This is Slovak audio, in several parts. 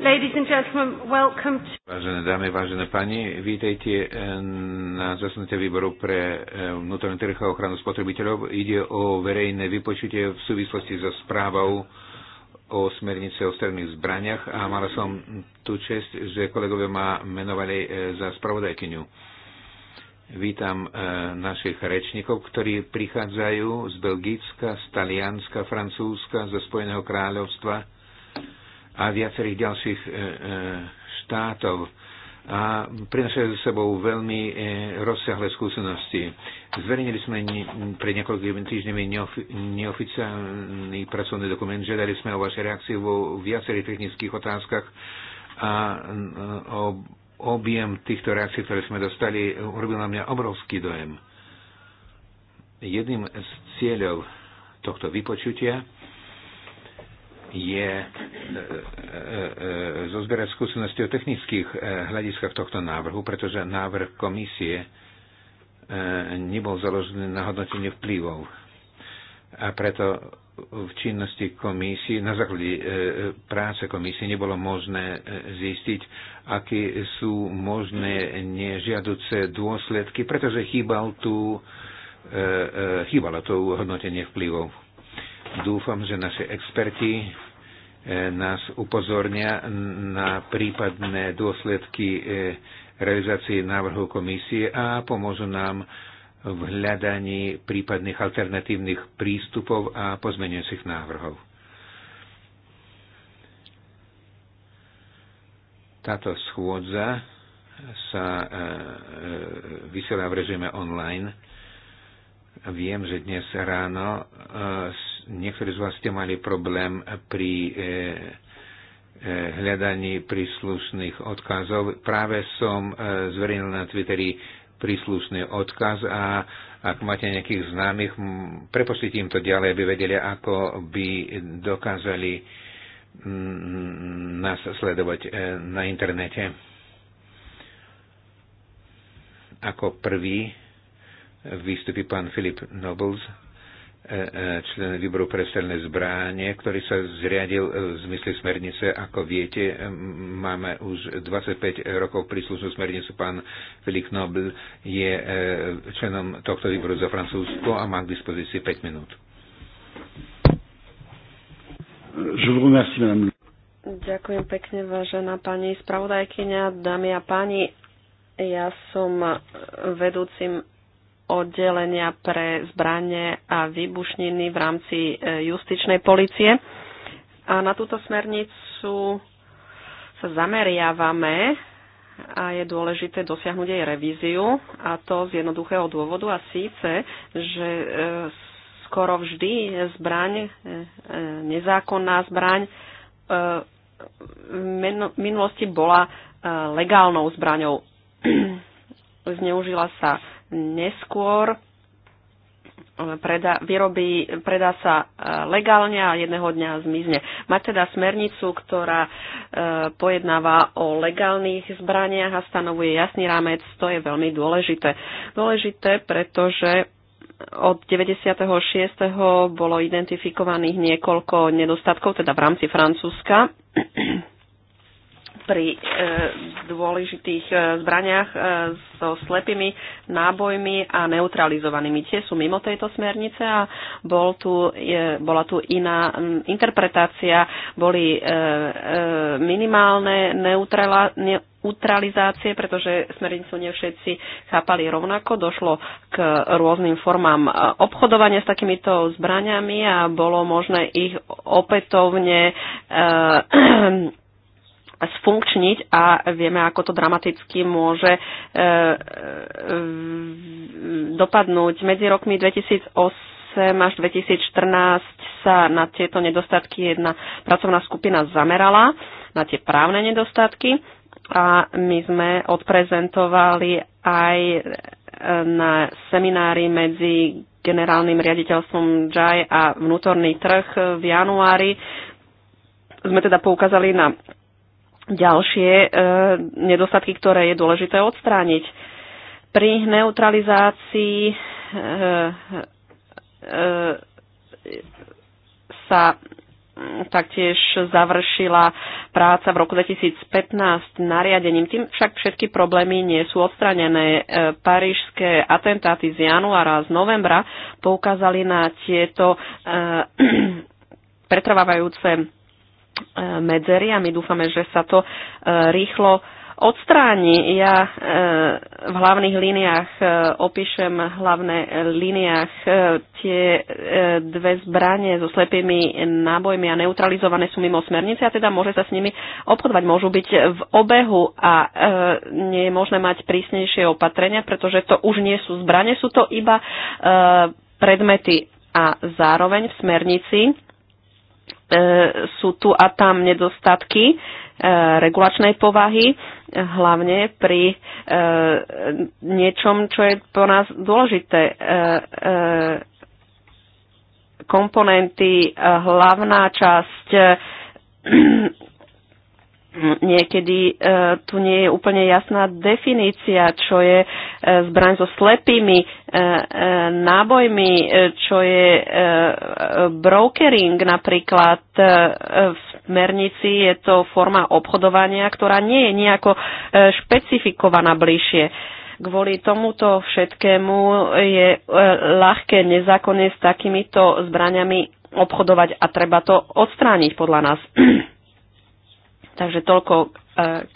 Ladies and gentlemen, welcome to... Vážené dámy, vážené pani, vítejte eh, na zasnutie výboru pre eh, vnútorný trh a ochranu spotrebiteľov. Ide o verejné vypočutie v súvislosti so správou o smernice o strelných zbraniach a mala som tú čest, že kolegovia ma menovali eh, za spravodajkyňu. Vítam našich rečníkov, ktorí prichádzajú z Belgicka, z Talianska, Francúzska, zo Spojeného kráľovstva, a viacerých ďalších e, e, štátov a prinašajú so sebou veľmi e, rozsiahle skúsenosti. Zverejnili sme pred niekoľkými týždňami neoficiálny pracovný dokument, žiadali sme o vaše reakcie vo viacerých technických otázkach a o objem týchto reakcií, ktoré sme dostali, urobil na mňa obrovský dojem. Jedným z cieľov tohto vypočutia je e, e, e, zozberať skúsenosti o technických hľadiskách tohto návrhu, pretože návrh komisie nebol založený na hodnotení vplyvov. A preto v činnosti komisie, na základe práce komisie nebolo možné zistiť, aké sú možné nežiaduce dôsledky, pretože chýbal tu chýbalo to hodnotenie vplyvov. Dúfam, že naši experti eh, nás upozornia na prípadné dôsledky eh, realizácie návrhu komisie a pomôžu nám v hľadaní prípadných alternatívnych prístupov a pozmeňujúcich návrhov. Táto schôdza sa eh, vysiela v režime online. Viem, že dnes ráno niektorí z vás ste mali problém pri e, e hľadaní príslušných odkazov. Práve som e, zverejnil na Twitteri príslušný odkaz a ak máte nejakých známych, prepošlite im to ďalej, aby vedeli, ako by dokázali mm, nás sledovať e, na internete. Ako prvý vystupí pán Filip Nobles. E, e, člen výboru pre strelné zbranie, ktorý sa zriadil e, v zmysle smernice. Ako viete, máme už 25 rokov príslušnú smernicu. Pán Filip Nobel je členom tohto výboru za Francúzsko a má k dispozícii 5 minút. Ďakujem pekne, vážená pani spravodajkyňa, dámy a páni. Ja som vedúcim oddelenia pre zbranie a výbušniny v rámci e, justičnej policie. A na túto smernicu sa zameriavame a je dôležité dosiahnuť jej revíziu a to z jednoduchého dôvodu a síce, že e, skoro vždy zbraň, e, nezákonná zbraň v minulosti bola legálnou zbraňou. Zneužila sa neskôr. Eh, preda, vyrobí, predá sa eh, legálne a jedného dňa zmizne. Má teda smernicu, ktorá eh, pojednáva o legálnych zbraniach a stanovuje jasný rámec. To je veľmi dôležité. Dôležité, pretože od 96. bolo identifikovaných niekoľko nedostatkov, teda v rámci Francúzska pri e, dôležitých e, zbraniach e, so slepými nábojmi a neutralizovanými. Tie sú mimo tejto smernice a bol tu, e, bola tu iná m, interpretácia. Boli e, e, minimálne neutrala, neutralizácie, pretože smernicu nevšetci všetci chápali rovnako. Došlo k rôznym formám e, obchodovania s takýmito zbraniami a bolo možné ich opätovne e, sfunkčniť a vieme, ako to dramaticky môže e, e, dopadnúť. Medzi rokmi 2008 až 2014 sa na tieto nedostatky jedna pracovná skupina zamerala, na tie právne nedostatky a my sme odprezentovali aj e, na seminári medzi generálnym riaditeľstvom JAI a vnútorný trh v januári sme teda poukázali na ďalšie e, nedostatky, ktoré je dôležité odstrániť. Pri neutralizácii e, e, e sa taktiež završila práca v roku 2015 nariadením. Tým však všetky problémy nie sú odstranené. E, parížské atentáty z januára a z novembra poukázali na tieto e, pretrvávajúce E, medzery a my dúfame, že sa to e, rýchlo odstráni. Ja e, v hlavných líniách opíšem hlavné líniách tie dve zbranie so slepými nábojmi a neutralizované sú mimo smernice a teda môže sa s nimi obchodovať. Môžu byť v obehu a nie je možné mať prísnejšie opatrenia, pretože to už nie sú zbranie, sú to iba predmety a zároveň v smernici E, sú tu a tam nedostatky e, regulačnej povahy, hlavne pri e, niečom, čo je pro nás dôležité. Komponenty, hlavná časť niekedy e, tu nie je úplne jasná definícia, čo je e, zbraň so slepými e, nábojmi, čo je brokering napríklad. V smernici je to forma obchodovania, ktorá nie je nejako špecifikovaná bližšie. Kvôli tomuto všetkému je ľahké nezákonne s takýmito zbraňami obchodovať a treba to odstrániť podľa nás. Takže toľko e,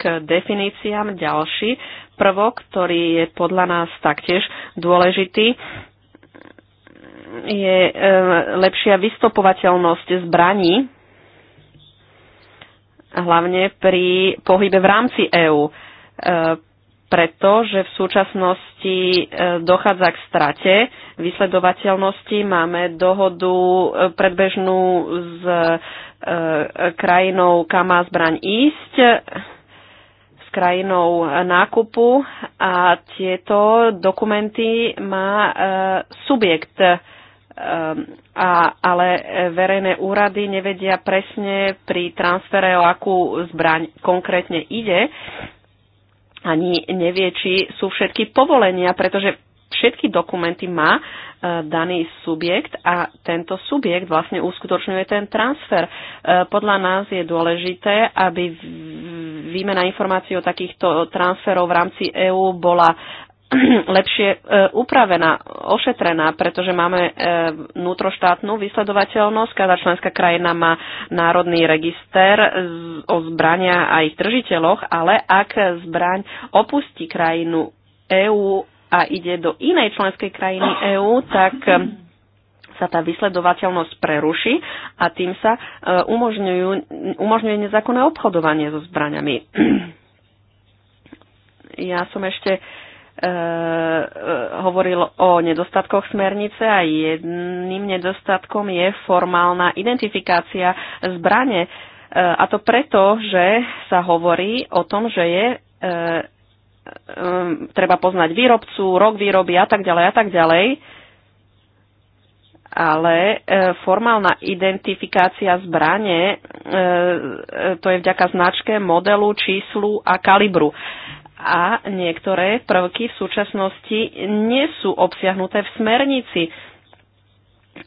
k definíciám. Ďalší prvok, ktorý je podľa nás taktiež dôležitý, je e, lepšia vystopovateľnosť zbraní, hlavne pri pohybe v rámci EÚ, e, pretože v súčasnosti dochádza k strate vysledovateľnosti. Máme dohodu predbežnú s E, krajinou, kam má zbraň ísť, s krajinou nákupu a tieto dokumenty má e, subjekt e, a, ale verejné úrady nevedia presne pri transfere, o akú zbraň konkrétne ide. Ani nevie, či sú všetky povolenia, pretože všetky dokumenty má e, daný subjekt a tento subjekt vlastne uskutočňuje ten transfer. E, podľa nás je dôležité, aby výmena informácií o takýchto transferov v rámci EÚ bola lepšie e, upravená, ošetrená, pretože máme vnútroštátnu vysledovateľnosť. Každá členská krajina má národný register o zbrania a ich držiteľoch, ale ak zbraň opustí krajinu EÚ a ide do inej členskej krajiny EÚ, tak eh, sa tá vysledovateľnosť preruší a tým sa eh, umožňujú, umožňuje nezákonné obchodovanie so zbraňami. Ja som ešte eh, hovoril o nedostatkoch smernice a jedným nedostatkom je formálna identifikácia zbrane. A to preto, že sa hovorí o tom, že je Ehm, treba poznať výrobcu, rok výroby a tak ďalej a tak ďalej. Ale e, formálna identifikácia zbrane, e, e, to je vďaka značke, modelu, číslu a kalibru. A niektoré prvky v súčasnosti nie sú obsiahnuté v smernici.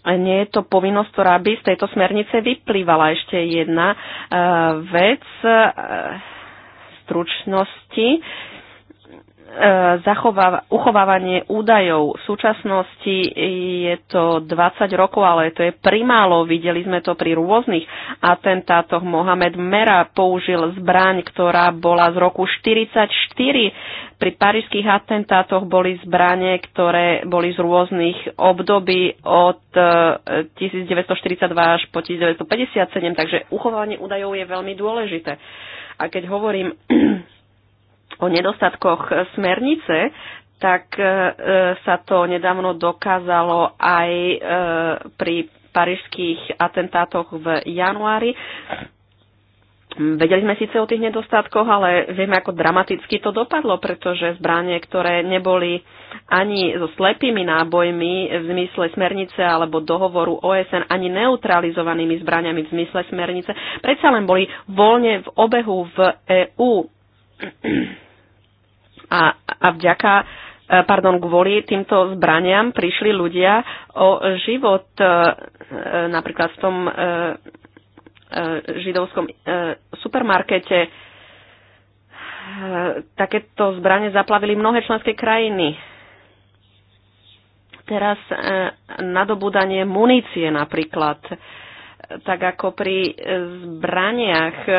Nie je to povinnosť, ktorá by z tejto smernice vyplývala. Ešte jedna e, vec e, stručnosti. E, E, zachová, uchovávanie údajov. V súčasnosti je to 20 rokov, ale to je primálo. Videli sme to pri rôznych atentátoch. Mohamed Mera použil zbraň, ktorá bola z roku 1944. Pri parížských atentátoch boli zbranie, ktoré boli z rôznych období od 1942 e, až po 1957, takže uchovávanie údajov je veľmi dôležité. A keď hovorím o nedostatkoch smernice, tak e, sa to nedávno dokázalo aj e, pri parížských atentátoch v januári. Vedeli sme síce o tých nedostatkoch, ale vieme, ako dramaticky to dopadlo, pretože zbranie, ktoré neboli ani so slepými nábojmi v zmysle smernice alebo dohovoru OSN, ani neutralizovanými zbraniami v zmysle smernice, predsa len boli voľne v obehu v EÚ a, a vďaka e, pardon, kvôli týmto zbraniam prišli ľudia o život e, e, napríklad v tom židovskom supermarkete. Takéto zbranie zaplavili mnohé členské krajiny. Teraz nadobúdanie munície napríklad tak ako pri e, zbraniach. E,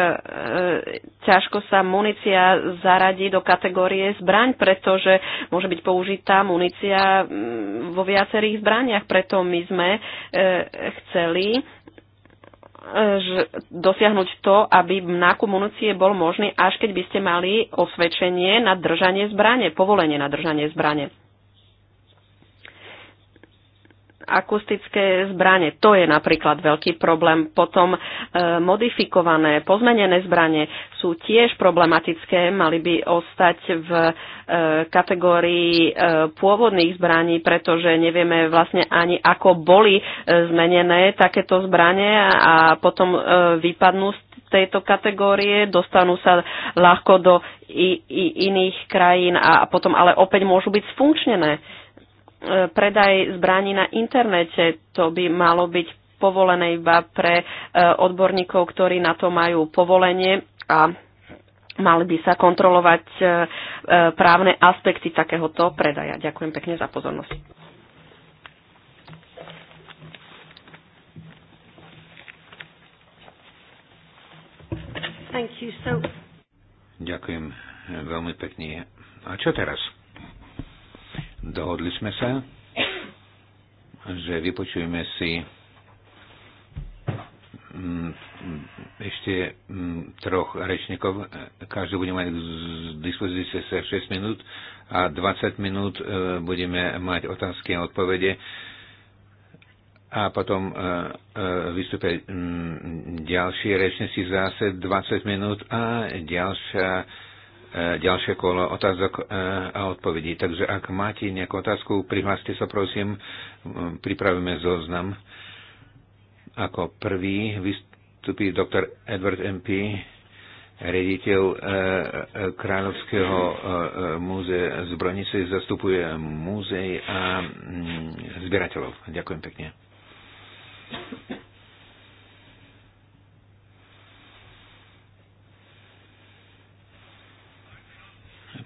ťažko sa munícia zaradí do kategórie zbraň, pretože môže byť použitá munícia mm, vo viacerých zbraniach. Preto my sme e, chceli dosiahnuť to, aby nákup munície bol možný, až keď by ste mali osvedčenie na držanie zbrane, povolenie na držanie zbrane akustické zbranie. To je napríklad veľký problém. Potom e, modifikované, pozmenené zbranie sú tiež problematické, mali by ostať v e, kategórii e, pôvodných zbraní, pretože nevieme vlastne ani ako boli e, zmenené takéto zbranie a potom e, vypadnú z tejto kategórie, dostanú sa ľahko do i, i, iných krajín a, a potom ale opäť môžu byť sfunkčnené. E, predaj zbraní na internete. To by malo byť povolené iba pre e, odborníkov, ktorí na to majú povolenie a mali by sa kontrolovať e, e, právne aspekty takéhoto predaja. Ďakujem pekne za pozornosť. Thank you. So... Ďakujem veľmi pekne. A čo teraz? Dohodli sme sa, že vypočujeme si mm, ešte mm, troch rečníkov. Každý bude mať z dispozície sa 6 minút a 20 minút e, budeme mať otázky a odpovede a potom e, e, vystúpia mm, ďalší rečníci zase 20 minút a ďalšia E, ďalšie kolo otázok e, a odpovedí. Takže ak máte nejakú otázku, prihláste sa prosím, pripravíme zoznam. Ako prvý vystupí doktor Edward MP, riaditeľ e, Kráľovského múzea z Bronice, zastupuje múzej a mm, zbierateľov. Ďakujem pekne.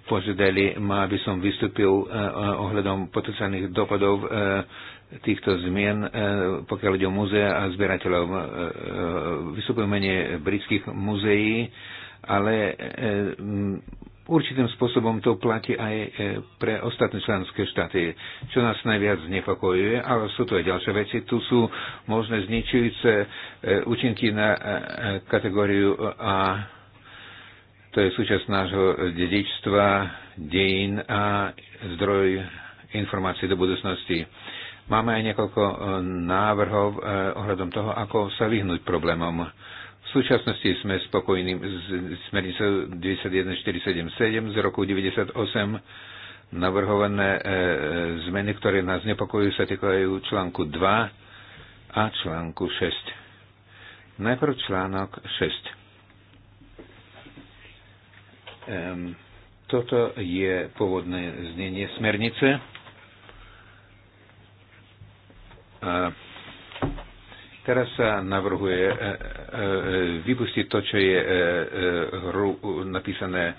požiadali ma, aby som vystúpil eh, eh, ohľadom potenciálnych dopadov eh, týchto zmien, pokiaľ ide o múzea a zbierateľov. Vystupujem mene britských múzeí, ale mm, určitým spôsobom to platí aj pre ostatné členské štáty, čo nás najviac znepokojuje, ale sú to aj ďalšie veci. Tu sú možné zničujúce účinky na kategóriu A to je súčasť nášho dedičstva, dejín a zdroj informácií do budúcnosti. Máme aj niekoľko e, návrhov e, ohľadom toho, ako sa vyhnúť problémom. V súčasnosti sme spokojní s smernicou 91477 z roku 98. Navrhované e, zmeny, ktoré nás nepokojujú, sa týkajú článku 2 a článku 6. Najprv článok 6 Um, Toto je pôvodné znenie smernice. A teraz sa navrhuje uh, uh, vypustiť to, čo je uh, hru napísané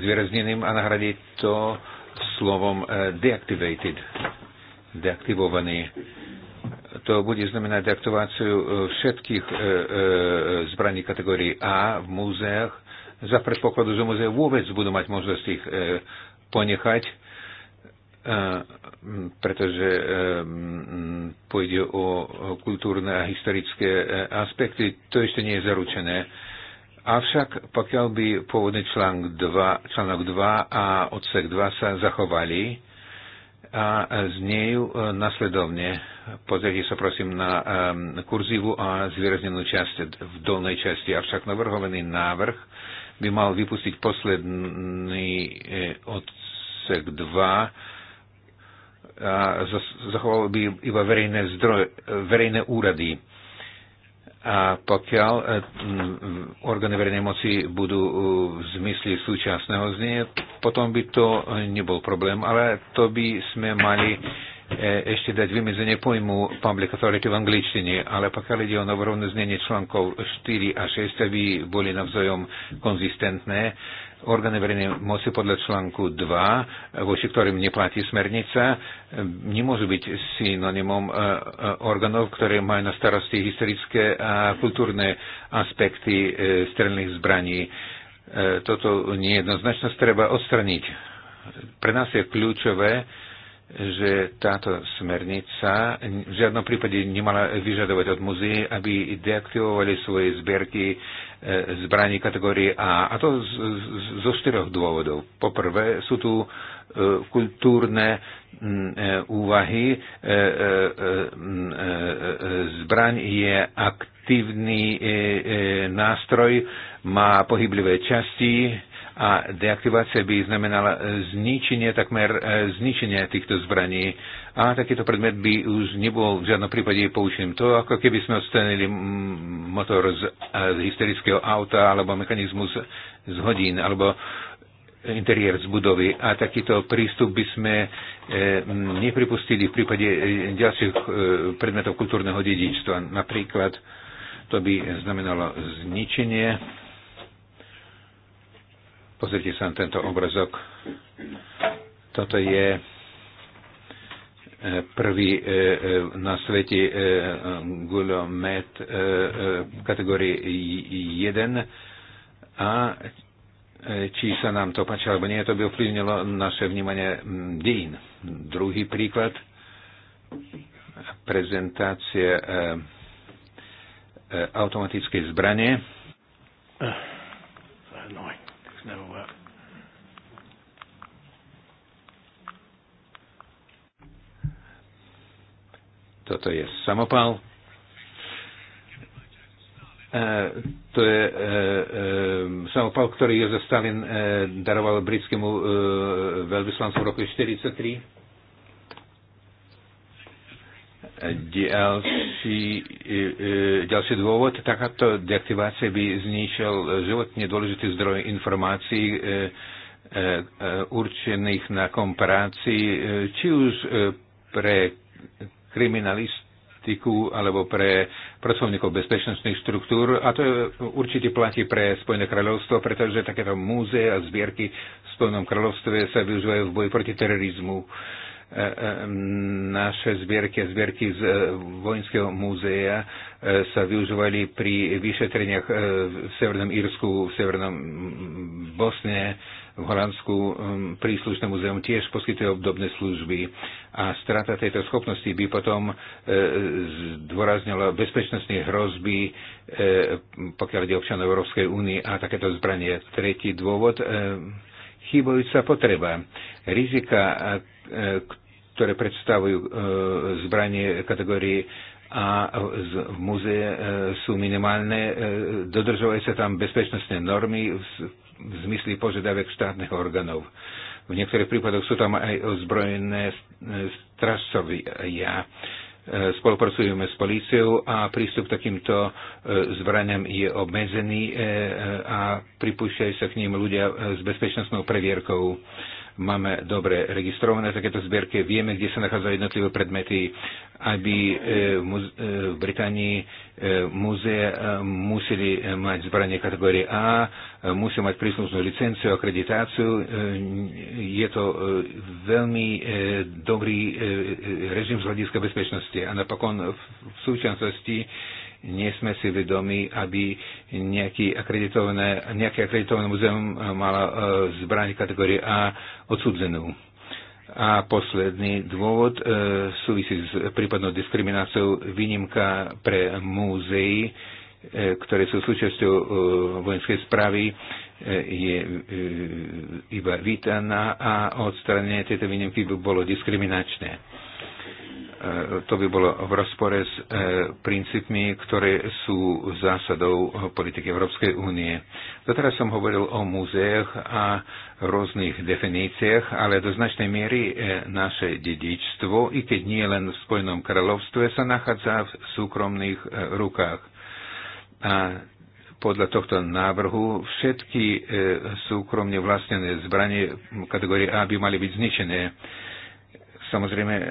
zvýrazneným a nahradiť to slovom deactivated, deaktivovaný. To bude znamenať deaktiváciu všetkých zbraní kategórii A v múzeách, za predpokladu, že muzeje vôbec budú mať možnosť ich e, ponechať, e, pretože e, pôjde o kultúrne a historické e, aspekty, to ešte nie je zaručené. Avšak pokiaľ by pôvodný článok 2, článok 2 a odsek 2 sa zachovali a znejú e, nasledovne, pozrite sa prosím na um, kurzivu a zvýraznenú časť v dolnej časti, avšak navrhovaný návrh by mal vypustiť posledný eh, odsek 2 a zachoval by iba verejné, zdroje, verejné úrady. A pokiaľ eh, mm, orgány verejnej moci budú eh, v zmysli súčasného znenia, potom by to nebol problém, ale to by sme mali E, ešte dať vymedzenie pojmu public authority v angličtine, ale pokiaľ ide o novorovné znenie článkov 4 a 6, aby boli navzájom konzistentné, orgány verejnej moci podľa článku 2, voči ktorým neplatí smernica, nemôžu byť synonymom e, e, orgánov, ktoré majú na starosti historické a kultúrne aspekty strelných zbraní. Toto nejednoznačnosť treba odstraniť. Pre nás je kľúčové, že táto smernica v žiadnom prípade nemala vyžadovať od muzeí, aby deaktivovali svoje zbierky e, zbraní kategórie A. A to zo štyroch dôvodov. Poprvé sú tu e, kultúrne e, úvahy. Zbraň je aktívny nástroj, má pohyblivé časti, a deaktivácia by znamenala zničenie, takmer e, zničenie týchto zbraní. A takýto predmet by už nebol v žiadnom prípade poučeným. To ako keby sme odstranili motor z, e, z hysterického auta alebo mechanizmus z hodín alebo interiér z budovy. A takýto prístup by sme e, nepripustili v prípade e, ďalších e, predmetov kultúrneho dedičstva. Napríklad to by znamenalo zničenie Pozrite sa na tento obrazok. Toto je e, prvý e, e, na svete guľomet v kategórii 1 a či sa nám to páčilo alebo nie, to by ovplyvnilo naše vnímanie dejín. Druhý príklad, prezentácia automatickej zbranie. Uh, It's never Toto je samopal. E, to je e, e, samopal, ktorý Jozef Stalin e, daroval britskému e, veľvyslancu v roku 1943 ďalší, e, e, ďalší dôvod, takáto deaktivácia by zničil životne dôležitý zdroj informácií e, určených na komparácii, či už pre kriminalistiku alebo pre pracovníkov bezpečnostných štruktúr. A to určite platí pre Spojené kráľovstvo, pretože takéto múzeá a zbierky v Spojenom kráľovstve sa využívajú v boji proti terorizmu E, e, naše zbierky a zbierky z e, Vojenského múzea sa využívali pri vyšetreniach v Severnom Írsku, v Severnom Bosne, v Holandsku príslušné muzeum tiež poskytuje obdobné služby a strata tejto schopnosti by potom zdôraznila bezpečnostné hrozby, pokiaľ ide občanov Európskej únie a takéto zbranie. Tretí dôvod chýbajúca potreba. Rizika, ktoré predstavujú e, zbranie kategórie a v muzee e, sú minimálne, E, dodržovajú sa tam bezpečnostné normy v v zmysli požiadavek štátnych orgánov. V niektorých prípadoch sú tam aj ozbrojené e, stražcovia. E, spolupracujeme s políciou a prístup k takýmto e, zbraniam je obmedzený a pripúšťajú sa k ním ľudia s bezpečnostnou previerkou Máme dobre registrované takéto zbierky, vieme, kde sa nachádzajú jednotlivé predmety, aby e, e, v Británii e, múzea museli mať zbranie kategórie A, musia mať príslušnú licenciu, akreditáciu. Je to veľmi dobrý režim z hľadiska bezpečnosti. A napokon v súčasnosti nie sme si vedomi, aby nejaký akreditované, nejaké akreditované muzeum eh, malo eh, zbraň kategórie A odsudzenú. A posledný dôvod e, súvisí s prípadnou diskrimináciou výnimka pre múzei, e, ktoré sú súčasťou e, vojenskej správy, e, je e, iba vítaná a odstranenie tejto výnimky by bolo diskriminačné E, to by bolo v rozpore s e, princípmi, ktoré sú zásadou politiky Európskej únie. Doteraz som hovoril o múzeách a rôznych definíciách, ale do značnej miery e, naše dedičstvo, i keď nie len v Spojenom kráľovstve, sa nachádza v súkromných rukách. A podľa tohto návrhu všetky súkromne vlastnené zbranie kategórie A by mali byť zničené Samozrejme, e, e, e,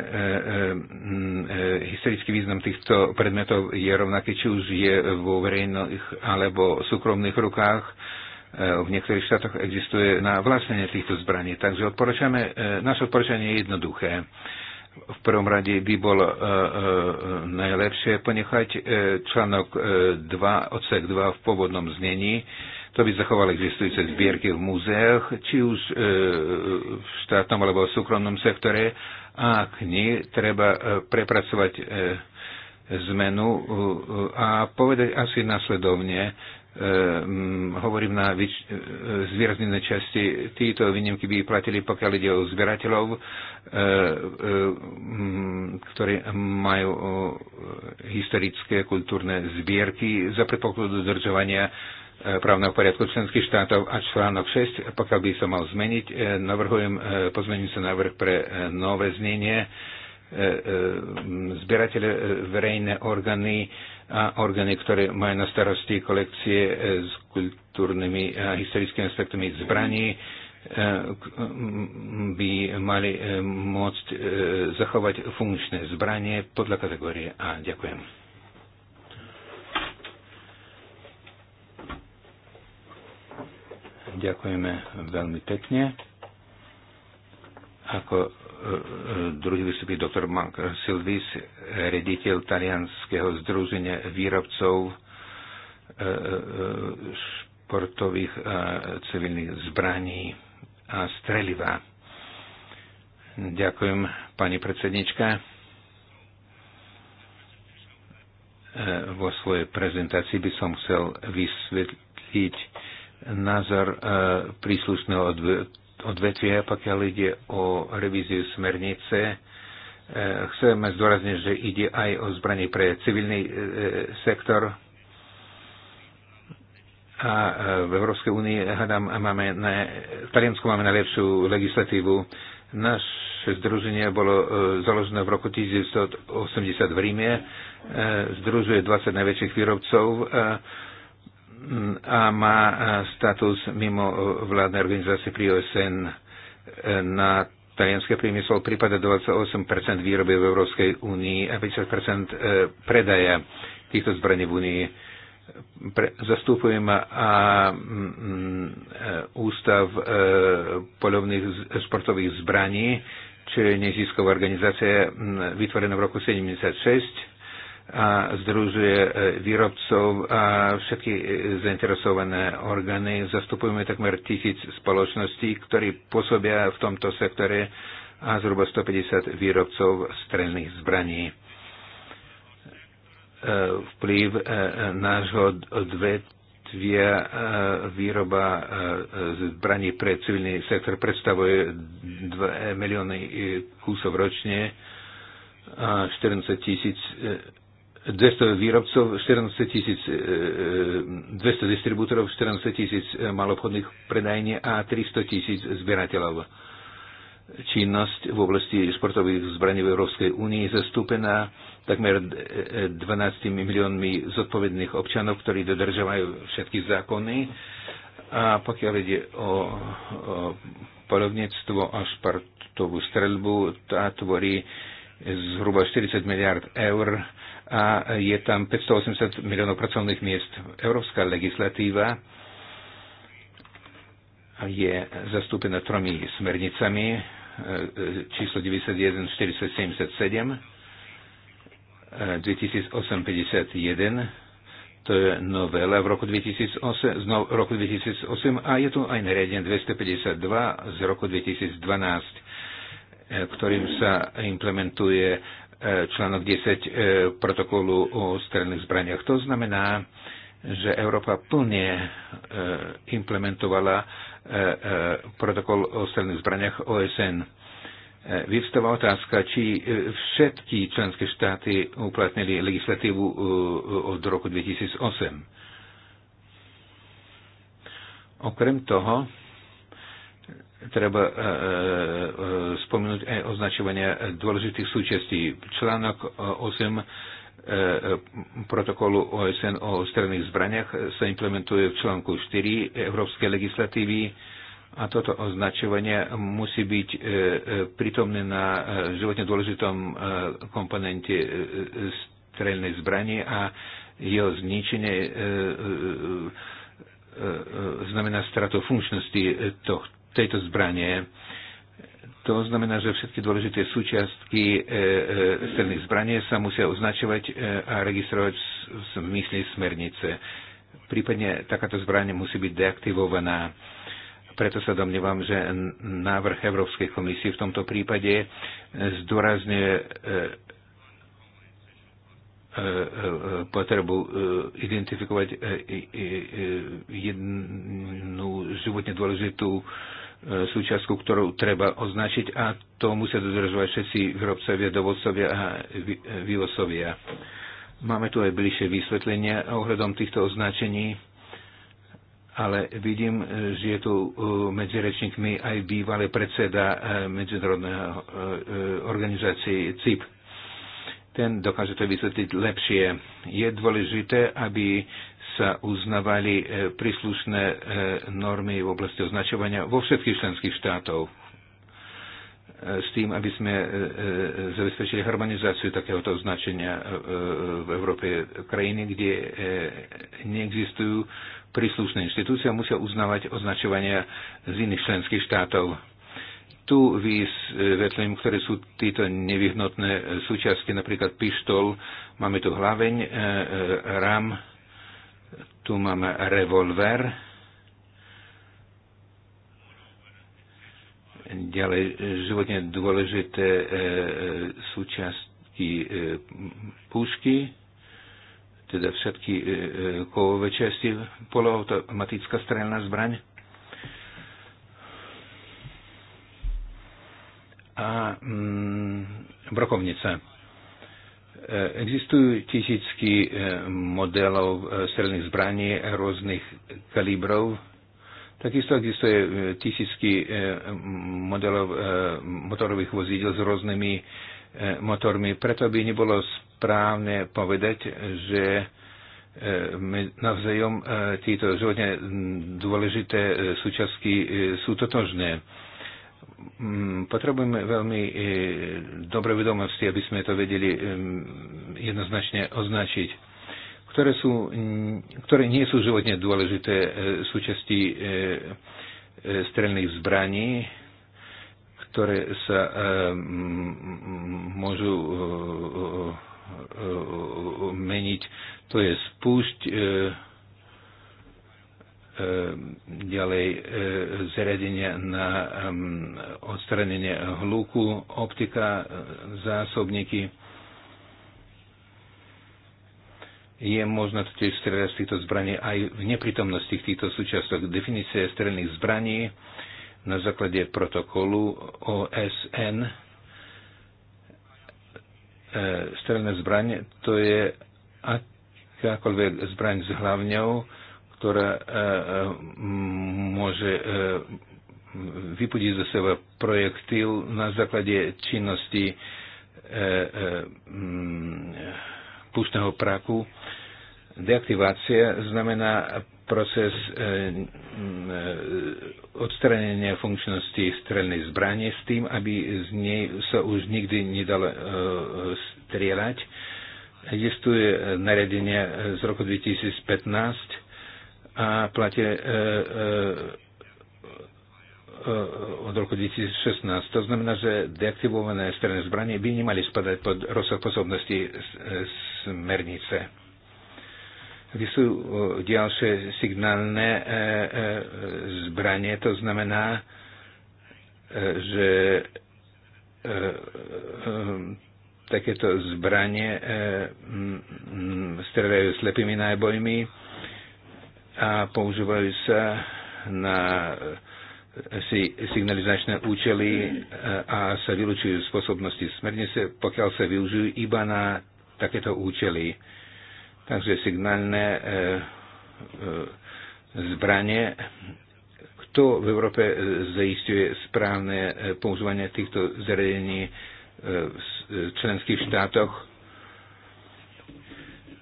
historický význam týchto predmetov je rovnaký, či už je vo verejných alebo súkromných rukách. E, v niektorých štátoch existuje na vlastnenie týchto zbraní. Takže e, naše odporúčanie je jednoduché. V prvom rade by bolo e, e, najlepšie ponechať e, článok e, 2, odsek 2 v pôvodnom znení. To by zachovalo existujúce zbierky v múzeách, či už e, v štátnom alebo v súkromnom sektore ak nie, treba e, prepracovať e, zmenu a povedať asi následovne, e, hovorím na vyč- zvýraznené časti, títo výnimky by platili, pokiaľ ide o zberateľov, ktorí majú historické kultúrne zbierky za predpokladu dodržovania E, právneho poriadku členských štátov a článok 6, pokiaľ by som mal zmeniť, e, navrhujem e, pozmeňujúci návrh pre nové znenie zbierateľe verejné orgány a orgány, ktoré majú na starosti kolekcie s kultúrnymi a historickými aspektami zbraní, by mali môcť zachovať funkčné zbranie podľa kategórie A. Ďakujem. Ďakujeme veľmi pekne. Ako e, e, druhý vystupí doktor Mark Silvis, rediteľ talianského združenia výrobcov e, športových a civilných zbraní a streliva. Ďakujem, pani predsednička. Vo svojej prezentácii by som chcel vysvetliť názor e, príslušného odvetvia, pokiaľ ide o revíziu smernice. E, chceme zdôrazniť, že ide aj o zbranie pre civilný e, sektor. A v Európskej únii, máme na, v Taliansku máme najlepšiu legislatívu. Naše združenie bolo založené v roku 1980 v Ríme. Združuje 20 najväčších výrobcov a má e, status mimo vládnej organizácie pri OSN e, na talianské priemysel prípada 28% výroby v Európskej únii a 50% e, predaja týchto zbraní v únii. Zastupujem a ústav polovných sportových zbraní, čo je nezisková organizácia vytvorená v roku 76 a združuje e, výrobcov a všetky e, zainteresované orgány. Zastupujeme takmer tisíc spoločností, ktorí pôsobia v tomto sektore a zhruba 150 výrobcov strelných zbraní. E, vplyv nášho dve odvetvia výroba zbraní pre civilný sektor predstavuje 2 milióny kúsov ročne a 40 tisíc 200 výrobcov, 14 tisíc, 200 e, e, distribútorov, 14 tisíc e, malobchodných predajní a 300 tisíc zbierateľov. Činnosť v oblasti športových zbraní v Európskej únii je zastúpená takmer 12 miliónmi zodpovedných občanov, ktorí dodržavajú všetky zákony. A pokiaľ ide o, o polovníctvo a športovú streľbu, tá tvorí zhruba 40 miliard eur a je tam 580 miliónov pracovných miest. Európska legislatíva je zastúpená tromi smernicami e, číslo 91477, 477 2851 to je novela v roku 2008, roku 2008 a je tu aj nariadenie 252 z roku 2012, e, ktorým sa implementuje E, článok 10 e, protokolu o strelných zbraniach. To znamená, že Európa plne e, implementovala protokol o strelných zbraniach OSN. Vyvstáva otázka, či všetky členské štáty uplatnili legislatívu od roku 2008. Okrem toho, treba e, spomenúť aj označovanie dôležitých súčastí. Článok 8 protokolu OSN o stranných zbraniach sa implementuje v článku 4 európskej legislatívy a toto označovanie musí byť prítomné na životne dôležitom komponente strelnej zbrani a jeho zničenie znamená stratu funkčnosti tejto zbranie. To znamená, že všetky dôležité súčiastky e, e, strelných zbranie sa musia označovať e, a registrovať v, mysli smernice. Prípadne takáto zbranie musí byť deaktivovaná. Preto sa domnievam, že návrh Európskej komisie v tomto prípade zdôrazňuje potrebu identifikovať jednu životne dôležitú súčiastku, ktorú treba označiť a to musia dodržovať všetci výrobcovia, dovodcovia a vývozovia. Máme tu aj bližšie vysvetlenia ohľadom týchto označení, ale vidím, že je tu e, medzi rečníkmi aj bývalý predseda e, medzinárodného e, organizácie CIP. Ten dokáže to vysvetliť lepšie. Je dôležité, aby sa uznávali e, príslušné e, normy v oblasti označovania vo všetkých členských štátov e, s tým, aby sme zabezpečili harmonizáciu takéhoto označenia v Európe. Krajiny, kde neexistujú príslušné inštitúcie, musia uznávať označovania z iných členských štátov. Tu vysvetlím, ktoré sú títo nevyhnutné súčiastky, napríklad pištol, máme tu hlaveň, RAM. Tu máme revolver. Ďalej, životne dôležité e, e súčasti e, púšky, teda všetky e, e, kovové časti, poloautomatická strelná zbraň. A mm, brokovnica Existujú tisícky e, modelov e, strelných zbraní rôznych kalibrov. Takisto existuje e, tisícky modelov motorových vozidel s rôznymi motormi. Preto by nebolo správne povedať, že navzájom tieto životne dôležité súčasky sú totožné Mm, potrebujeme veľmi e, dobre vedomosti, aby sme to vedeli e, jednoznačne označiť, ktoré, sú, ktoré nie sú životne dôležité e, súčasti strelných zbraní, ktoré sa môžu meniť. To je spúšť, Ehm, ďalej ehm, zariadenia na ehm, odstranenie hluku, optika, zásobníky. Je možné totiž strieľať z týchto zbraní aj v neprítomnosti týchto súčiastok. Definícia strelných zbraní na základe protokolu OSN strelné zbraň to je akákoľvek zbraň s hlavňou, ktorá e, e, môže e, vypudiť zo seba projektil na základe činnosti mm, pustného praku. Deaktivácia znamená proces mm, odstranenia funkčnosti strelnej zbranie s tým, aby z nej sa už nikdy nedalo strieľať. Existuje nariadenie z roku 2015, a platia e, e, e, od roku 2016. To znamená, že deaktivované strany zbranie by nemali spadať pod rozsah pôsobnosti e, smernice. Vy sú e, ďalšie signálne zbranie, to znamená, že takéto zbranie strelajú slepými nábojmi a používajú sa na eh, si signalizačné účely eh, a sa vylúčujú spôsobnosti smernice, pokiaľ sa využijú iba na takéto účely. Takže signálne e, e, zbranie. Kto v Európe zaistuje správne používanie týchto zariadení v členských štátoch?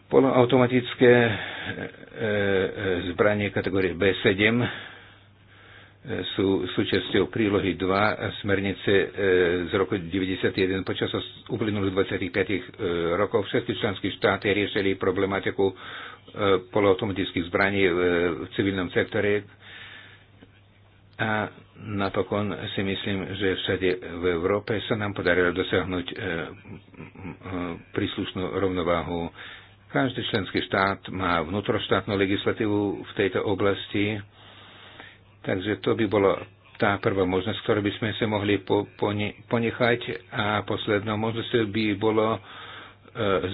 Poloautomatické e, e, zbranie kategórie B7 e, sú súčasťou prílohy 2 smernice z roku 1991. Počas uplynulých 25 rokov všetky členské štáty riešili problematiku poloautomatických zbraní v civilnom sektore a napokon si myslím, že všade v Európe sa nám podarilo dosiahnuť príslušnú rovnováhu každý členský štát má vnútroštátnu legislatívu v tejto oblasti, takže to by bolo tá prvá možnosť, ktorú by sme sa mohli po, pone, ponechať a poslednou možnosťou by bolo e,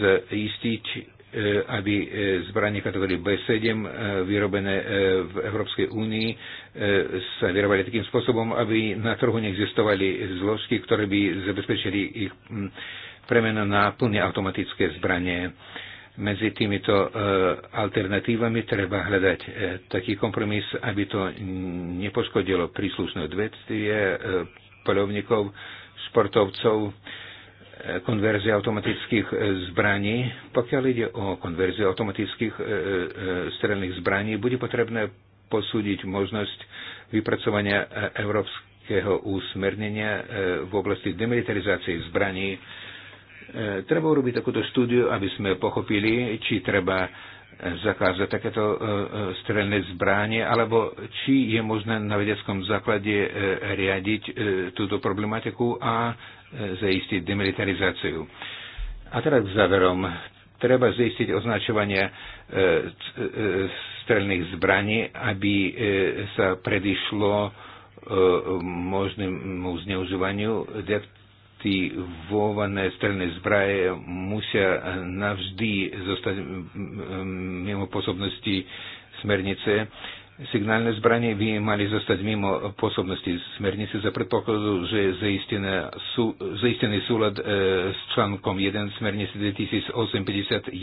zaistiť, e, aby e, zbranie kategórie B7 e, vyrobené e, v Európskej únii e, sa vyrobali takým spôsobom, aby na trhu neexistovali zložky, ktoré by zabezpečili ich premenu na plne automatické zbranie. E, medzi týmito e, alternatívami treba hľadať e, taký kompromis, aby to nepoškodilo príslušné odvetvie e, polovníkov, športovcov, konverzie automatických zbraní. Pokiaľ ide o konverziu automatických strelných zbraní, bude potrebné posúdiť možnosť vypracovania európskeho úsmernenia v oblasti demilitarizácie zbraní E, treba urobiť takúto štúdiu, aby sme pochopili, či treba zakázať takéto e, e, strelné zbranie, alebo či je možné na vedeckom základe riadiť túto problematiku a zaistiť demilitarizáciu. A teraz k záverom. Treba zaistiť označovanie strelných zbraní, aby sa predišlo možnému zneužívaniu deaktivované strelné zbraje musia navždy zostať mm, mm, mimo pôsobnosti smernice. Signálne zbranie by mali zostať mimo pôsobnosti smernice za predpokladu, že je sú, zaistený súlad e, s článkom 1 smernice 2851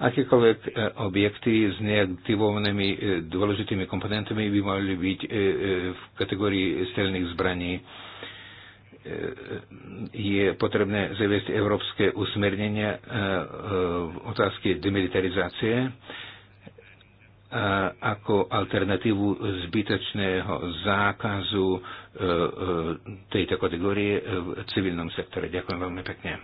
akékoľvek e, objekty s neaktivovanými e, dôležitými komponentami by mali byť e, e, v kategórii strelných zbraní. E, E, je potrebné zaviesť európske usmernenia e, v otázke demilitarizácie e, ako alternatívu zbytočného zákazu tejto kategórie v civilnom sektore. Ďakujem veľmi pekne.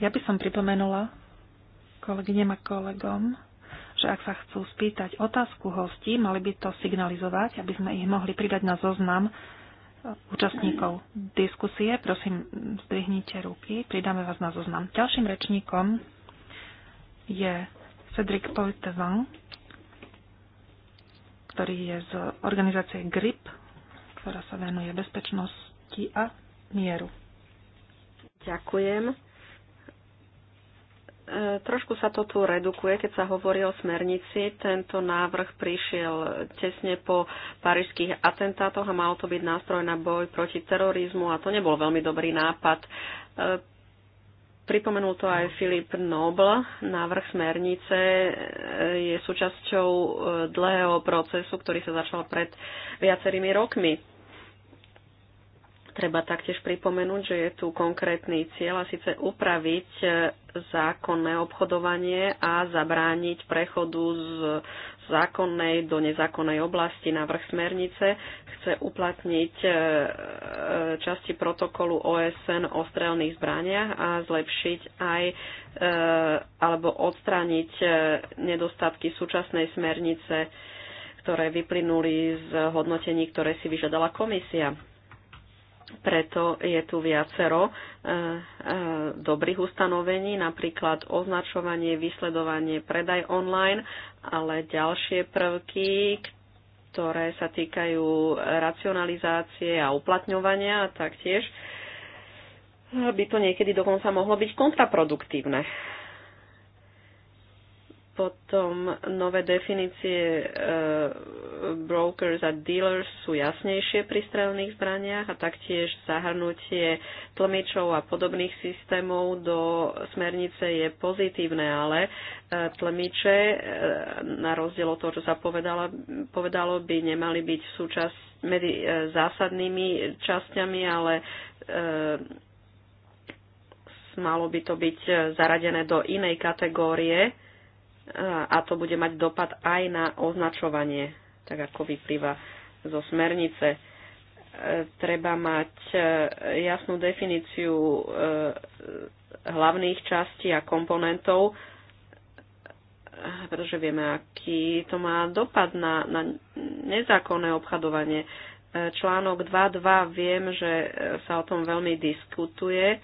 Ja by som pripomenula kolegynem a kolegom, že ak sa chcú spýtať otázku hostí, mali by to signalizovať, aby sme ich mohli pridať na zoznam e, účastníkov diskusie. Prosím, zdvihnite ruky, pridáme vás na zoznam. Ďalším rečníkom je Cedric Poitevan, ktorý je z organizácie GRIP, ktorá sa venuje bezpečnosti a mieru. Ďakujem. E, trošku sa to tu redukuje, keď sa hovorí o smernici. Tento návrh prišiel tesne po parížských atentátoch a mal to byť nástroj na boj proti terorizmu a to nebol veľmi dobrý nápad. E, pripomenul to aj Filip Nobl. Návrh smernice e, je súčasťou dlhého procesu, ktorý sa začal pred viacerými rokmi Treba taktiež pripomenúť, že je tu konkrétny cieľ a síce upraviť e, zákonné obchodovanie a zabrániť prechodu z zákonnej do nezákonnej oblasti na vrch smernice. Chce uplatniť e, e, časti protokolu OSN o strelných zbraniach a zlepšiť aj alebo odstrániť nedostatky súčasnej smernice ktoré vyplynuli z hodnotení, ktoré si vyžadala komisia. Preto je tu viacero e, e, dobrých ustanovení, napríklad označovanie, vysledovanie, predaj online, ale ďalšie prvky, ktoré sa týkajú racionalizácie a uplatňovania taktiež e, by to niekedy dokonca mohlo byť kontraproduktívne. Potom nové definície uh, brokers a dealers sú jasnejšie pri strelných zbraniach a taktiež zahrnutie tlmičov a podobných systémov do smernice je pozitívne, ale uh, tlmiče, uh, na rozdiel od toho, čo sa povedala, povedalo, by nemali byť súčasť medzi uh, zásadnými časťami, ale uh, malo by to byť zaradené do inej kategórie a to bude mať dopad aj na označovanie, tak ako vyplýva zo smernice. E, treba mať e, jasnú definíciu e, hlavných častí a komponentov, pretože vieme, aký to má dopad na, na nezákonné obchadovanie. Článok 2.2 viem, že sa o tom veľmi diskutuje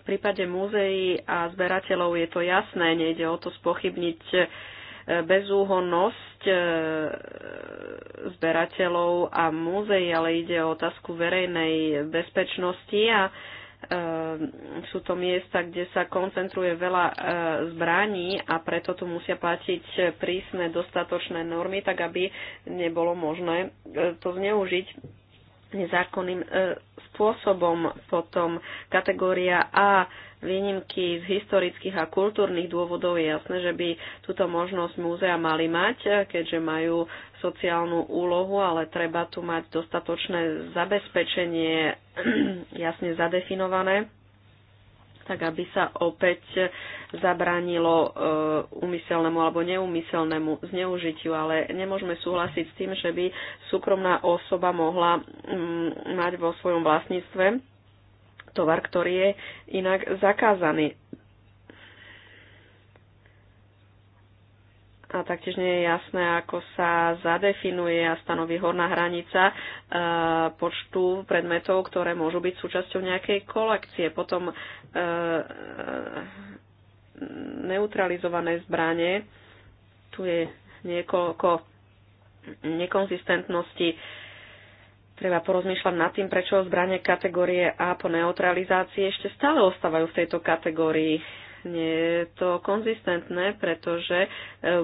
v prípade múzeí a zberateľov je to jasné, nejde o to spochybniť e, bezúhonnosť e, zberateľov a múzeí, ale ide o otázku verejnej bezpečnosti a e, sú to miesta, kde sa koncentruje veľa zbraní a preto tu musia platiť prísne dostatočné normy, tak aby nebolo možné to zneužiť nezákonným vlastne e, spôsobom. Potom kategória A výnimky z historických a kultúrnych dôvodov je jasné, že by túto možnosť múzea mali mať, e, keďže majú sociálnu úlohu, ale treba tu mať dostatočné zabezpečenie jasne zadefinované tak aby sa opäť zabránilo umyselnému e, alebo neúmyselnému zneužitiu. Ale nemôžeme súhlasiť s tým, že by súkromná osoba mohla mm, mať vo svojom vlastníctve tovar, ktorý je inak zakázaný. a taktiež nie je jasné, ako sa zadefinuje a stanoví horná hranica e, počtu predmetov, ktoré môžu byť súčasťou nejakej kolekcie. Potom e, e, neutralizované zbranie. Tu je niekoľko nekonzistentností. Treba porozmýšľať nad tým, prečo zbranie kategórie A po neutralizácii ešte stále ostávajú v tejto kategórii vlastne je to konzistentné, pretože e,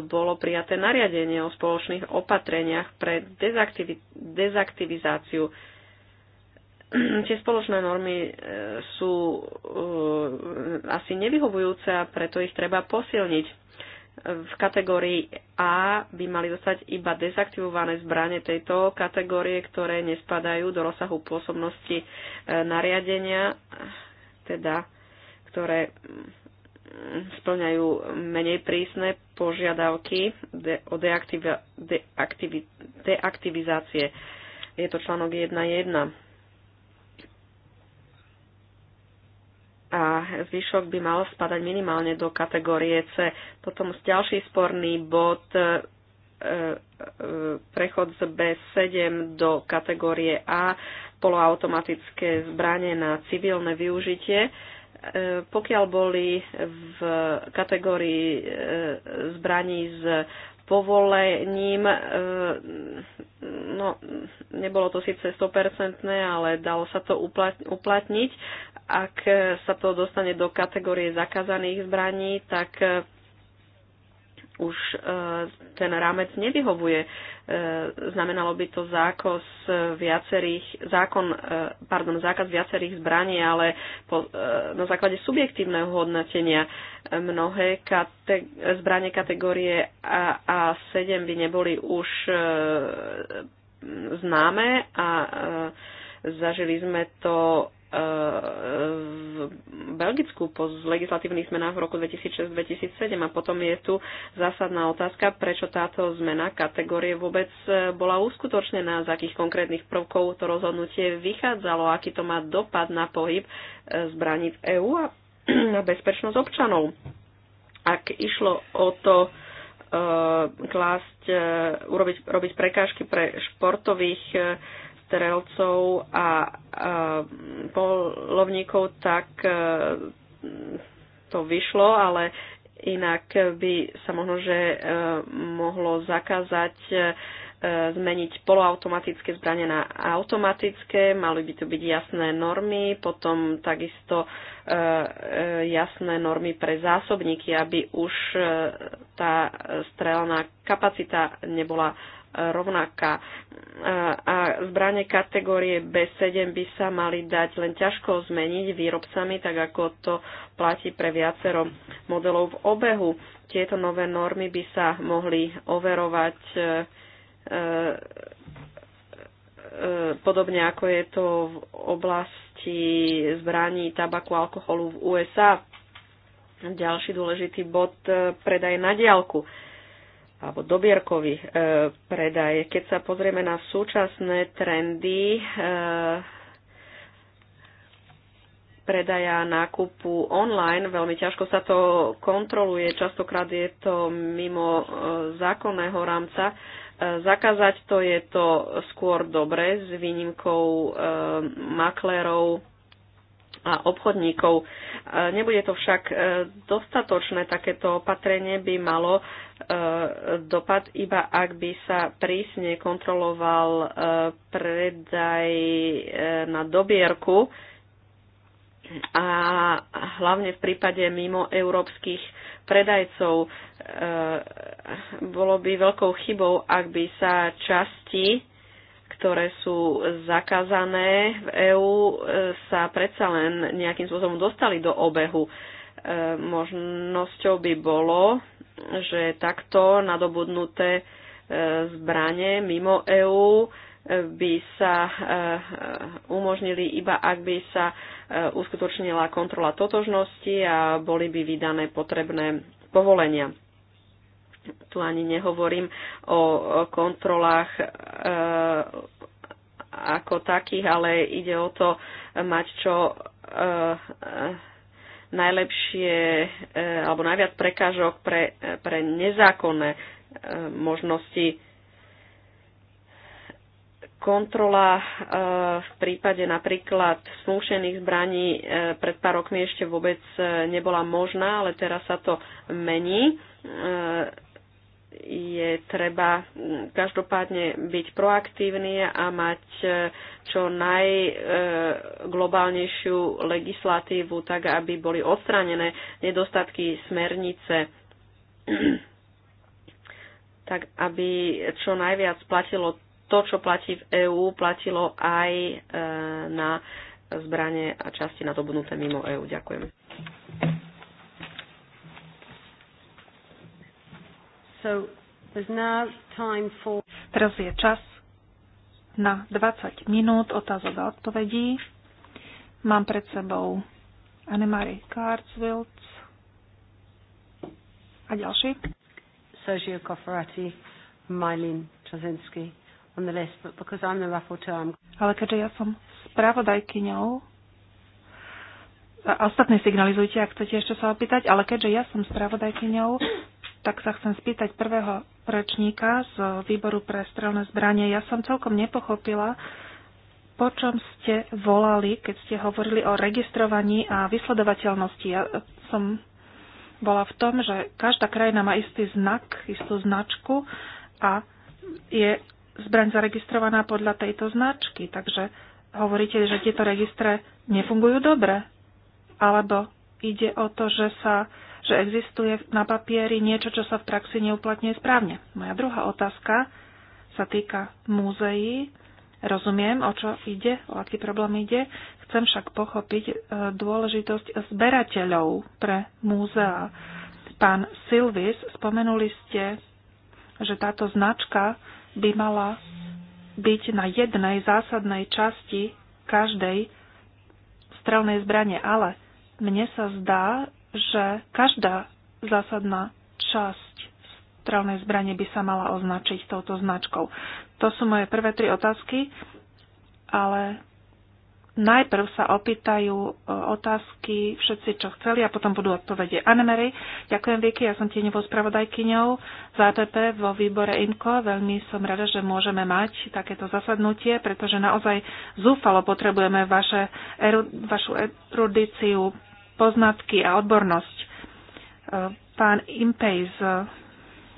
bolo prijaté nariadenie o spoločných opatreniach pre dezaktiv- dezaktivizáciu. Tie spoločné normy e, sú e, asi nevyhovujúce a preto ich treba posilniť. V kategórii A by mali dostať iba dezaktivované zbranie tejto kategórie, ktoré nespadajú do rozsahu pôsobnosti nariadenia, teda ktoré splňajú menej prísne požiadavky de, o deaktiva, deaktivi, deaktivizácie. Je to článok 1.1. A zvyšok by mal spadať minimálne do kategórie C. Potom ďalší sporný bod e, e, prechod z B7 do kategórie A, poloautomatické zbranie na civilné využitie. E, E, pokiaľ boli v kategórii e, zbraní s povolením, e, no nebolo to síce 100%, ale dalo sa to uplatniť. Ak sa to dostane do kategórie zakázaných zbraní, tak už e, ten rámec nevyhovuje. E, znamenalo by to zákaz viacerých, zákon, e, pardon, zákaz viacerých zbraní, ale po, na základe subjektívneho hodnotenia mnohé kate, zbranie kategórie A, A7 by neboli už známe a zažili sme to v Belgicku po legislatívnych zmenách v roku 2006-2007 a potom je tu zásadná otázka, prečo táto zmena kategórie vôbec e, bola uskutočnená, z akých konkrétnych prvkov to rozhodnutie vychádzalo, aký to má dopad na pohyb e, zbraní v EÚ a na bezpečnosť občanov. Ak išlo o to, e, klásť, urobiť, robiť prekážky pre športových strelcov a, a polovníkov, tak e, to vyšlo, ale inak by sa možno, že e, mohlo zakázať e, zmeniť poloautomatické zbranie na automatické, mali by to byť jasné normy, potom takisto jasné normy pre zásobníky, aby už tá strelná kapacita nebola rovnaká. A zbranie kategórie B7 by sa mali dať len ťažko zmeniť výrobcami, tak ako to platí pre viacero modelov v obehu. Tieto nové normy by sa mohli overovať e, e, e, podobne ako je to v oblasti zbraní, tabaku, a alkoholu v USA. Ďalší dôležitý bod predaj na diálku alebo dobierkový e, predaj. Keď sa pozrieme na súčasné trendy e, predaja nákupu online, veľmi ťažko sa to kontroluje, častokrát je to mimo e, zákonného rámca. E, zakázať to je to skôr dobre s výnimkou e, maklérov a obchodníkov. E, nebude to však e, dostatočné, takéto opatrenie by malo dopad, iba ak by sa prísne kontroloval e, predaj e, na dobierku a hlavne v prípade mimo európskych predajcov e, bolo by veľkou chybou, ak by sa časti ktoré sú zakázané v EÚ, sa predsa len nejakým spôsobom dostali do obehu. Možnosťou by bolo že takto nadobudnuté e, zbranie mimo EÚ e, by sa e, umožnili iba ak by sa uskutočnila kontrola totožnosti a boli by vydané potrebné povolenia. Tu ani nehovorím o kontrolách ako takých, ale ide o to mať čo najlepšie e, alebo najviac prekážok pre, e, pre nezákonné e, možnosti kontrola v prípade napríklad smúšených zbraní pred pár rokmi ešte vôbec nebola možná, ale teraz sa to mení je treba mm, každopádne byť proaktívny a mať e, čo najglobálnejšiu e, legislatívu, tak aby boli odstranené nedostatky smernice, tak aby čo najviac platilo to, čo platí v EÚ, platilo aj e, na zbranie a časti nadobudnuté mimo EÚ. Ďakujem. So there's now time for... Teraz je čas na 20 minút otázok a odpovedí. Mám pred sebou Anne-Marie a ďalší. Sergio Cofferati, Mylin Trzynski on the list, but because I'm the rapporteur... I'm... Ale keďže ja som spravodajkyňou, a ostatní signalizujte, ak chcete ešte sa opýtať, ale keďže ja som spravodajkyňou, tak sa chcem spýtať prvého ročníka z výboru pre strelné zbranie. Ja som celkom nepochopila, po čom ste volali, keď ste hovorili o registrovaní a vysledovateľnosti. Ja som bola v tom, že každá krajina má istý znak, istú značku a je zbraň zaregistrovaná podľa tejto značky. Takže hovoríte, že tieto registre nefungujú dobre. Alebo ide o to, že sa že existuje na papieri niečo, čo sa v praxi neuplatňuje správne. Moja druhá otázka sa týka múzeí. Rozumiem, o čo ide, o aký problém ide. Chcem však pochopiť e, dôležitosť zberateľov pre múzea. Pán Silvis, spomenuli ste, že táto značka by mala byť na jednej zásadnej časti každej strelnej zbrane, ale mne sa zdá, že každá zásadná časť strelnej zbranie by sa mala označiť touto značkou. To sú moje prvé tri otázky, ale najprv sa opýtajú e, otázky všetci, čo chceli a potom budú odpovede. Anne-Marie, ďakujem Vicky, ja som tieňovou spravodajkyňou z APP e vo výbore IMCO. Veľmi som rada, že môžeme mať takéto zasadnutie, pretože naozaj zúfalo potrebujeme vaše, vašu erudíciu, poznatky a odbornosť. E, pán Impej z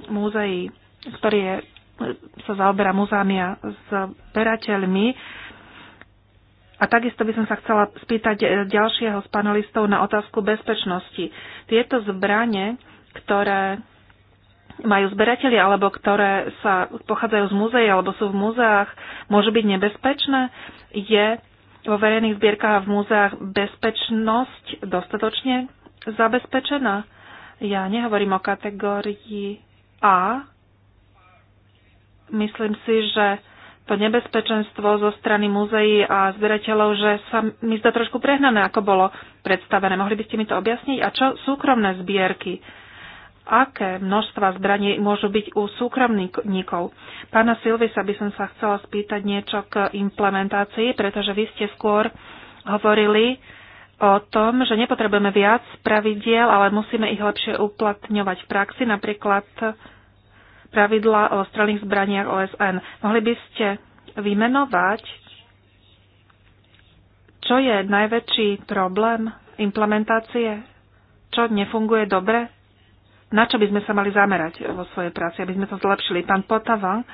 múzeí, ktorý je, sa zaoberá múzeami a s berateľmi. A takisto by som sa chcela spýtať e, ďalšieho z panelistov na otázku bezpečnosti. Tieto zbranie, ktoré majú zberatelia alebo ktoré sa pochádzajú z múzeí alebo sú v múzeách, môžu byť nebezpečné. Je vo verejných zbierkach a v múzeách bezpečnosť dostatočne zabezpečená? Ja nehovorím o kategórii A. Myslím si, že to nebezpečenstvo zo strany múzeí a zberateľov, že sa mi zdá trošku prehnané, ako bolo predstavené. Mohli by ste mi to objasniť? A čo súkromné zbierky? aké množstva zbraní môžu byť u súkromníkov. Pána Silvisa by som sa chcela spýtať niečo k implementácii, pretože vy ste skôr hovorili o tom, že nepotrebujeme viac pravidiel, ale musíme ich lepšie uplatňovať v praxi, napríklad pravidla o strelných zbraniach OSN. Mohli by ste vymenovať, čo je najväčší problém implementácie? Čo nefunguje dobre? na čo by sme sa mali zamerať vo svojej práci, aby sme to zlepšili. Pán Potava,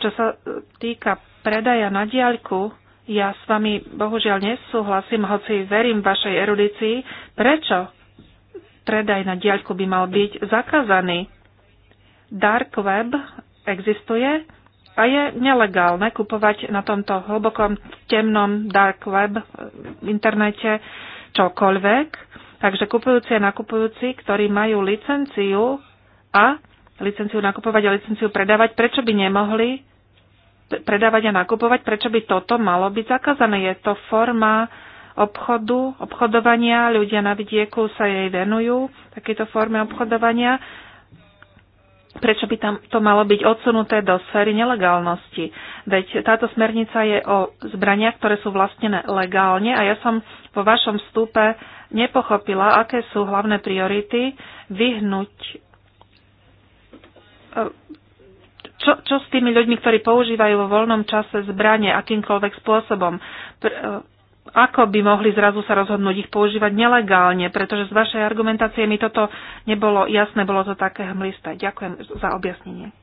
čo sa týka predaja na diaľku, ja s vami bohužiaľ nesúhlasím, hoci verím vašej erudícii. Prečo predaj na diaľku by mal byť zakázaný? Dark web existuje a je nelegálne kupovať na tomto hlbokom temnom dark web v internete čokoľvek Takže kupujúci a nakupujúci, ktorí majú licenciu a licenciu nakupovať a licenciu predávať, prečo by nemohli predávať a nakupovať, prečo by toto malo byť zakázané. Je to forma obchodu, obchodovania, ľudia na vidieku sa jej venujú, takéto forme obchodovania. Prečo by tam to malo byť odsunuté do sféry nelegálnosti? Veď táto smernica je o zbraniach, ktoré sú vlastnené legálne a ja som vo vašom vstupe nepochopila, aké sú hlavné priority, vyhnúť e, čo, čo s tými ľuďmi, ktorí používajú vo voľnom čase zbranie akýmkoľvek spôsobom? Pr- e, ako by mohli zrazu sa rozhodnúť ich používať nelegálne? Pretože z vašej argumentácie mi toto nebolo jasné, bolo to také hmlisté. Ďakujem za objasnenie.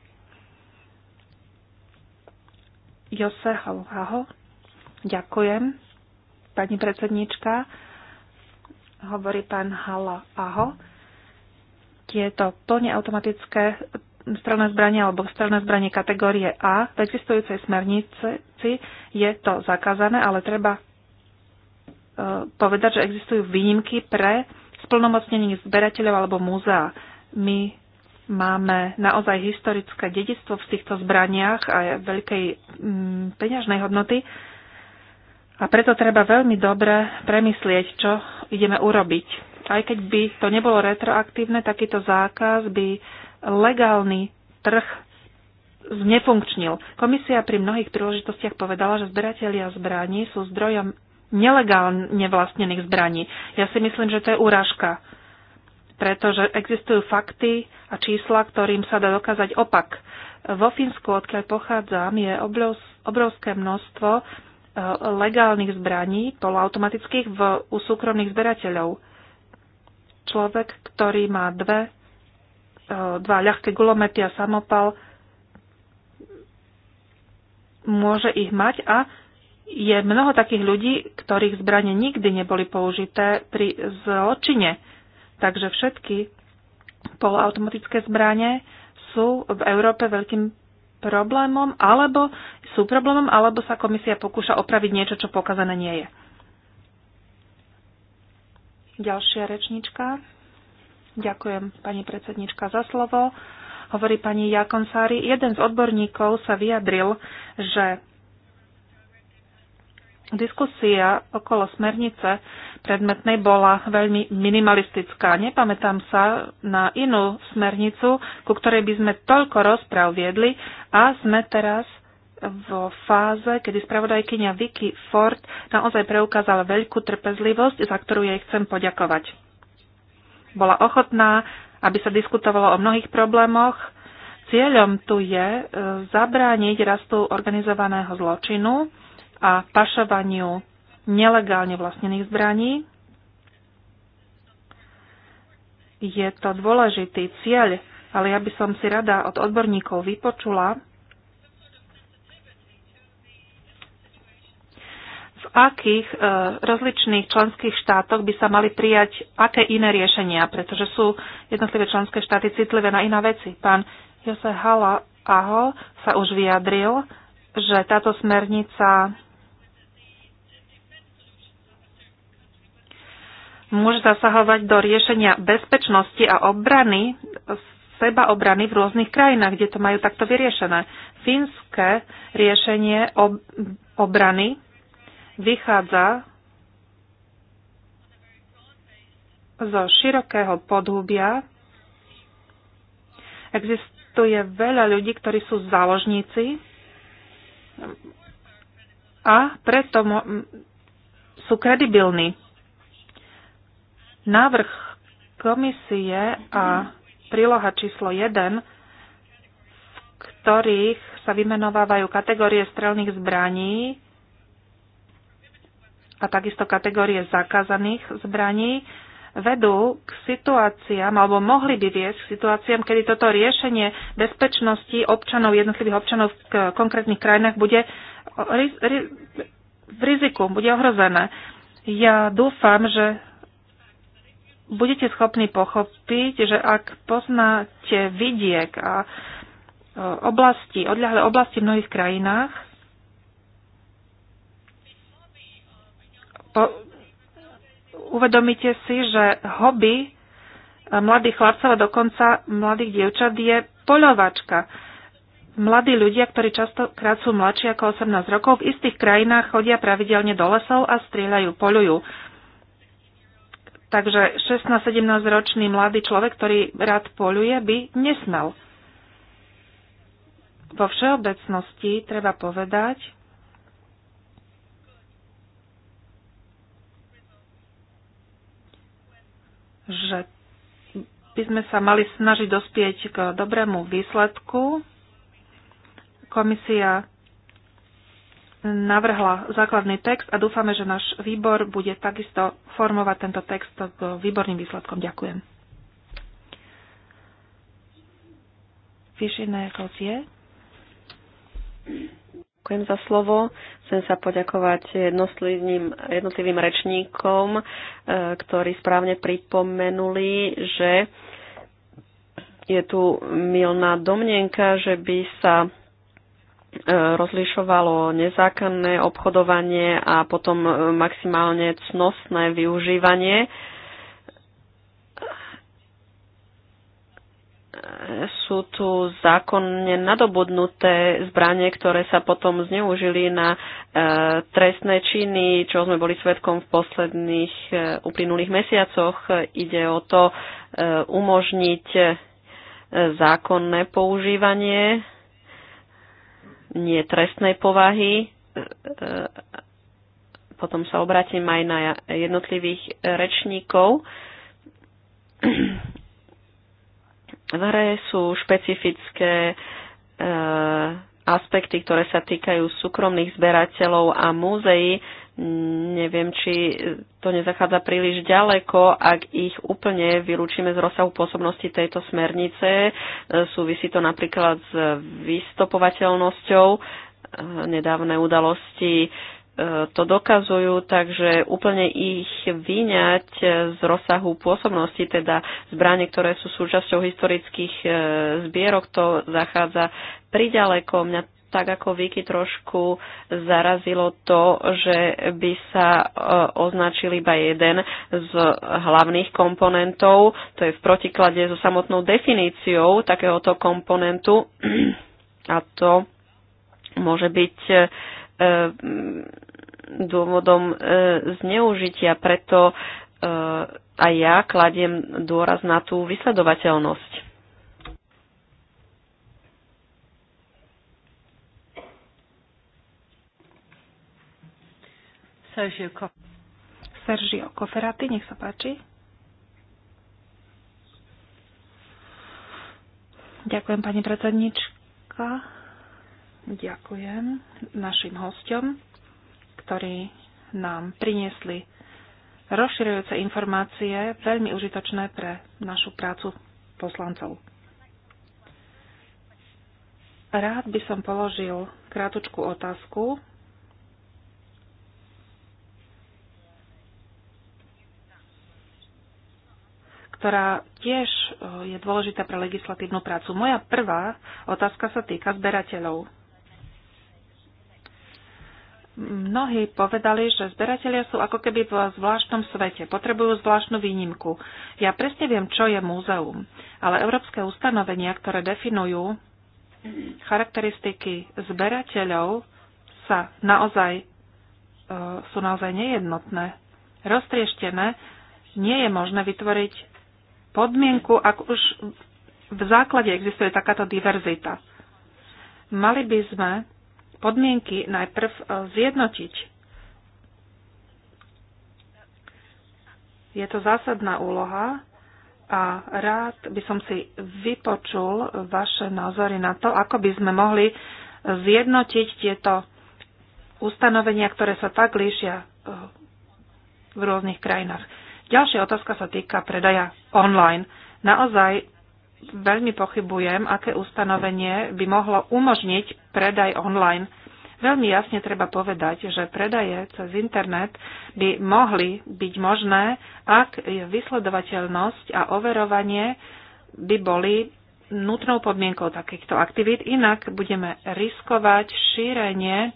Jose Haho, ďakujem, pani predsednička hovorí pán Hala Aho. Tieto plne automatické strelné zbranie alebo strelné zbranie kategórie A v existujúcej smernici je to zakázané, ale treba e, povedať, že existujú výnimky pre splnomocnenie zberateľov alebo múzea. My máme naozaj historické dedictvo v týchto zbraniach a veľkej mm, peňažnej hodnoty a preto treba veľmi dobre premyslieť, čo ideme urobiť. Aj keď by to nebolo retroaktívne, takýto zákaz by legálny trh znefunkčnil. Komisia pri mnohých príležitostiach povedala, že zberatelia zbraní sú zdrojom nelegálne vlastnených zbraní. Ja si myslím, že to je úražka, pretože existujú fakty a čísla, ktorým sa dá dokázať opak. Vo Fínsku, odkiaľ pochádzam, je obrovské množstvo legálnych zbraní, poloautomatických, v, u súkromných zberateľov. Človek, ktorý má dve, e, dva ľahké gulomety a samopal, môže ich mať a je mnoho takých ľudí, ktorých zbranie nikdy neboli použité pri zločine. Takže všetky poloautomatické zbranie sú v Európe veľkým problémom, alebo sú problémom, alebo sa komisia pokúša opraviť niečo, čo pokazané nie je. Ďalšia rečnička. Ďakujem, pani predsednička, za slovo. Hovorí pani Jakonsári. Jeden z odborníkov sa vyjadril, že Diskusia okolo smernice predmetnej bola veľmi minimalistická. Nepamätám sa na inú smernicu, ku ktorej by sme toľko rozpráv viedli a sme teraz vo fáze, kedy spravodajkyňa Vicky Ford naozaj preukázala veľkú trpezlivosť, za ktorú jej chcem poďakovať. Bola ochotná, aby sa diskutovalo o mnohých problémoch. Cieľom tu je e, zabrániť rastu organizovaného zločinu, a pašovaniu nelegálne vlastnených zbraní. Je to dôležitý cieľ, ale ja by som si rada od odborníkov vypočula, v akých e, rozličných členských štátoch by sa mali prijať aké iné riešenia, pretože sú jednotlivé členské štáty citlivé na iná veci. Pán Jose Hala Aho sa už vyjadril, že táto smernica môže zasahovať do riešenia bezpečnosti a obrany, seba obrany v rôznych krajinách, kde to majú takto vyriešené. Fínske riešenie ob- obrany vychádza zo širokého podhubia. Existuje veľa ľudí, ktorí sú záložníci a preto sú kredibilní Návrh komisie a príloha číslo 1, v ktorých sa vymenovávajú kategórie strelných zbraní a takisto kategórie zakázaných zbraní, vedú k situáciám, alebo mohli by viesť k situáciám, kedy toto riešenie bezpečnosti občanov, jednotlivých občanov v konkrétnych krajinách bude v riziku, bude ohrozené. Ja dúfam, že budete schopní pochopiť, že ak poznáte vidiek a e, oblasti, odľahlé oblasti v mnohých krajinách, po, uvedomíte si, že hobby e, mladých chlapcov a dokonca mladých dievčat je poľovačka. Mladí ľudia, ktorí častokrát sú mladší ako 18 rokov, v istých krajinách chodia pravidelne do lesov a strieľajú, polujú. Takže 16-17 ročný mladý človek, ktorý rád poľuje, by nesmel. Vo všeobecnosti treba povedať, že by sme sa mali snažiť dospieť k dobrému výsledku. Komisia navrhla základný text a dúfame, že náš výbor bude takisto formovať tento text s výborným výsledkom. Ďakujem. Vyšiné kocie. Ďakujem za slovo. Chcem sa poďakovať jednotlivým, jednotlivým rečníkom, e, ktorí správne pripomenuli, že je tu milná domnenka, že by sa Eh, rozlišovalo nezákonné obchodovanie a potom eh, maximálne cnostné využívanie. Eh, sú tu zákonne nadobudnuté zbranie, ktoré sa potom zneužili na trestné činy, čo sme boli svetkom v posledných uplynulých mesiacoch. Ide o to umožniť zákonné používanie nie trestnej povahy. E, e, potom sa obrátim aj na jednotlivých rečníkov. V hre sú špecifické e, aspekty, ktoré sa týkajú súkromných zberateľov a múzeí. Neviem, či to nezachádza príliš ďaleko, ak ich úplne vylúčime z rozsahu pôsobnosti tejto smernice. Súvisí to napríklad s vystopovateľnosťou. Nedávne udalosti e, to dokazujú, takže úplne ich vyňať z rozsahu pôsobnosti, teda zbranie, ktoré sú súčasťou historických e, zbierok, to zachádza priďaleko. Mňa tak ako Viki trošku zarazilo to, že by sa e, označil iba jeden z hlavných komponentov. To je v protiklade so samotnou definíciou takéhoto komponentu a to môže byť e, dôvodom e, zneužitia. Preto aj ja kladiem dôraz na tú vysledovateľnosť. Sergio, Sergio Koferati, nech sa páči. Ďakujem, pani predsednička. Ďakujem našim hostom, ktorí nám priniesli rozširujúce informácie, veľmi užitočné pre našu prácu poslancov. Rád by som položil krátku otázku ktorá tiež e, je dôležitá pre legislatívnu prácu. Moja prvá otázka sa týka zberateľov. Mnohí povedali, že zberatelia sú ako keby v zvláštnom svete, potrebujú zvláštnu výnimku. Ja presne viem, čo je múzeum, ale európske ustanovenia, ktoré definujú charakteristiky zberateľov, sa naozaj, e, sú naozaj nejednotné, roztrieštené. Nie je možné vytvoriť podmienku, ak už v základe existuje takáto diverzita. Mali by sme podmienky najprv e, zjednotiť. Je to zásadná úloha a rád by som si vypočul vaše názory na to, ako by sme mohli zjednotiť tieto ustanovenia, ktoré sa tak líšia e, v rôznych krajinách. Ďalšia otázka sa týka predaja online. Naozaj veľmi pochybujem, aké ustanovenie by mohlo umožniť predaj online. Veľmi jasne treba povedať, že predaje cez internet by mohli byť možné, ak vysledovateľnosť a overovanie by boli nutnou podmienkou takýchto aktivít. Inak budeme riskovať šírenie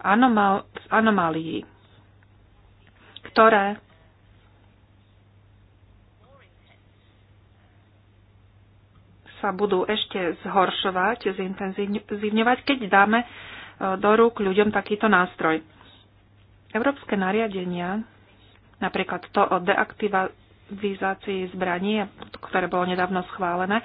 anomál- ktoré sa budú ešte zhoršovať, zintenzívňovať, keď dáme e, do rúk ľuďom takýto nástroj. Európske nariadenia, napríklad to o deaktivizácii zbraní, ktoré bolo nedávno schválené, e,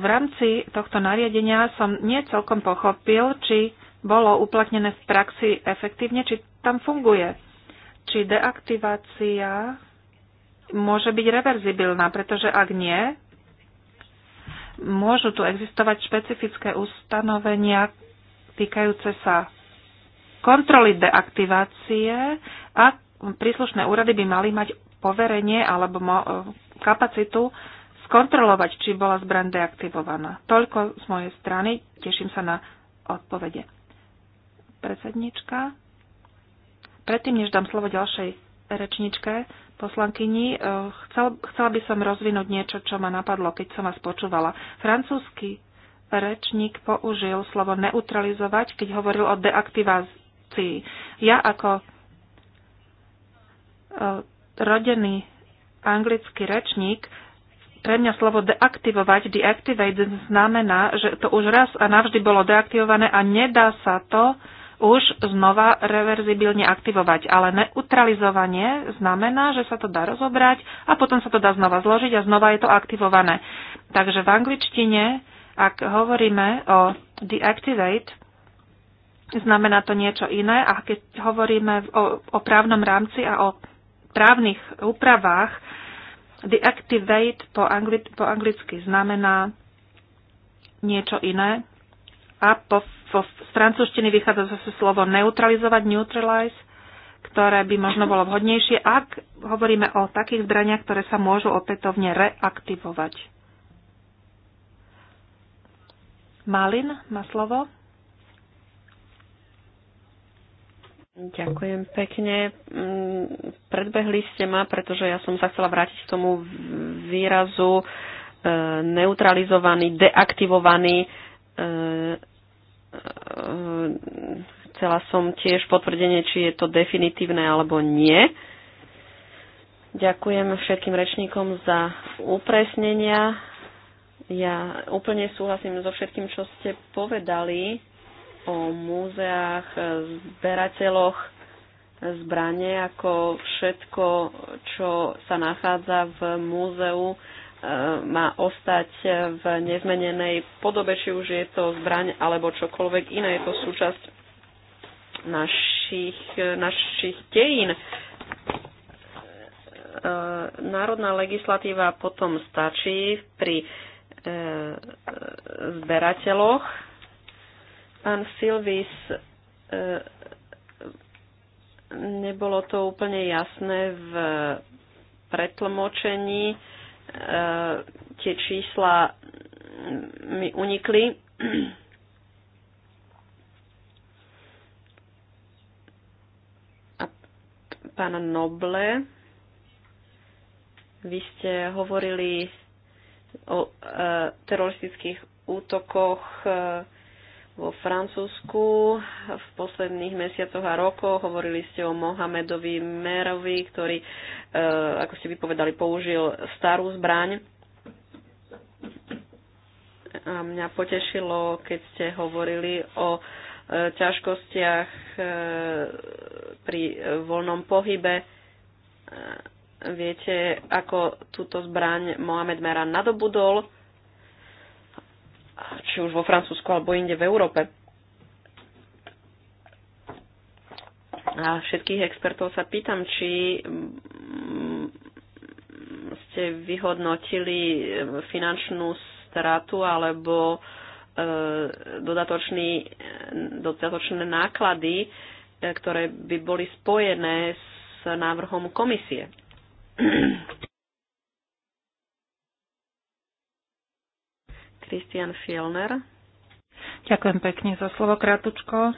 v rámci tohto nariadenia som nie celkom pochopil, či bolo uplatnené v praxi efektívne, či tam funguje či deaktivácia môže byť reverzibilná, pretože ak nie, môžu tu existovať špecifické ustanovenia týkajúce sa kontroly deaktivácie a príslušné úrady by mali mať poverenie alebo kapacitu skontrolovať, či bola zbraň deaktivovaná. Toľko z mojej strany. Teším sa na odpovede. Predsednička. Predtým, než dám slovo ďalšej rečničke, poslankyni, eh, chcel, chcela by som rozvinúť niečo, čo ma napadlo, keď som vás počúvala. Francúzsky rečník použil slovo neutralizovať, keď hovoril o deaktivácii. Ja ako eh, rodený anglický rečník pre mňa slovo deaktivovať, deactivate, znamená, že to už raz a navždy bolo deaktivované a nedá sa to už znova reverzibilne aktivovať. Ale neutralizovanie znamená, že sa to dá rozobrať a potom sa to dá znova zložiť a znova je to aktivované. Takže v angličtine, ak hovoríme o deactivate, znamená to niečo iné a keď hovoríme o, o právnom rámci a o právnych úpravách, deactivate po, angli- po anglicky znamená niečo iné a po z francúzštiny vychádza zase slovo neutralizovať, neutralize, ktoré by možno bolo vhodnejšie, ak hovoríme o takých zbraniach, ktoré sa môžu opätovne reaktivovať. Malin má slovo. Ďakujem pekne. Predbehli ste ma, pretože ja som sa chcela vrátiť k tomu výrazu e, neutralizovaný, deaktivovaný e, Eh, chcela som tiež potvrdenie, či je to definitívne alebo nie. Ďakujem všetkým rečníkom za upresnenia. Ja úplne súhlasím so všetkým, čo ste povedali o múzeách, zberateľoch, zbranie, ako všetko, čo sa nachádza v múzeu E, má ostať e, v nezmenenej podobe, či už je to zbraň alebo čokoľvek iné. Je to súčasť našich, e, našich dejín. Národná legislatíva potom stačí pri zberateľoch. Pán Silvis, nebolo to úplne jasné v pretlmočení E, tie čísla mi unikli. A pán Noble, vy ste hovorili o e, teroristických útokoch e, vo Francúzsku v posledných mesiacoch a rokoch. Hovorili ste o Mohamedovi Merovi, ktorý, e, ako ste vypovedali, použil starú zbraň. A mňa potešilo, keď ste hovorili o e, ťažkostiach e, pri voľnom pohybe. Viete, ako túto zbraň Mohamed Mera nadobudol? či už vo Francúzsku alebo inde v Európe. A všetkých expertov sa pýtam, či mm, ste vyhodnotili finančnú stratu alebo e, dodatočný, dodatočné náklady, e, ktoré by boli spojené s návrhom komisie. Christian Fielner. Ďakujem pekne za slovo, krátučko.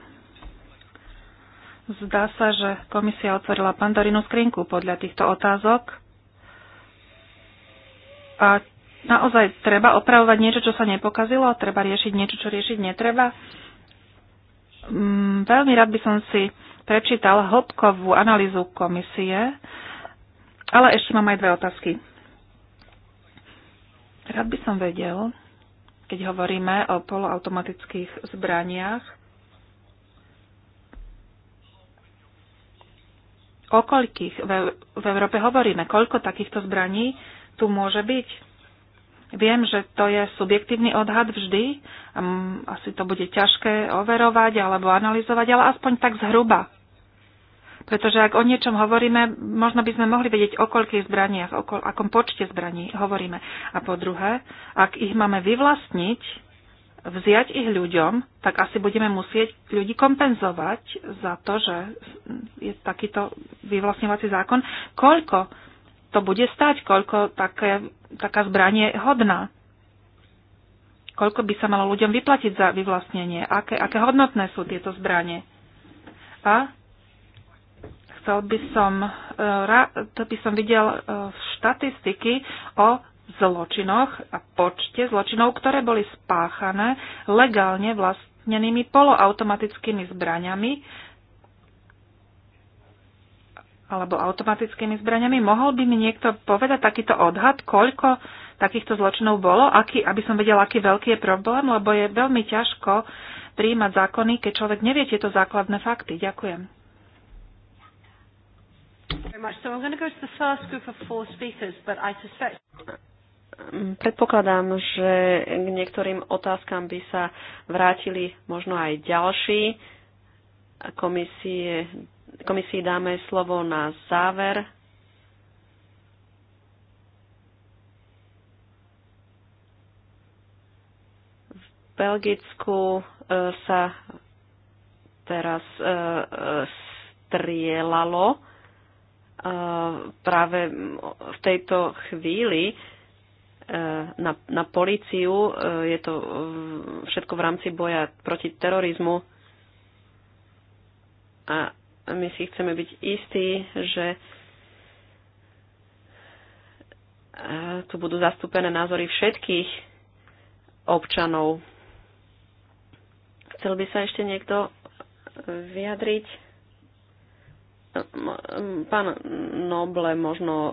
Zdá sa, že komisia otvorila pandorinu skrinku podľa týchto otázok. A naozaj treba opravovať niečo, čo sa nepokazilo? Treba riešiť niečo, čo riešiť netreba? Mm, veľmi rád by som si prečítal hĺbkovú analýzu komisie, ale ešte mám aj dve otázky. Rád by som vedel, keď hovoríme o poloautomatických zbraniach. O koľkých v Európe hovoríme? Koľko takýchto zbraní tu môže byť? Viem, že to je subjektívny odhad vždy. Asi to bude ťažké overovať alebo analyzovať, ale aspoň tak zhruba. Pretože ak o niečom hovoríme, možno by sme mohli vedieť, o koľkých zbraniach, o kol- akom počte zbraní hovoríme. A po druhé, ak ich máme vyvlastniť, vziať ich ľuďom, tak asi budeme musieť ľudí kompenzovať za to, že je takýto vyvlastňovací zákon. Koľko to bude stať, koľko také, taká zbranie je hodná koľko by sa malo ľuďom vyplatiť za vyvlastnenie, aké, aké hodnotné sú tieto zbranie. A chcel by som, e, to by som videl e, štatistiky o zločinoch a počte zločinov, ktoré boli spáchané legálne vlastnenými poloautomatickými zbraňami alebo automatickými zbraňami. Mohol by mi niekto povedať takýto odhad, koľko takýchto zločinov bolo, aký, aby som vedela, aký veľký je problém, lebo je veľmi ťažko prijímať zákony, keď človek nevie tieto základné fakty. Ďakujem. Predpokladám, že k niektorým otázkam by sa vrátili možno aj ďalší. Komisie, komisii dáme slovo na záver. V Belgicku e, sa teraz e, e, strielalo. Eh, práve v tejto chvíli eh, na, na políciu. Eh, je to všetko v rámci boja proti terorizmu. A my si chceme byť istí, že tu budú zastúpené názory všetkých občanov. Chcel by sa ešte niekto vyjadriť? Pán Noble, možno e,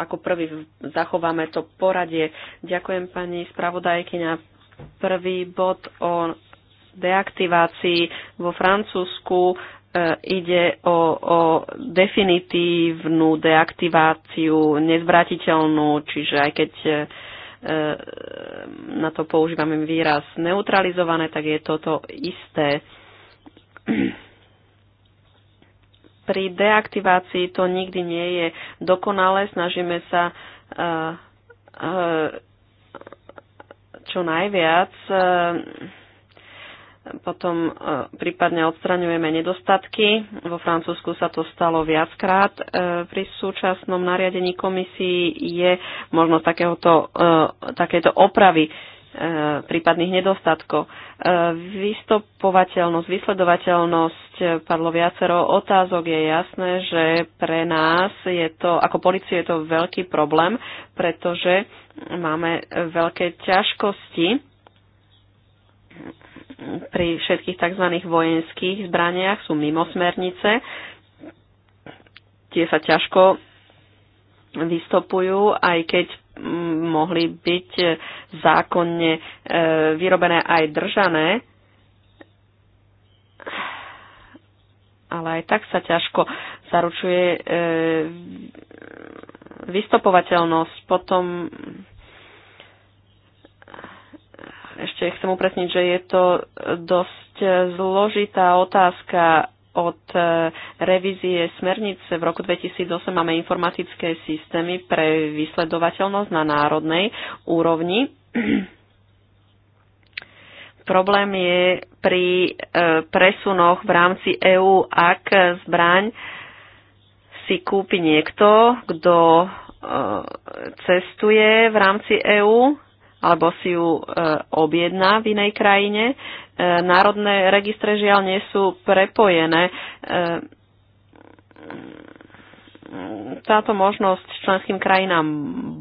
ako prvý zachováme to poradie. Ďakujem pani spravodajkyňa. Prvý bod o deaktivácii vo Francúzsku e, ide o, o definitívnu deaktiváciu, nezvratiteľnú, čiže aj keď e, na to používame výraz neutralizované, tak je toto isté pri deaktivácii to nikdy nie je dokonalé. Snažíme sa eh, eh, čo najviac eh, potom prípadne odstraňujeme nedostatky. Vo Francúzsku sa to stalo viackrát. Pri súčasnom nariadení komisii je možnosť takéhoto, takéto opravy E, prípadných nedostatkov. E, Vystopovateľnosť, vysledovateľnosť, e, padlo viacero otázok. Je jasné, že pre nás je to, ako policie je to veľký problém, pretože máme veľké ťažkosti pri všetkých tzv. vojenských zbraniach, sú mimo smernice. Tie sa ťažko vystopujú, aj keď mohli byť e, zákonne e, vyrobené aj držané, ale aj tak sa ťažko zaručuje e, vystopovateľnosť. Potom ešte chcem upresniť, že je to dosť zložitá otázka od e, revízie smernice v roku 2008 máme informatické systémy pre vysledovateľnosť na národnej úrovni. Problém je pri e, presunoch v rámci EÚ, ak zbraň si kúpi niekto, kto e, cestuje v rámci EÚ alebo si ju e, objedná v inej krajine. E, národné registre žiaľ nie sú prepojené. E, táto možnosť členským krajinám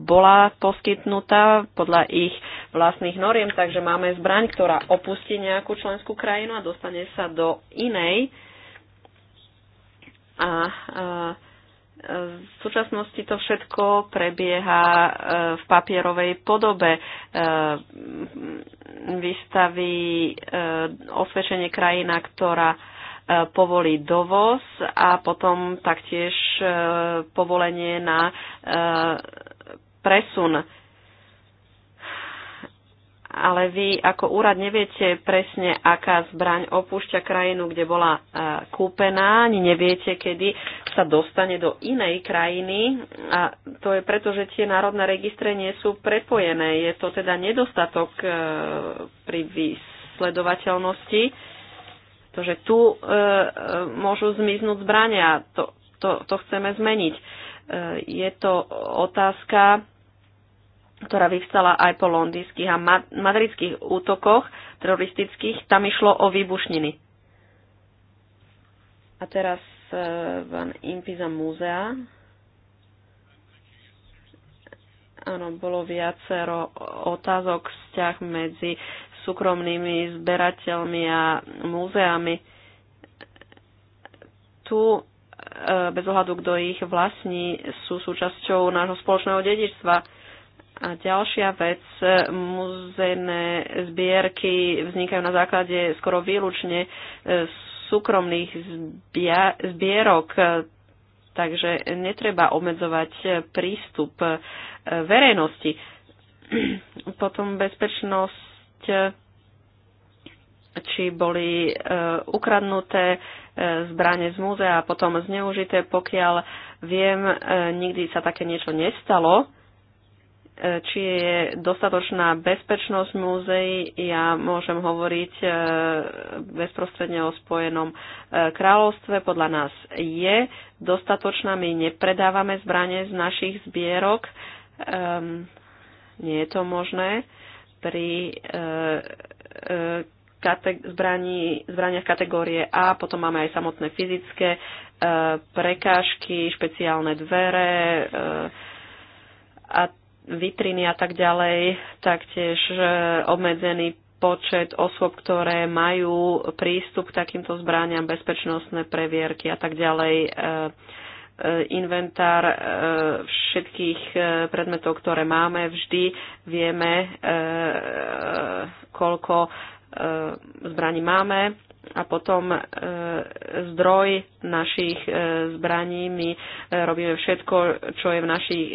bola poskytnutá podľa ich vlastných noriem, takže máme zbraň, ktorá opustí nejakú členskú krajinu a dostane sa do inej. A, a v súčasnosti to všetko prebieha e, v papierovej podobe. E, vystaví e, osvedčenie krajina, ktorá povolí dovoz a potom taktiež povolenie na presun. Ale vy ako úrad neviete presne, aká zbraň opúšťa krajinu, kde bola kúpená, ani neviete, kedy sa dostane do inej krajiny a to je preto, že tie národné registre nie sú prepojené. Je to teda nedostatok e, pri vysledovateľnosti, to, že tu e, e, môžu zmiznúť zbrania a to, to, to chceme zmeniť. Je to otázka, ktorá vyvstala aj po londýnskych a madridských útokoch teroristických. Tam išlo o výbušniny. A teraz pán Impiza múzea. Áno, bolo viacero otázok vzťah medzi súkromnými zberateľmi a múzeami. Tu, e, bez ohľadu, kto ich vlastní, sú súčasťou nášho spoločného dedičstva. A ďalšia vec, e, muzejné zbierky vznikajú na základe skoro výlučne e, súkromných zbierok, takže netreba obmedzovať prístup eh, verejnosti. Potom bezpečnosť, či boli eh, ukradnuté eh, zbranie z múzea a potom zneužité, pokiaľ viem, nikdy sa také niečo nestalo či je dostatočná bezpečnosť múzeí. Ja môžem hovoriť e, bezprostredne o Spojenom e, kráľovstve. Podľa nás je dostatočná. My nepredávame zbranie z našich zbierok. Um, nie je to možné. Pri uh, zbraní, zbraniach kategórie A, potom máme aj samotné fyzické prekážky, špeciálne dvere e, a vitriny a tak ďalej, taktiež e, obmedzený počet osôb, ktoré majú prístup k takýmto zbraniam, bezpečnostné previerky a tak ďalej, e, e, inventár všetkých predmetov, ktoré máme, vždy vieme, koľko zbraní máme a potom e, zdroj našich e, zbraní. My e, robíme všetko, čo je v našich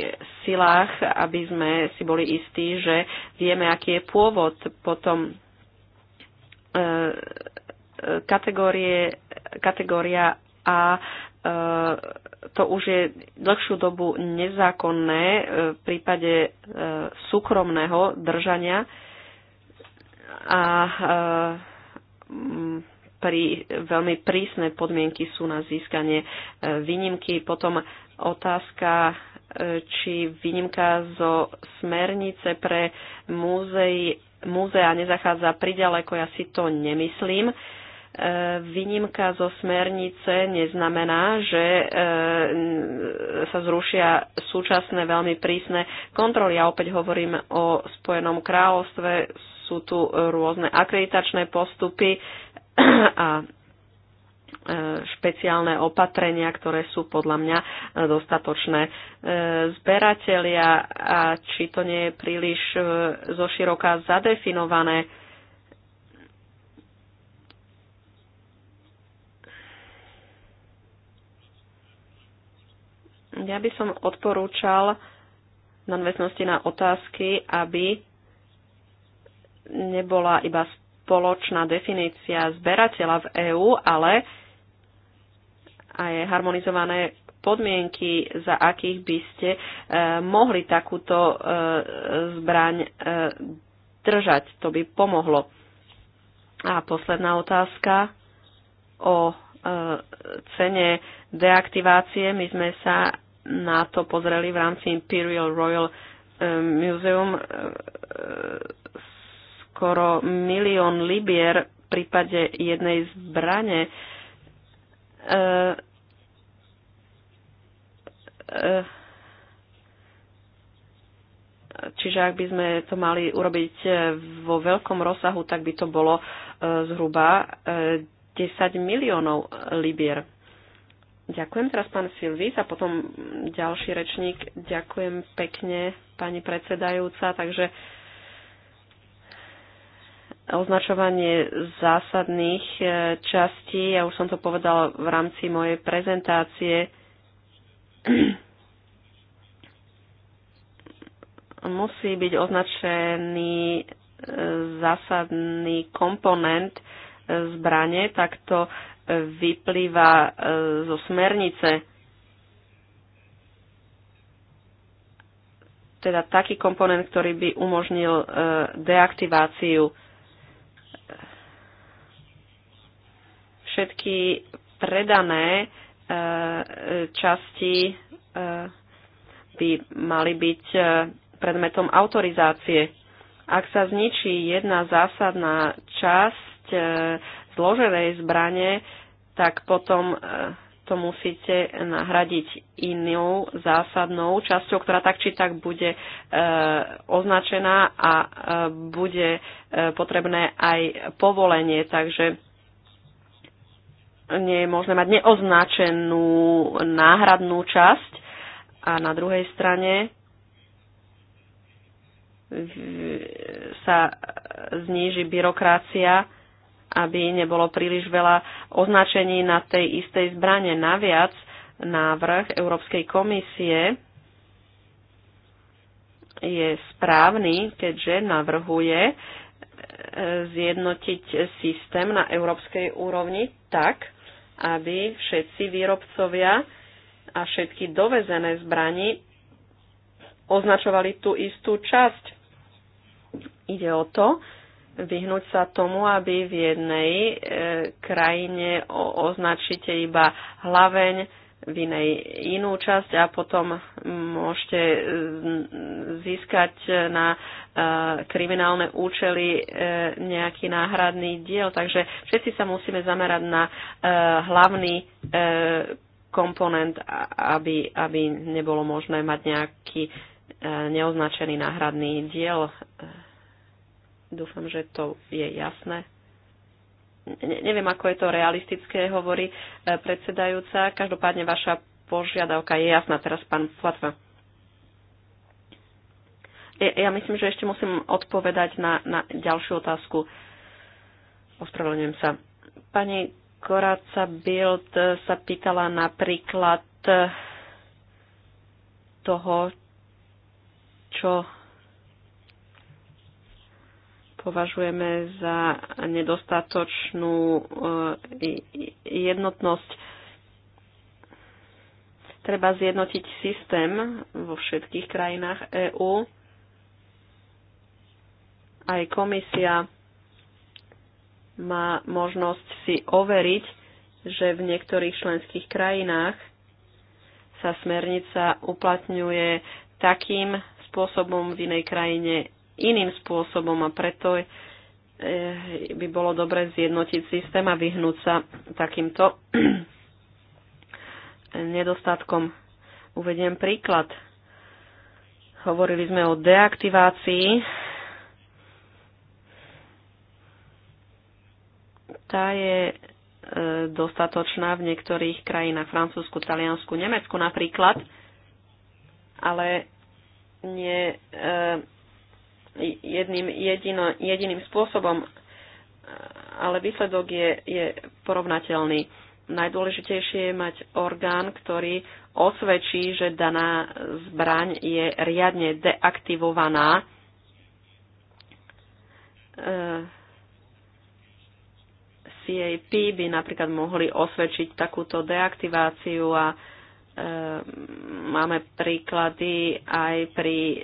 silách, aby sme si boli istí, že vieme, aký je pôvod. Potom e, kategória A e, to už je dlhšiu dobu nezákonné e, v prípade e, súkromného držania a e, prí, veľmi prísne podmienky sú na získanie e, výnimky. Potom otázka, e, či výnimka zo smernice pre múzei, múzea nezachádza priďaleko, ja si to nemyslím. E, výnimka zo smernice neznamená, že sa zrušia súčasné veľmi prísne kontroly. Ja opäť hovorím o Spojenom kráľovstve, sú tu rôzne akreditačné postupy, a e, špeciálne opatrenia, ktoré sú podľa mňa dostatočné. E, zberatelia, a či to nie je príliš e, zoširoka zadefinované, ja by som odporúčal na nadväznosti na otázky, aby nebola iba spoločná definícia zberateľa v EÚ, ale aj harmonizované podmienky, za akých by ste e, mohli takúto e, zbraň e, držať. To by pomohlo. A posledná otázka o e, cene deaktivácie. My sme sa na to pozreli v rámci Imperial Royal e, Museum. E, skoro milión libier v prípade jednej zbrane. E, e, čiže ak by sme to mali urobiť e, vo veľkom rozsahu, tak by to bolo zhruba 10 miliónov libier. Ďakujem teraz pán Silvis a potom ďalší rečník. Ďakujem pekne pani predsedajúca. Takže označovanie zásadných e, častí, ja už som to povedala v rámci mojej prezentácie, musí byť označený e, zásadný komponent e, zbrane, tak to vyplýva zo smernice. Teda taký komponent, ktorý by umožnil deaktiváciu všetky predané e, časti e, by mali byť e, predmetom autorizácie. Ak sa zničí jedna zásadná časť zloženej zbrane, tak potom to musíte nahradiť inou zásadnou časťou, ktorá tak či tak bude e, označená a e, bude e, potrebné aj povolenie. Takže nie je možné mať neoznačenú náhradnú časť a na druhej strane sa zníži byrokracia, aby nebolo príliš veľa označení na tej istej zbrane. Naviac návrh Európskej komisie je správny, keďže navrhuje e, zjednotiť systém na európskej úrovni tak, aby všetci výrobcovia a všetky dovezené zbrani označovali tú istú časť. Ide o to, vyhnúť sa tomu, aby v jednej e, krajine o, označíte iba hlaveň, inej inú časť a potom môžete eh, získať na eh, kriminálne účely eh, nejaký náhradný diel. Takže všetci sa musíme zamerať na hlavný komponent, aby, aby nebolo možné mať nejaký neoznačený náhradný diel. Dúfam, že to je jasné neviem, ako je to realistické, hovorí e, predsedajúca. Každopádne vaša požiadavka je jasná teraz, pán Platva. Ja myslím, že ešte musím odpovedať na, na ďalšiu otázku. Ospravedlňujem sa. Pani Koráca Bild sa pýtala napríklad toho, čo považujeme za nedostatočnú e, jednotnosť. Treba zjednotiť systém vo všetkých krajinách EÚ. Aj komisia má možnosť si overiť, že v niektorých členských krajinách sa smernica uplatňuje takým spôsobom, v inej krajine iným spôsobom a preto eh, by bolo dobre zjednotiť systém a vyhnúť sa takýmto nedostatkom. Uvediem príklad. Hovorili sme o deaktivácii. Tá je eh, dostatočná v niektorých krajinách, Francúzsku, Taliansku, Nemecku napríklad, ale nie eh, jedným jedino, jediným spôsobom, ale výsledok je, je porovnateľný. Najdôležitejšie je mať orgán, ktorý osvedčí, že daná zbraň je riadne deaktivovaná. E, CAP by napríklad mohli osvedčiť takúto deaktiváciu a e, máme príklady aj pri e,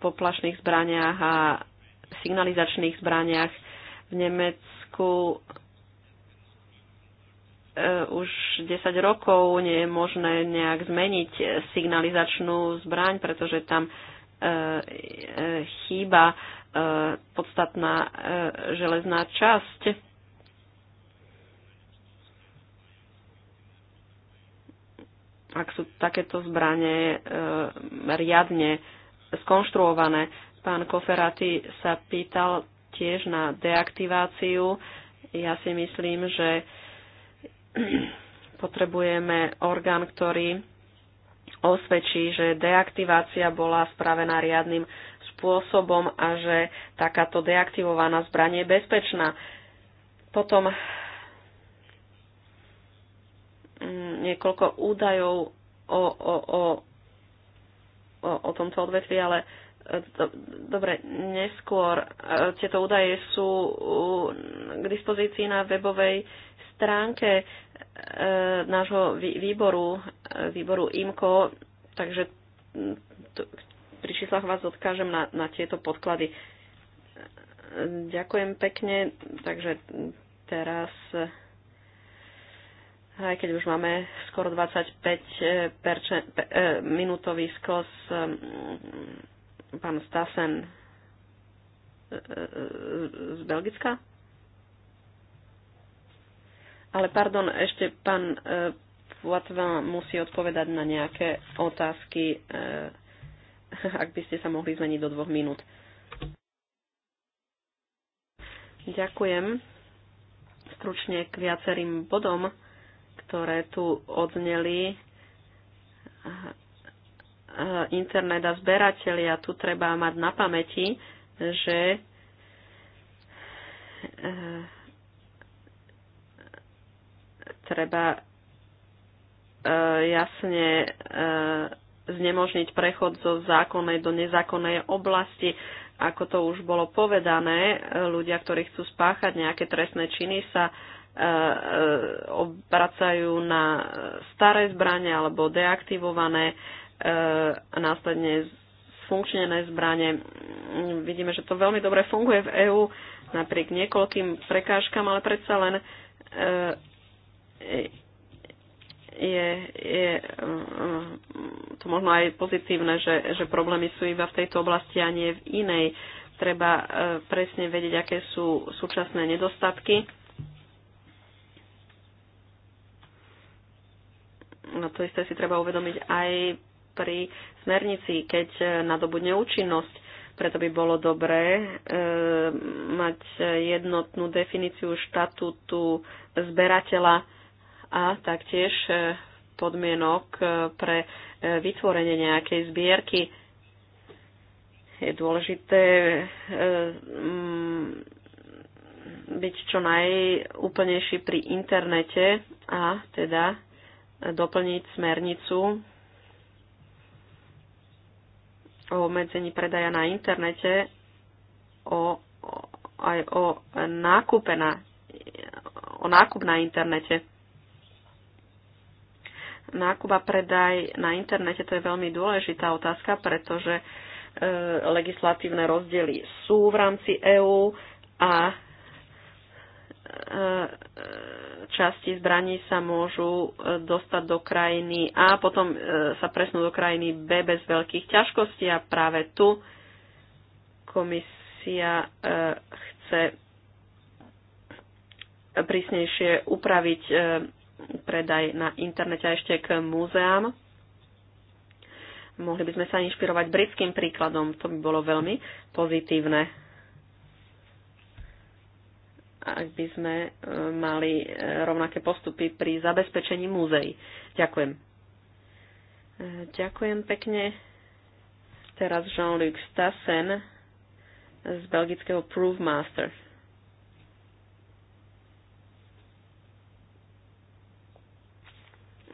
poplašných zbraniach a signalizačných zbraniach. V Nemecku e, už 10 rokov nie je možné nejak zmeniť signalizačnú zbraň, pretože tam e, e, chýba podstatná železná časť. Ak sú takéto zbranie riadne skonštruované. Pán Koferati sa pýtal tiež na deaktiváciu. Ja si myslím, že potrebujeme orgán, ktorý osvedčí, že deaktivácia bola spravená riadnym spôsobom a že takáto deaktivovaná zbraň je bezpečná. Potom mm, niekoľko údajov o, o, o o, o tomto odvetvi, ale e, do, dobre, neskôr e, tieto údaje sú k dispozícii na webovej stránke e, nášho výboru, výboru IMCO, takže pri číslach vás odkážem na, na tieto podklady. Ďakujem pekne, takže teraz aj keď už máme skoro 25 perčen, e, minútový skos, pán Stasen e, e, z Belgicka. Ale pardon, ešte pán Poitvin musí odpovedať na nejaké otázky, ak by ste sa mohli zmeniť do dvoch minút. Ďakujem. Stručne k viacerým bodom ktoré tu odzneli. Internet a zberatelia, tu treba mať na pamäti, že eh, treba eh, jasne eh, znemožniť prechod zo zákonnej do nezákonnej oblasti. Ako to už bolo povedané, ľudia, ktorí chcú spáchať nejaké trestné činy, sa uh, Eh, obracajú na staré zbranie alebo deaktivované eh, a následne funkčnené zbranie. Vidíme, že to veľmi dobre funguje v EÚ napriek niekoľkým prekážkam, ale predsa len eh, je, je to možno aj pozitívne, že, že problémy sú iba v tejto oblasti a nie v inej. Treba presne vedieť, aké sú súčasné nedostatky No to isté si treba uvedomiť aj pri smernici, keď e, nadobudne účinnosť. Preto by bolo dobré e, mať jednotnú definíciu štatútu zberateľa a taktiež e, podmienok e, pre vytvorenie nejakej zbierky. Je dôležité byť čo najúplnejší pri internete a teda doplniť smernicu o obmedzení predaja na internete o, o, aj o nákupe na, o nákup na internete. Nákup a predaj na internete to je veľmi dôležitá otázka, pretože e, legislatívne rozdiely sú v rámci EÚ a e, časti zbraní sa môžu e, dostať do krajiny A, potom e, sa presnú do krajiny B bez veľkých ťažkostí a práve tu komisia e, chce prísnejšie upraviť predaj na internete a ešte k múzeám. Mohli by sme sa inšpirovať britským príkladom, to by bolo veľmi pozitívne ak by sme e, mali e, rovnaké postupy pri zabezpečení múzeí. Ďakujem. E, ďakujem pekne. Teraz Jean-Luc Stassen z belgického Proof Master.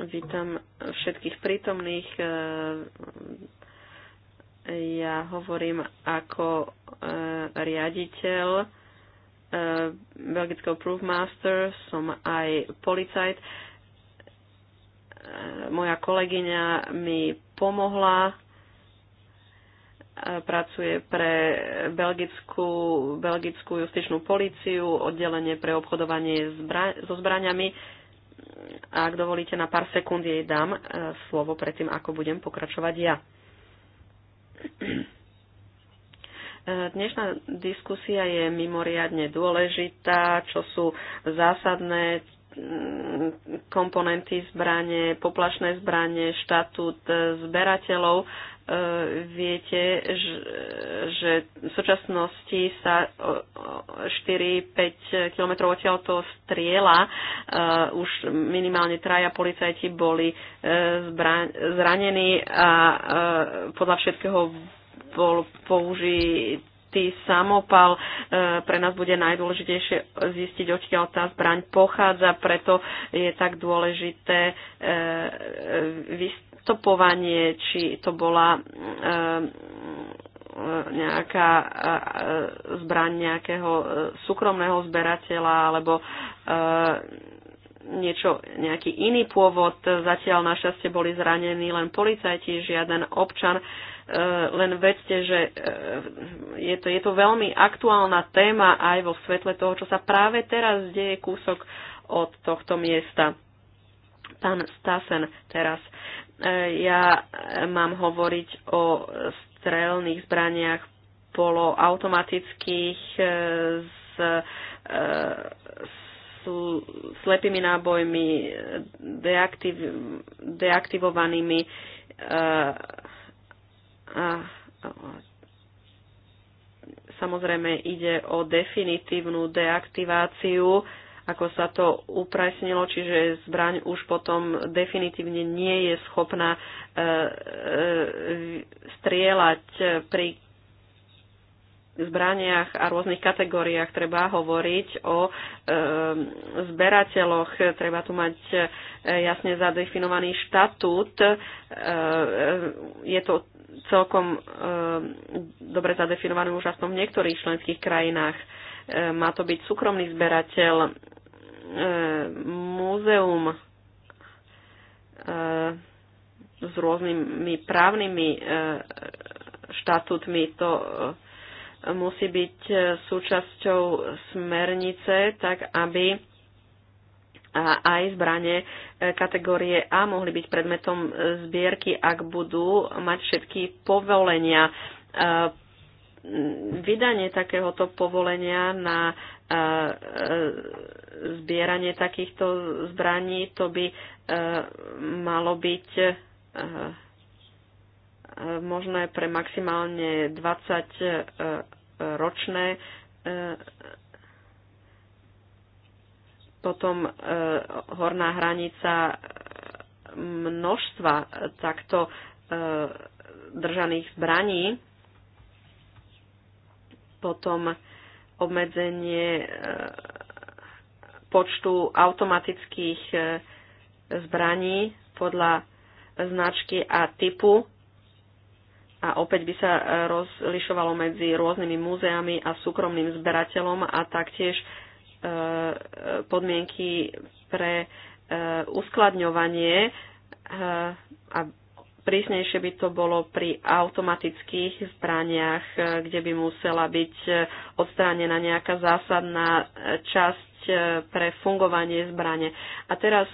Vítam všetkých prítomných. Ja hovorím ako riaditeľ Eh, belgického Proofmaster, som aj policajt. Eh, moja kolegyňa mi pomohla, eh, pracuje pre belgickú, belgickú justičnú policiu, oddelenie pre obchodovanie zbra- so zbraniami. Ak dovolíte, na pár sekúnd jej dám slovo predtým, ako budem pokračovať ja. Dnešná diskusia je mimoriadne dôležitá, čo sú zásadné mm, komponenty zbranie, poplašné zbranie, štatút e, zberateľov. E, viete, že v súčasnosti sa 4-5 kilometrov odtiaľto striela. E, už minimálne traja policajti boli zranení a podľa všetkého bol použitý samopal. E, pre nás bude najdôležitejšie zistiť, odkiaľ tá zbraň pochádza, preto je tak dôležité e, e, vystopovanie, či to bola nejaká zbraň nejakého súkromného zberateľa alebo niečo, nejaký iný pôvod. Zatiaľ našťastie boli zranení len policajti, žiaden občan. Eh, len vedzte, že eh, je to, je to veľmi aktuálna téma aj vo svetle toho, čo sa práve teraz deje kúsok od tohto miesta. Pán Stasen teraz. Eh, ja mám hovoriť o strelných zbraniach poloautomatických s, s slepými nábojmi, deaktiv, deaktivovanými a, samozrejme ide o definitívnu deaktiváciu, ako sa to upresnilo, čiže zbraň už potom definitívne nie je schopná e, e, strieľať pri zbraniach a rôznych kategóriách treba hovoriť o e, zberateľoch, treba tu mať e, jasne zadefinovaný štatút. E, e je to celkom e, dobre zadefinované už aspoň v niektorých členských krajinách. E, má to byť súkromný zberateľ, e, múzeum e, s rôznymi právnymi e, štatútmi. To e, musí byť e, súčasťou smernice, tak aby aj zbranie e, kategórie A mohli byť predmetom e, zbierky, ak budú mať všetky povolenia. Vydanie takéhoto povolenia na zbieranie takýchto zbraní, to by malo byť možné pre maximálne 20 e, e, ročné. E, potom horná hranica množstva takto držaných zbraní. Potom obmedzenie počtu automatických zbraní podľa značky a typu a opäť by sa e, rozlišovalo medzi rôznymi múzeami a súkromným zberateľom a taktiež e, e, podmienky pre uskladňovanie a prísnejšie by to bolo pri automatických zbraniach, kde by musela byť odstránená nejaká zásadná časť pre fungovanie zbrane. A teraz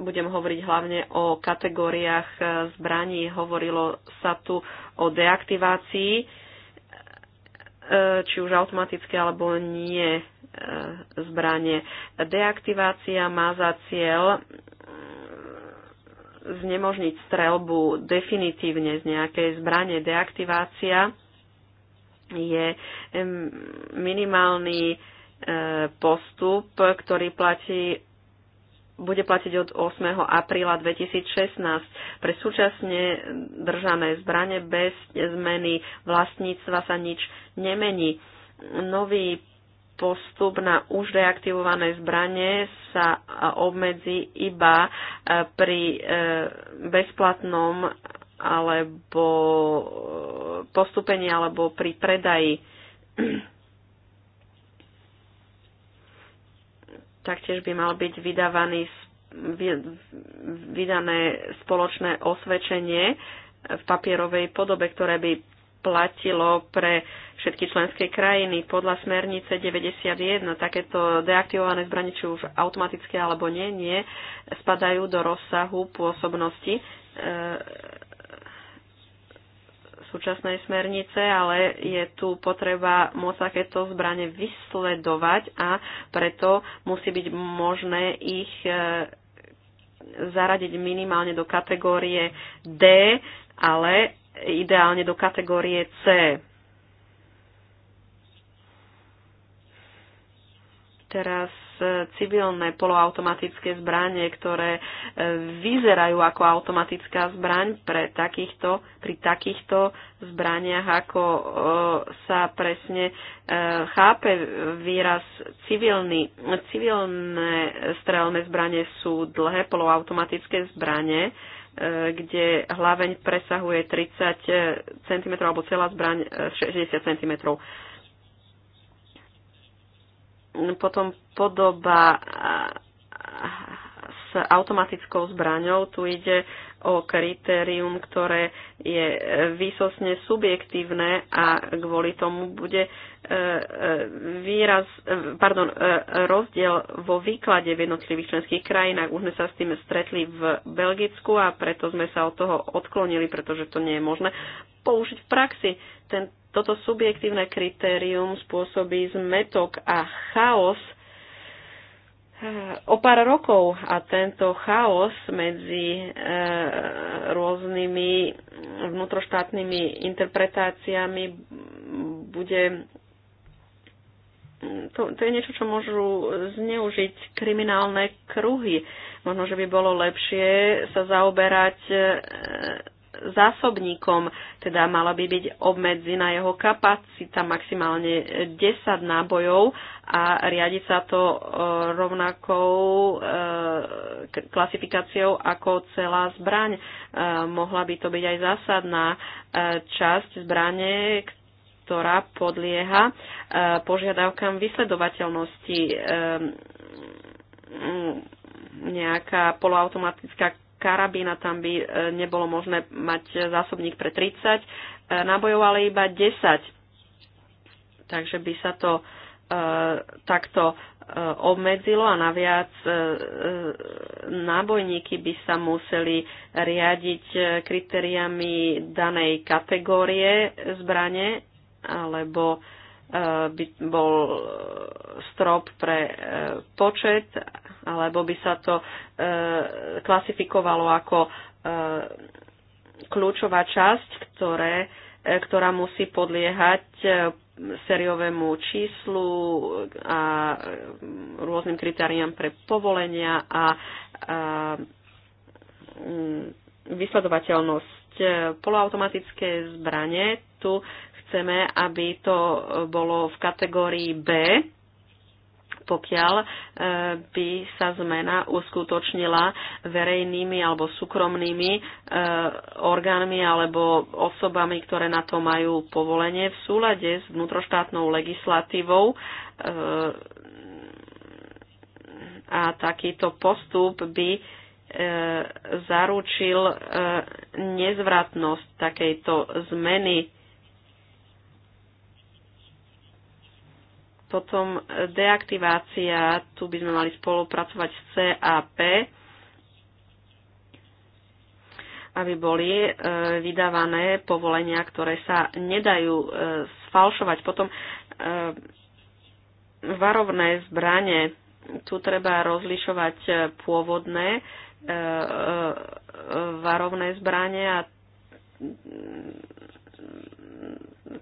budem hovoriť hlavne o kategóriách e, zbraní. Hovorilo sa tu o deaktivácii, e, či už automatické alebo nie e, zbranie. Deaktivácia má za cieľ znemožniť strelbu definitívne z nejakej zbranie. Deaktivácia je minimálny postup, ktorý platí bude platiť od 8. apríla 2016. Pre súčasne držané zbranie bez zmeny vlastníctva sa nič nemení. Nový postup na už reaktivované zbranie sa obmedzí iba e, pri e, bezplatnom alebo e, postupení alebo pri predaji Taktiež by mal byť vydávaný, vydané spoločné osvedčenie v papierovej podobe, ktoré by platilo pre všetky členské krajiny podľa smernice 91. Takéto deaktivované zbranie, či už automatické alebo nie, nie, spadajú do rozsahu pôsobnosti e, súčasnej smernice, ale je tu potreba môcť takéto zbranie vysledovať a preto musí byť možné ich e, zaradiť minimálne do kategórie D, ale ideálne do kategórie C. Teraz civilné poloautomatické zbranie, ktoré e, vyzerajú ako automatická zbraň pre takýchto, pri takýchto zbraniach, ako e, sa presne e, chápe výraz civilný. Civilné strelné zbranie sú dlhé poloautomatické zbranie, kde hlaveň presahuje 30 cm alebo celá zbraň 60 cm. Potom podoba eh, s automatickou zbraňou. Tu ide o kritérium, ktoré je výsosne subjektívne a kvôli tomu bude e, e, výraz, e, pardon, rozdiel vo výklade v jednotlivých členských krajinách. Už sme sa s tým stretli v Belgicku a preto sme sa od toho odklonili, pretože to nie je možné použiť v praxi. Ten, toto subjektívne kritérium spôsobí zmetok a chaos – o pár rokov a tento chaos medzi e, rôznymi vnútroštátnymi interpretáciami bude to, to je niečo, čo môžu zneužiť kriminálne kruhy. Možno, že by bolo lepšie sa zaoberať e, zásobníkom, teda mala by byť obmedzená jeho kapacita maximálne 10 nábojov a riadi sa to e, rovnakou e, klasifikáciou ako celá zbraň. E, mohla by to byť aj zásadná časť zbrane, ktorá podlieha požiadavkám vysledovateľnosti nejaká poloautomatická karabína, tam by e, nebolo možné mať zásobník pre 30 e, nábojov, ale iba 10. Takže by sa to e, takto obmedzilo a naviac nábojníky by sa museli riadiť kritériami danej kategórie zbrane alebo by bol e, strop pre e, počet, alebo by sa to e, klasifikovalo ako kľúčová časť, ktoré, ktorá musí podliehať sériovému číslu a rôznym kritériám pre povolenia a vysledovateľnosť. Poloautomatické zbranie projektu. Chceme, aby to bolo v kategórii B, pokiaľ eh, by sa zmena uskutočnila verejnými alebo súkromnými eh, orgánmi alebo osobami, ktoré na to majú povolenie v súlade s vnútroštátnou legislatívou. Eh, a takýto postup by zaručil nezvratnosť takejto zmeny Potom deaktivácia, tu by sme mali spolupracovať s CAP, aby boli e, vydávané povolenia, ktoré sa nedajú e, sfalšovať. Potom e, varovné zbranie, tu treba rozlišovať pôvodné varovné zbranie a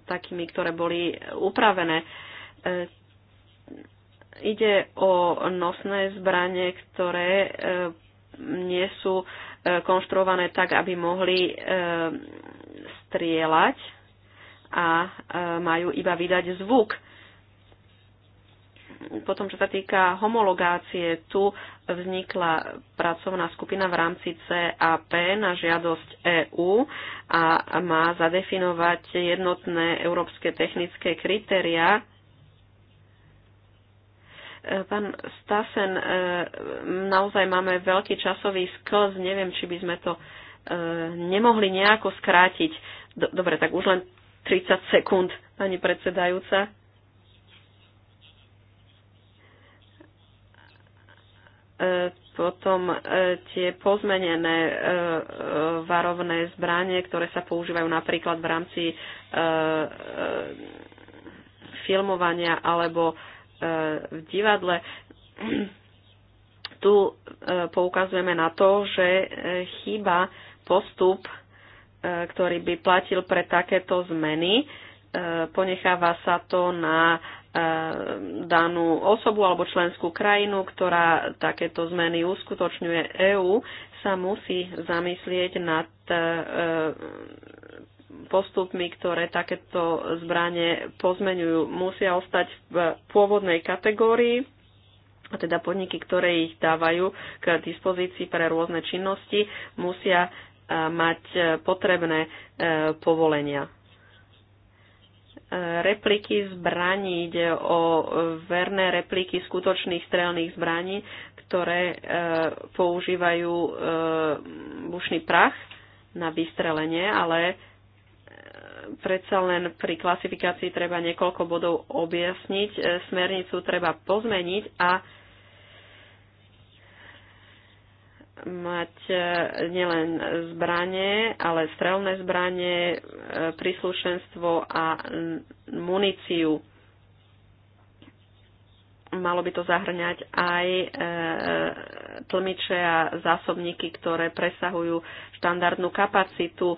takými, ktoré boli upravené. Ide o nosné zbranie, ktoré eh, nie sú eh, konštruované tak, aby mohli eh, strieľať a majú iba vydať zvuk. Potom, čo sa týka homologácie, tu vznikla pracovná skupina v rámci CAP na žiadosť EÚ a má zadefinovať jednotné európske technické kritériá Pán Stasen, e, naozaj máme veľký časový sklz, neviem, či by sme to e, nemohli nejako skrátiť. Dobre, tak už len 30 sekúnd, pani predsedajúca. E, potom tie pozmenené varovné zbranie, ktoré sa používajú napríklad v rámci filmovania alebo v divadle. Tu e, poukazujeme na to, že e, chýba postup, e, ktorý by platil pre takéto zmeny. Ponecháva sa to na danú osobu alebo členskú krajinu, ktorá takéto zmeny uskutočňuje EÚ, sa musí zamyslieť nad postupmi, ktoré takéto zbranie pozmeňujú, musia ostať v pôvodnej kategórii, a teda podniky, ktoré ich dávajú k dispozícii pre rôzne činnosti, musia e, mať e, potrebné e, povolenia. Repliky zbraní ide o verné repliky skutočných strelných zbraní, ktoré používajú bušný prach na vystrelenie, ale predsa len pri klasifikácii treba niekoľko bodov objasniť, e, smernicu treba pozmeniť a mať e, nielen zbranie, ale strelné zbranie, e, príslušenstvo a muníciu. Malo by to zahrňať aj tlmiče a zásobníky, ktoré presahujú štandardnú kapacitu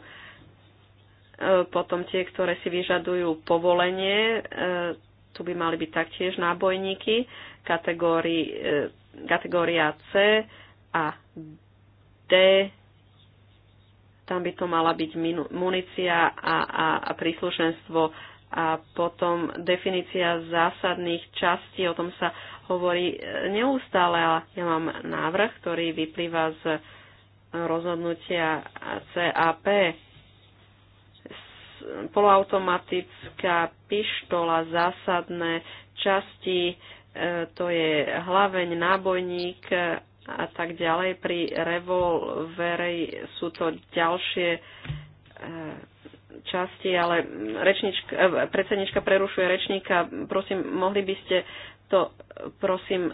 potom tie, ktoré si vyžadujú povolenie, e, tu by mali byť taktiež nábojníky e, kategória C a D. Tam by to mala byť munícia a, a, a príslušenstvo a potom definícia zásadných častí, o tom sa hovorí e, neustále ale ja mám návrh, ktorý vyplýva z rozhodnutia CAP polautomatická pištola, zásadné časti, e, to je hlaveň, nábojník a tak ďalej. Pri Revolverej sú to ďalšie e, časti, ale rečnička, e, predsednička prerušuje rečníka. Prosím, mohli by ste to prosím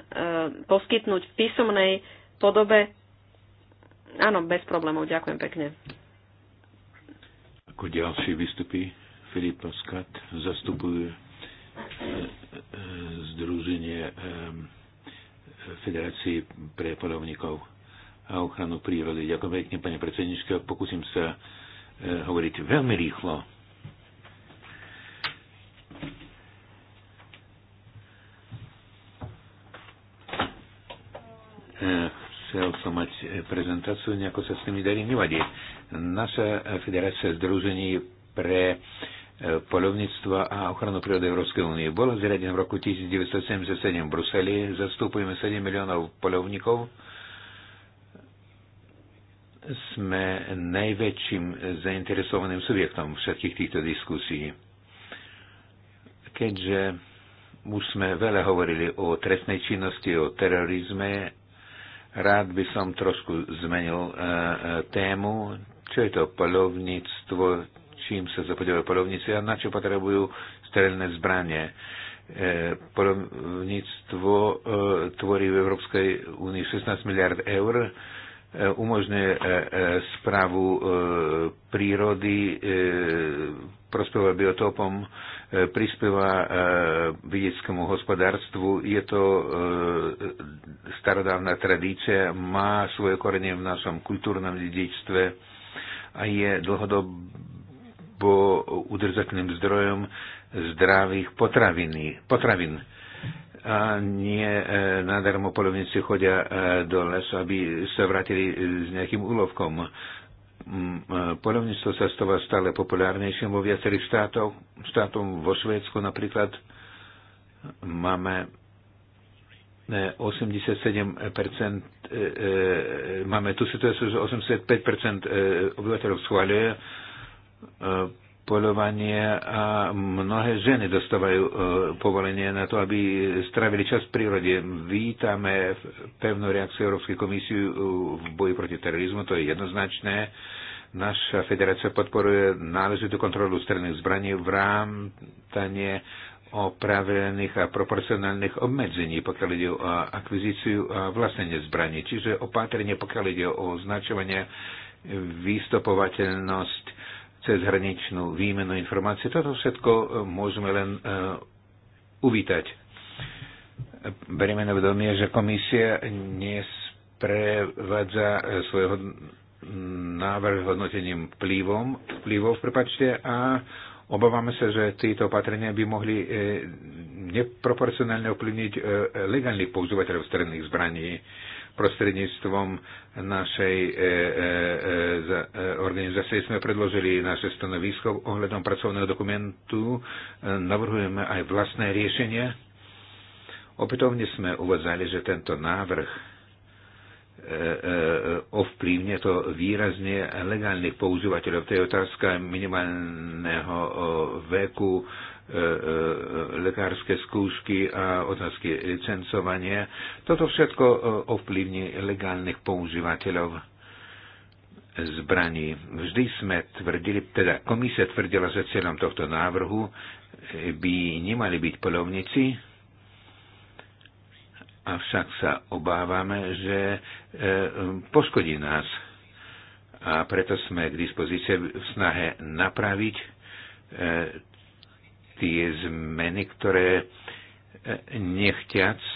poskytnúť v písomnej podobe? Áno, bez problémov. Ďakujem pekne. Ako ďalší vystupí Filip Paskat, zastupuje e, e, Združenie e, Federácii pre polovníkov a ochranu prírody. Ďakujem pekne, pani predsednička. Pokúsim sa hovoriť veľmi rýchlo chcel som mať e, prezentáciu, nejako sa s tými darí, nevadí. Naša federácia združení pre e, polovníctva a ochranu prírody Európskej únie bola zriadená v roku 1977 v Bruseli. Zastupujeme 7 miliónov polovníkov. Sme najväčším zainteresovaným subjektom všetkých týchto diskusí. Keďže už sme veľa hovorili o trestnej činnosti, o terorizme Rád by som trošku zmenil uh, e, tému, čo je to polovníctvo, čím sa zapodievajú polovníci a na čo potrebujú strelné zbranie. E, polovníctvo e, tvorí v Európskej únii 16 miliard eur, e, umožňuje e, e, správu e, prírody, e, prospeva biotopom, e, E, prispieva e, vidieckému hospodárstvu. Je to e, starodávna tradícia, má svoje korenie v našom kultúrnom dedičstve a je dlhodobo udržateľným zdrojom zdravých potraviny, potravin. A nie nadarmo polovníci chodia do lesa, aby sa vrátili s nejakým úlovkom Mm, e, polovníctvo sa stáva stále populárnejším vo viacerých štátoch. Štátom vo Švédsku napríklad máme 87%, e, e, máme tu situáciu, že 85% obyvateľov schváľuje polovanie a mnohé ženy dostávajú e, povolenie na to, aby stravili čas v prírode. Vítame pevnú reakciu Európskej komisiu e, v boji proti terorizmu, to je jednoznačné. Naša federácia podporuje náležitú kontrolu stredných zbraní v rámtanie opravených a proporcionálnych obmedzení, pokiaľ ide o akvizíciu a vlastnenie zbraní. Čiže opatrenie, pokiaľ ide o označovanie, výstopovateľnosť cez hraničnú výmenu informácií. Toto všetko e, môžeme len e, uvítať. Berieme na vedomie, že komisia nesprevádza e, svojho návrh hodnotením vplyvom, vplyvom prepačte, a obávame sa, že tieto opatrenia by mohli neproporcionálne ovplyvniť legálnych používateľov stredných zbraní prostredníctvom našej e, e, e, organizácie sme predložili naše stanovisko ohľadom pracovného dokumentu. Navrhujeme aj vlastné riešenie. Opätovne sme uvádzali, že tento návrh ovplyvne to výrazne legálnych používateľov. To je otázka minimálneho veku, E, e, lekárske skúšky a otázky licencovania. Toto všetko e, ovplyvní legálnych používateľov zbraní. Vždy sme tvrdili, teda komisia tvrdila, že cieľom tohto návrhu by nemali byť polovníci, avšak sa obávame, že poškodí nás. A preto sme k dispozícii v snahe napraviť tie zmeny, ktoré e, nechťac e,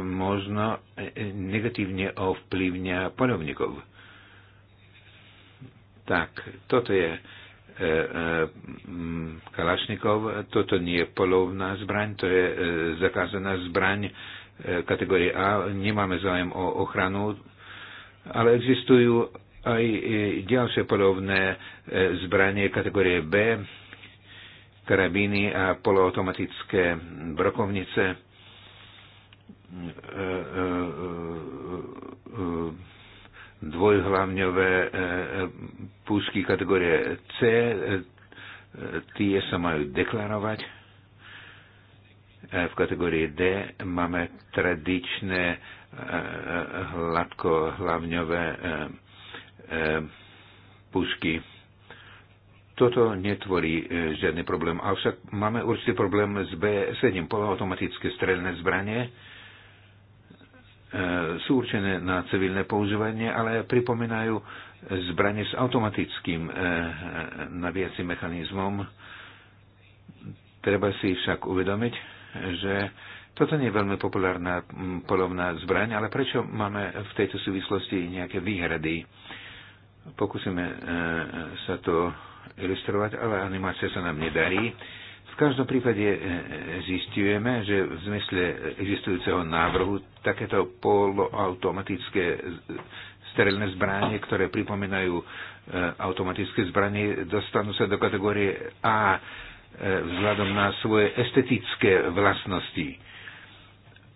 možno e, negatívne ovplyvňa podobníkov. Tak, toto je Kalašnikov, toto nie je polovná zbraň, to je zakázaná zbraň kategórie A. Nemáme zájem o ochranu, ale existujú aj ďalšie polovné zbranie kategórie B, karabíny a poloautomatické brokovnice. E, e, e, dvojhlavňové púsky kategórie C, tie sa majú deklarovať. V kategórii D máme tradičné hladkohlavňové pušky toto netvorí e, žiadny problém, avšak máme určitý problém s B7, poloautomatické strelné zbranie, e, sú určené na civilné používanie, ale pripomínajú zbranie s automatickým e, nabíjacím mechanizmom. Treba si však uvedomiť, že toto nie je veľmi populárna polovná zbraň, ale prečo máme v tejto súvislosti nejaké výhrady? Pokúsime sa to ilustrovať, ale animácia sa nám nedarí. V každom prípade e, e, zistujeme, že v zmysle existujúceho návrhu takéto poloautomatické strelné zbranie, ktoré pripomínajú e, automatické zbranie, dostanú sa do kategórie A vzhľadom na svoje estetické vlastnosti.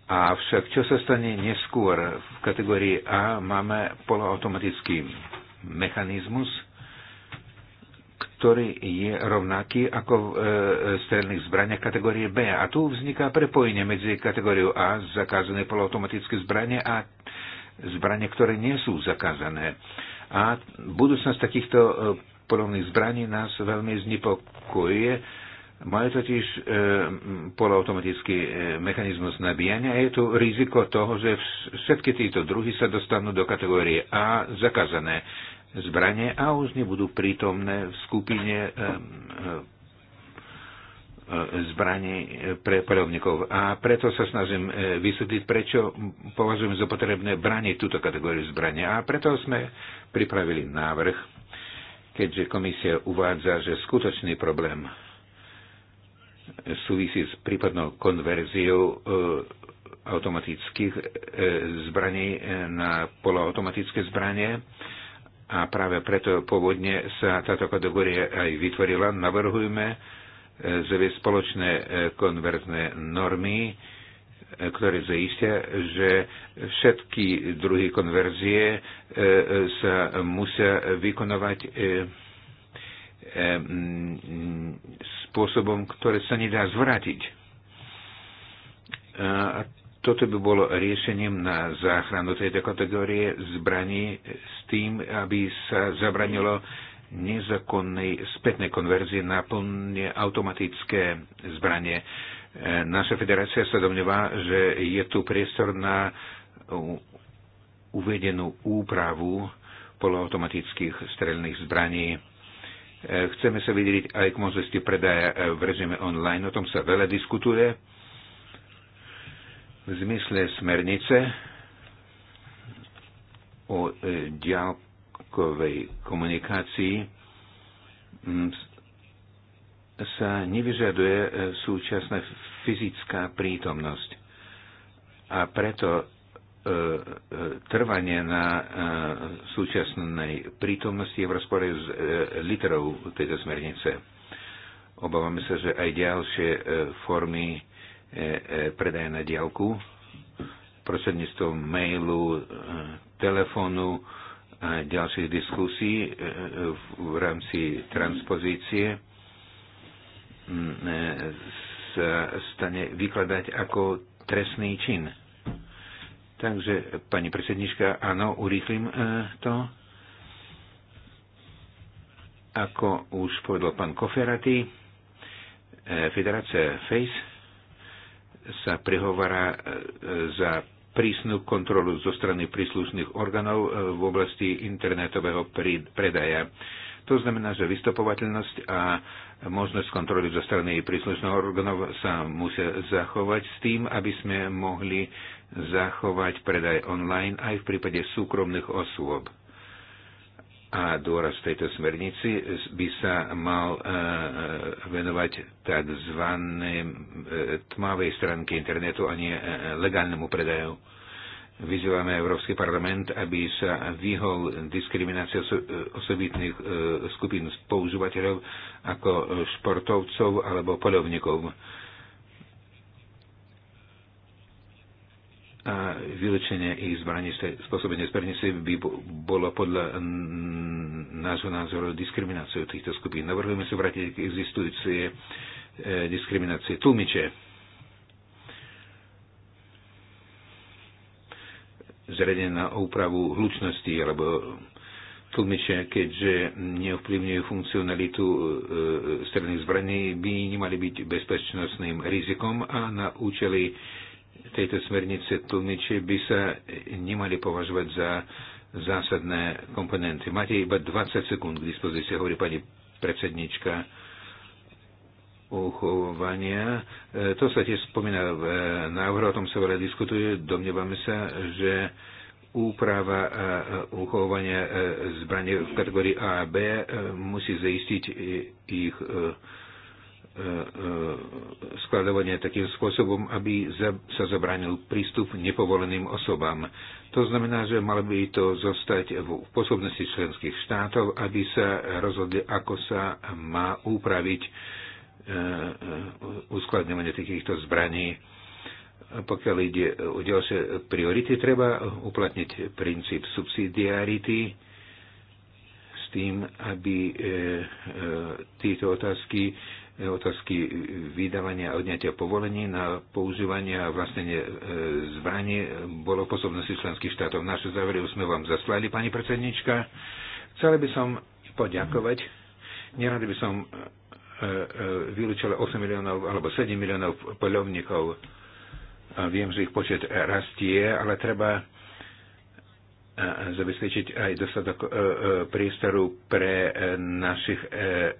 Avšak čo sa stane neskôr? V kategórii A máme poloautomatický mechanizmus, ktorý je rovnaký ako v e, strelných zbraniach kategórie B. A tu vzniká prepojenie medzi kategóriou A, zakázané poloautomatické zbranie, a zbranie, ktoré nie sú zakázané. A budúcnosť takýchto e, polovných zbraní nás veľmi znepokojuje. Majú totiž e, poloautomatický e, mechanizmus nabíjania a je tu riziko toho, že všetky títo druhy sa dostanú do kategórie A zakázané zbranie a už nebudú prítomné v skupine zbraní pre polovníkov. A preto sa snažím e, vysvetliť, prečo považujem za potrebné braniť túto kategóriu zbrania. A preto sme pripravili návrh, keďže komisia uvádza, že skutočný problém súvisí s prípadnou konverziou e, automatických e, zbraní na poloautomatické zbranie a práve preto pôvodne sa táto kategória aj vytvorila. Navrhujeme e, zaviesť spoločné e, konverzné normy, e, ktoré zaistia, že všetky druhy konverzie sa musia vykonovať spôsobom, ktoré sa nedá zvrátiť toto by bolo riešením na záchranu tejto kategórie zbraní s tým, aby sa zabranilo nezákonnej spätnej konverzie na plne automatické zbranie. Naša federácia sa domnieva, že je tu priestor na uvedenú úpravu poloautomatických strelných zbraní. Chceme sa vydriť aj k možnosti predaja v režime online, o tom sa veľa diskutuje v zmysle smernice o e, diálkovej komunikácii mm, sa nevyžaduje e, súčasná fyzická prítomnosť. A preto e, trvanie na súčasnej prítomnosti je v rozpore s literou tejto smernice. Obávame sa, že aj ďalšie formy E, e, predaje na diálku prostredníctvom mailu, e, telefónu a ďalších diskusí v rámci transpozície mm, sa stane vykladať ako trestný čin. Takže, pani predsednička, áno, urýchlim to. Ako už povedal pán Koferati, Federácia FACE sa prehovára e, za prísnu kontrolu zo strany príslušných orgánov e, v oblasti internetového predaja. To znamená, že vystopovateľnosť a možnosť kontroly zo strany príslušných orgánov sa musia zachovať s tým, aby sme mohli zachovať predaj online aj v prípade súkromných osôb a dôraz tejto smernici by sa mal e, e, venovať tzv. E, tmavej stránke internetu a nie legálnemu predaju. Vyzývame Európsky parlament, aby sa vyhol diskriminácia osobitných skupín používateľov ako športovcov alebo polovníkov a vylečenie ich zbraní, spôsobenie zbraní by bolo podľa nášho názoru diskrimináciou týchto skupín. Navrhujeme sa vrátiť k existujúcej e, diskriminácie. Tlmiče. Zredenie na úpravu hlučnosti alebo tlmiče, keďže neovplyvňujú funkcionalitu e, e stredných zbraní, by nemali byť bezpečnostným rizikom a na účely e, tejto smernice tlmiči by sa nemali považovať za zásadné komponenty. Máte iba 20 sekúnd k dispozícii, hovorí pani predsednička uchovania. To sa tiež spomína v návrhu, o tom sa veľa diskutuje. Domnievame sa, že úprava uchovania zbraní v kategórii A a B musí zaistiť ich E, e, skladovania takým spôsobom, aby sa zabránil prístup nepovoleným osobám. To znamená, že malo by to zostať v pôsobnosti členských štátov, aby sa rozhodli, ako sa má upraviť e, uskladňovanie takýchto zbraní. Pokiaľ ide o ďalšie priority, treba uplatniť princíp subsidiarity s tým, aby tieto otázky otázky vydávania a odňatia povolení na používanie a vlastnenie e, zbraní bolo v posobnosti členských štátov. Naše závery už sme vám zaslali, pani predsednička. Chcela by som poďakovať. Nerad by som e, e, vylúčila 8 miliónov alebo 7 miliónov poľovníkov. Viem, že ich počet rastie, ale treba zabezpečiť aj dostatok e, e, priestoru pre e, našich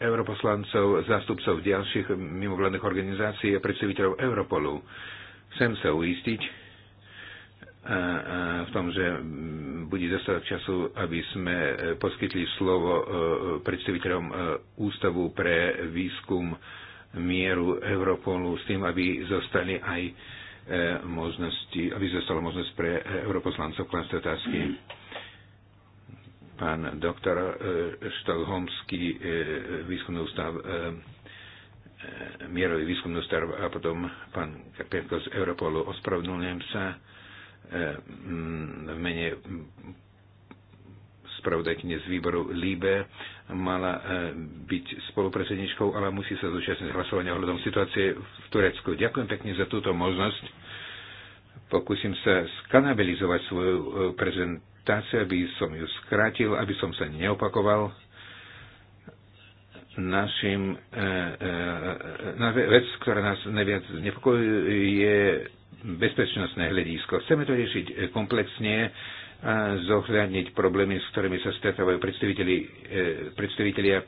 europoslancov, zástupcov ďalších mimovládnych organizácií a predstaviteľov Europolu. Chcem sa uistiť v tom, že bude dostatok času, aby sme poskytli slovo predstaviteľom Ústavu pre výskum mieru Europolu s tým, aby zostali aj možnosti, aby zostala možnosť pre e, europoslancov klásť otázky. Pán doktor e, Štokholmský e, výskumný ústav mierový výskumný ústav a potom pán Kapienko z Europolu. Ospravedlňujem sa v mene spravodajkyne z výboru Líbe mala e, byť spolupredsedničkou, ale musí sa zúčastniť hlasovania ohľadom situácie v Turecku. Ďakujem pekne za túto možnosť. Pokúsim sa skanabilizovať svoju e, prezentáciu, aby som ju skrátil, aby som sa neopakoval. Našim, e, na vec, ktorá nás najviac znepokojuje, je bezpečnostné hľadisko. Chceme to riešiť komplexne, zohľadniť problémy, s ktorými sa stretávajú e, predstavitelia e,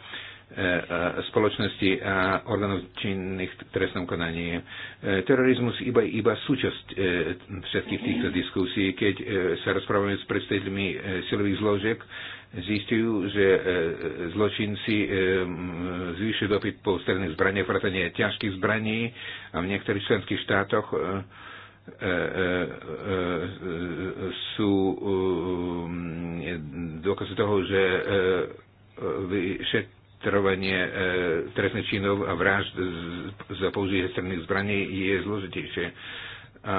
spoločnosti a orgánov činných trestnom konaní. E, terorizmus iba, iba súčasť všetkých týchto diskusí. Keď sa rozprávame s predstaviteľmi silových zložiek, zistujú, že zločinci zvýšujú dopyt po stredných zbraniach, vrátane ťažkých zbraní a v niektorých členských štátoch sú um, dôkazy toho, že uh, vyšetrovanie uh, trestných činov a vražd za použitie strných zbraní je zložitejšie. A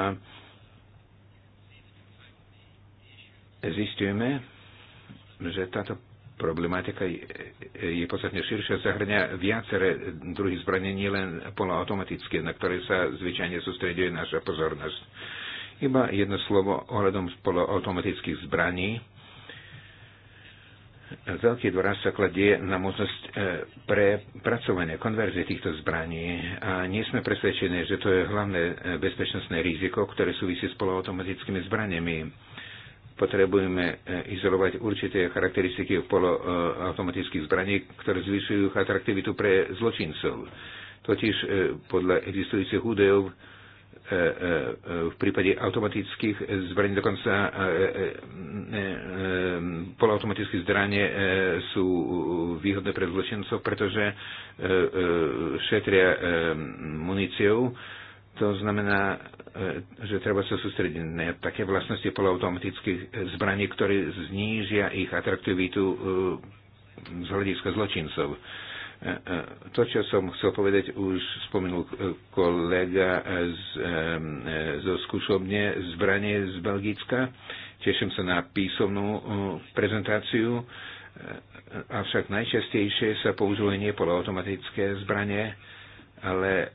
zistujeme, že táto Problematika je podstatne širšia, zahrňa viaceré druhy zbrania, nielen poloautomatické, na ktoré sa zvyčajne sústreduje naša pozornosť. Iba jedno slovo ohľadom poloautomatických zbraní. Veľký dôraz sa kladie na možnosť e, prepracovania, konverzie týchto zbraní a nie sme presvedčení, že to je hlavné e, bezpečnostné riziko, ktoré súvisí s poloautomatickými zbraniami potrebujeme e, izolovať určité charakteristiky poloautomatických e, zbraní, ktoré zvyšujú atraktivitu pre zločincov. Totiž e, podľa existujúcich údajov v prípade automatických zbraní, dokonca poloautomatické zbranie sú výhodné pre zločincov, pretože šetria muníciou to znamená, e, že treba sa sústrediť na také vlastnosti poloautomatických zbraní, ktoré znížia ich atraktivitu e, z hľadiska zločincov. E, to, čo som chcel povedať, už spomenul kolega z, zo skúšobne zbranie z Belgicka. Teším sa na písomnú prezentáciu, avšak najčastejšie sa používajú nie poloautomatické zbranie, ale e,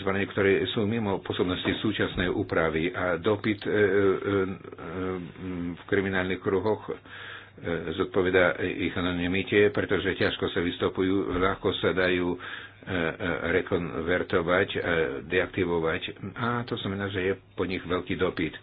zbranie, ktoré sú mimo posobnosti súčasnej úpravy a dopyt e, e, v kriminálnych kruhoch zodpoveda ich anonimite, pretože ťažko sa vystupujú, ľahko sa dajú rekonvertovať, deaktivovať a to znamená, že je po nich veľký dopyt.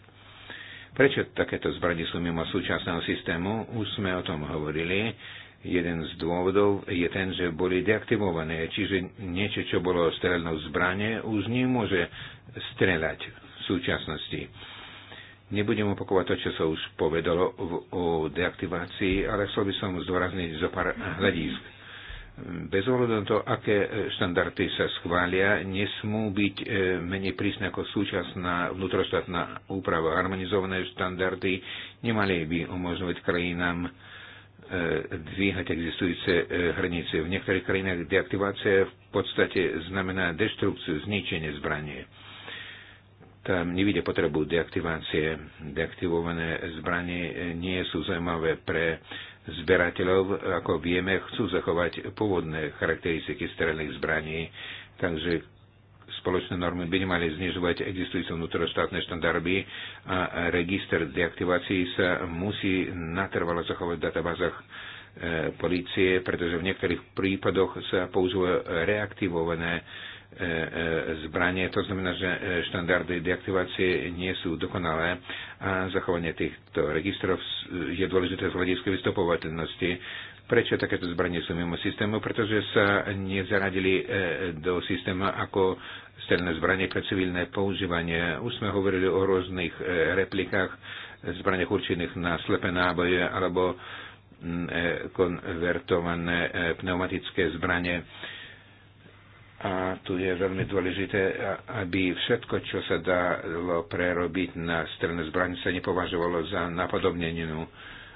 Prečo takéto zbranie sú mimo súčasného systému? Už sme o tom hovorili Jeden z dôvodov je ten, že boli deaktivované, čiže niečo, čo bolo strelnou zbranie, už nemôže streľať v súčasnosti. Nebudem opakovať to, čo sa už povedalo v, o deaktivácii, ale chcel by som zdôrazniť zo pár hľadísk. Bez ohľadu na to, aké štandardy sa schvália, nesmú byť e, menej prísne ako súčasná vnútroštátna úprava. Harmonizované štandardy nemali by umožňovať krajinám dvíhať existujúce e, hranice. V niektorých krajinách deaktivácia v podstate znamená deštrukciu, zničenie zbranie. Tam nevidia potrebu deaktivácie. Deaktivované zbranie e, nie sú zaujímavé pre zberateľov. Ako vieme, chcú zachovať pôvodné charakteristiky strelných zbraní, takže spoločné normy by nemali znižovať existujúce vnútroštátne štandardy a register deaktivácií sa musí natrvalo zachovať v databázach e, policie, pretože v niektorých prípadoch sa používajú reaktivované e, e, zbranie, to znamená, že štandardy deaktivácie nie sú dokonalé a zachovanie týchto registrov je dôležité z hľadiska vystupovateľnosti. Prečo takéto zbranie sú mimo systému? Pretože sa nezaradili do systému ako stelné zbranie pre civilné používanie. Už sme hovorili o rôznych e, replikách zbraniach určených na slepé náboje alebo e, konvertované e, pneumatické zbranie. A tu je veľmi dôležité, aby všetko, čo sa dalo prerobiť na strelné zbranie, sa nepovažovalo za napodobneninu.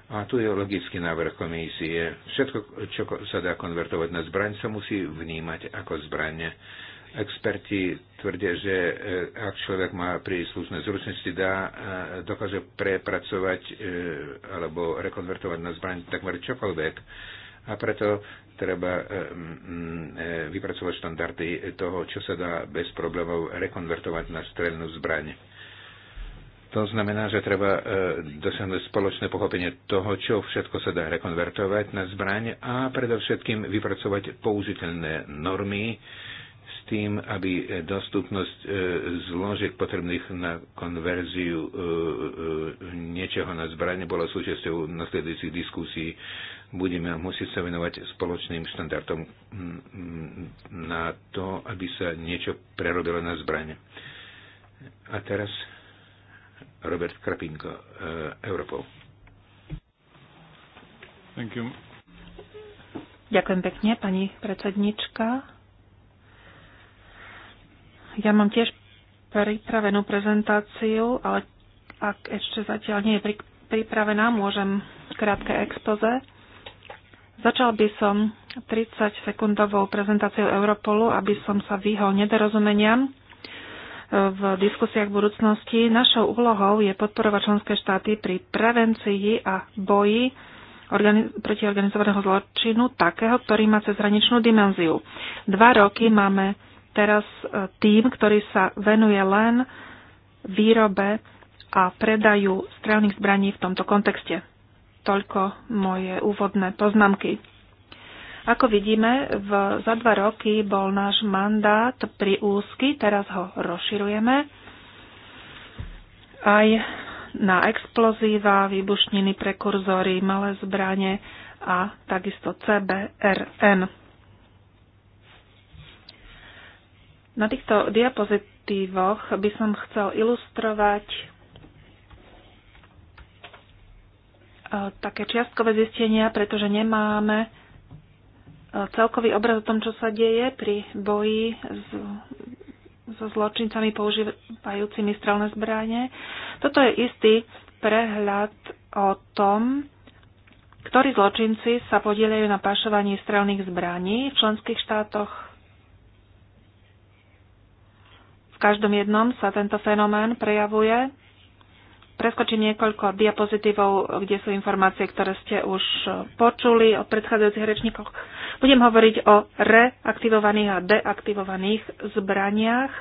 A tu je logický návrh komisie. Všetko, čo sa dá konvertovať na zbraň, sa musí vnímať ako zbranie Experti tvrdia, že e, ak človek má príslušné zručnosti, dá, e, dokáže prepracovať e, alebo rekonvertovať na zbraň takmer čokoľvek. A preto treba vypracovať štandardy toho, čo sa dá bez problémov rekonvertovať na strelnú zbraň. To znamená, že treba dosiahnuť spoločné pochopenie toho, čo všetko sa dá rekonvertovať na zbraň a predovšetkým vypracovať použiteľné normy, tým, aby e, dostupnosť e, zložiek potrebných na konverziu e, niečoho na zbranie bola súčasťou nasledujúcich diskusí. Budeme musieť sa venovať spoločným štandardom na to, aby sa niečo prerobilo na zbranie. A teraz Robert Krapinko, Europol. Ďakujem pekne, pani predsednička. Ja mám tiež pripravenú prezentáciu, ale ak ešte zatiaľ nie je pripravená, môžem krátke expoze. Začal by som 30-sekundovou prezentáciou Europolu, aby som sa vyhol nedorozumeniam e, v diskusiách budúcnosti. Našou úlohou je podporovať členské štáty pri prevencii a boji organiz- proti organizovaného zločinu, takého, ktorý má cezhraničnú dimenziu. Dva roky máme teraz e, tým, ktorý sa venuje len výrobe a predaju strelných zbraní v tomto kontexte. Toľko moje úvodné poznámky. Ako vidíme, v, za dva roky bol náš mandát pri úzky, teraz ho rozširujeme aj na explozíva, výbušniny, prekurzory, malé zbranie a takisto CBRN. Na týchto diapozitívoch by som chcel ilustrovať e, také čiastkové zistenia, pretože nemáme e, celkový obraz o tom, čo sa deje pri boji s, so zločincami používajúcimi strelné zbranie. Toto je istý prehľad o tom, ktorí zločinci sa podielajú na pašovaní strelných zbraní v členských štátoch každom jednom sa tento fenomén prejavuje. Preskočím niekoľko diapozitívov, kde sú informácie, ktoré ste už počuli od predchádzajúcich rečníkov. Budem hovoriť o reaktivovaných a deaktivovaných zbraniach.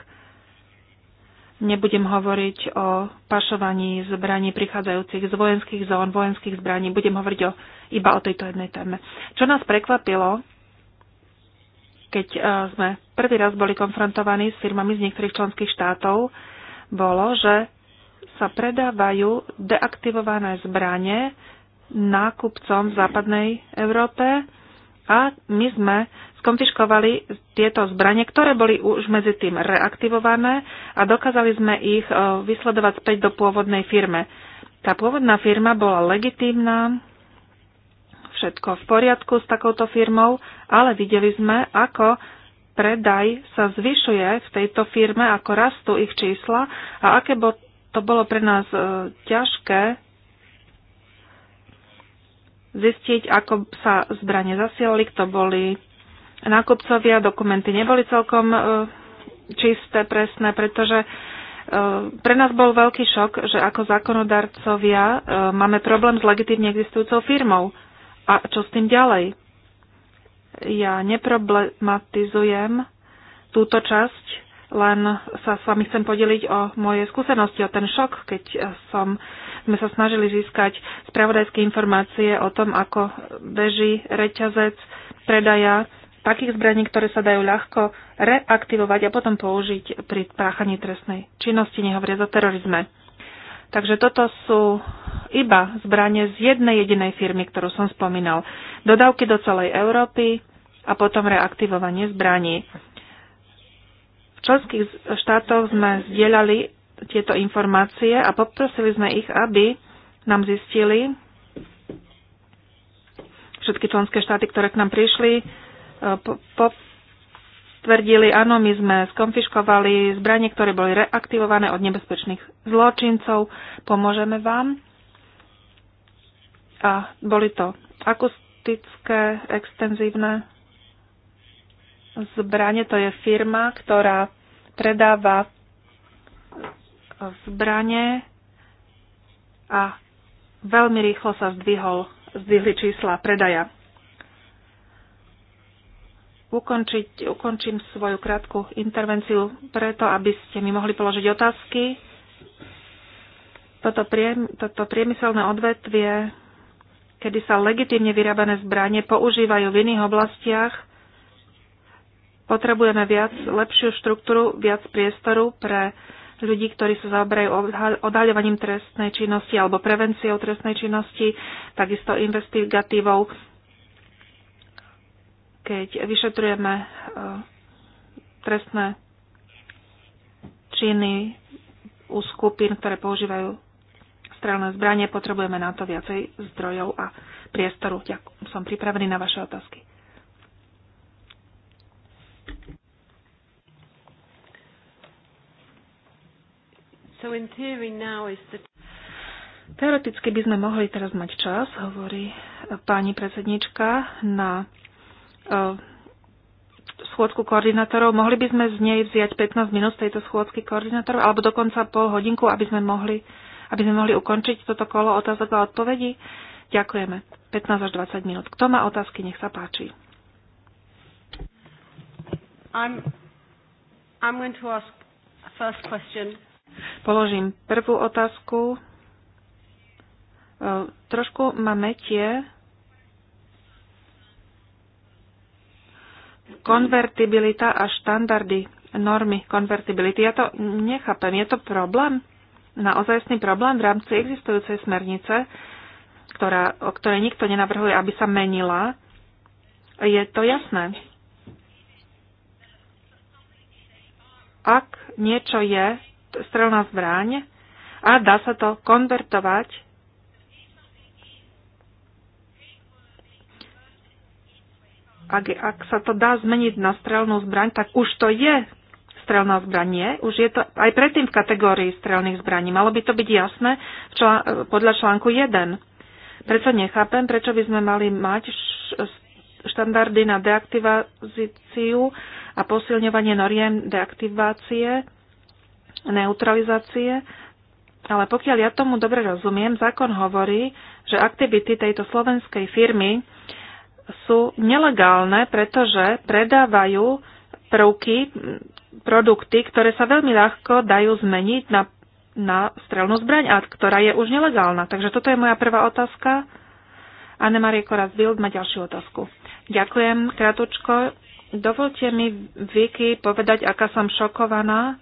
Nebudem hovoriť o pašovaní zbraní prichádzajúcich z vojenských zón, vojenských zbraní. Budem hovoriť o, iba o tejto jednej téme. Čo nás prekvapilo, keď e, sme prvý raz boli konfrontovaní s firmami z niektorých členských štátov, bolo, že sa predávajú deaktivované zbranie nákupcom v západnej Európe a my sme skonfiškovali tieto zbranie, ktoré boli už medzi tým reaktivované a dokázali sme ich e, vysledovať späť do pôvodnej firme. Tá pôvodná firma bola legitímna, všetko v poriadku s takouto firmou, ale videli sme, ako predaj sa zvyšuje v tejto firme, ako rastú ich čísla a aké bo, to bolo pre nás e, ťažké zistiť, ako sa zbranie zasielali, kto boli nákupcovia, dokumenty neboli celkom e, čisté, presné, pretože e, pre nás bol veľký šok, že ako zákonodarcovia e, máme problém s legitívne existujúcou firmou. A čo s tým ďalej? Ja neproblematizujem túto časť, len sa s vami chcem podeliť o moje skúsenosti, o ten šok, keď som, sme sa snažili získať spravodajské informácie o tom, ako beží reťazec predaja takých zbraní, ktoré sa dajú ľahko reaktivovať a potom použiť pri páchaní trestnej činnosti, nehovoriac o terorizme. Takže toto sú iba zbranie z jednej jedinej firmy, ktorú som spomínal. Dodávky do celej Európy a potom reaktivovanie zbraní. V členských štátoch sme zdieľali tieto informácie a poprosili sme ich, aby nám zistili všetky členské štáty, ktoré k nám prišli, eh, po, po, tvrdili, áno, my sme skonfiškovali zbranie, ktoré boli reaktivované od nebezpečných zločincov, pomôžeme vám. A boli to akustické, extenzívne zbranie, to je firma, ktorá predáva zbranie a veľmi rýchlo sa zdvihol, zdvihli čísla predaja ukončiť, ukončím svoju krátku intervenciu preto, aby ste mi mohli položiť otázky. Toto, priem, toto priemyselné odvetvie, kedy sa legitímne vyrábané zbranie používajú v iných oblastiach, potrebujeme viac, lepšiu štruktúru, viac priestoru pre ľudí, ktorí sa zaoberajú odhaľovaním trestnej činnosti alebo prevenciou trestnej činnosti, takisto investigatívou keď vyšetrujeme e, trestné činy u skupín, ktoré používajú strelné zbranie, potrebujeme na to viacej zdrojov a priestoru. Ďakujem. Som pripravený na vaše otázky. So in theory now is the... Teoreticky by sme mohli teraz mať čas, hovorí pani predsednička, na E, schôdku koordinátorov. Mohli by sme z nej vziať 15 minút z tejto schôdky koordinátorov, alebo dokonca pol hodinku, aby sme mohli, aby sme mohli ukončiť toto kolo otázok a odpovedí? Ďakujeme. 15 až 20 minút. Kto má otázky, nech sa páči. I'm, I'm going to ask first question. Položím prvú otázku. E, trošku ma metie, konvertibilita a štandardy, normy konvertibility. Ja to nechápem. Je to problém? Naozajstný problém v rámci existujúcej smernice, ktorá, o ktorej nikto nenavrhuje, aby sa menila. Je to jasné. Ak niečo je strelná zbraň a dá sa to konvertovať ak, ak sa to dá zmeniť na strelnú zbraň, tak už to je strelná zbraň, nie? Už je to aj predtým v kategórii strelných zbraní. Malo by to byť jasné podľa článku 1. Prečo nechápem, prečo by sme mali mať štandardy na deaktiváciu a posilňovanie noriem deaktivácie, neutralizácie, ale pokiaľ ja tomu dobre rozumiem, zákon hovorí, že aktivity tejto slovenskej firmy sú nelegálne, pretože predávajú prvky, produkty, ktoré sa veľmi ľahko dajú zmeniť na, na strelnú zbraň, a ktorá je už nelegálna. Takže toto je moja prvá otázka. Anne-Marie Koraz-Bild má ďalšiu otázku. Ďakujem, kratučko. Dovolte mi, Vicky, povedať, aká som šokovaná,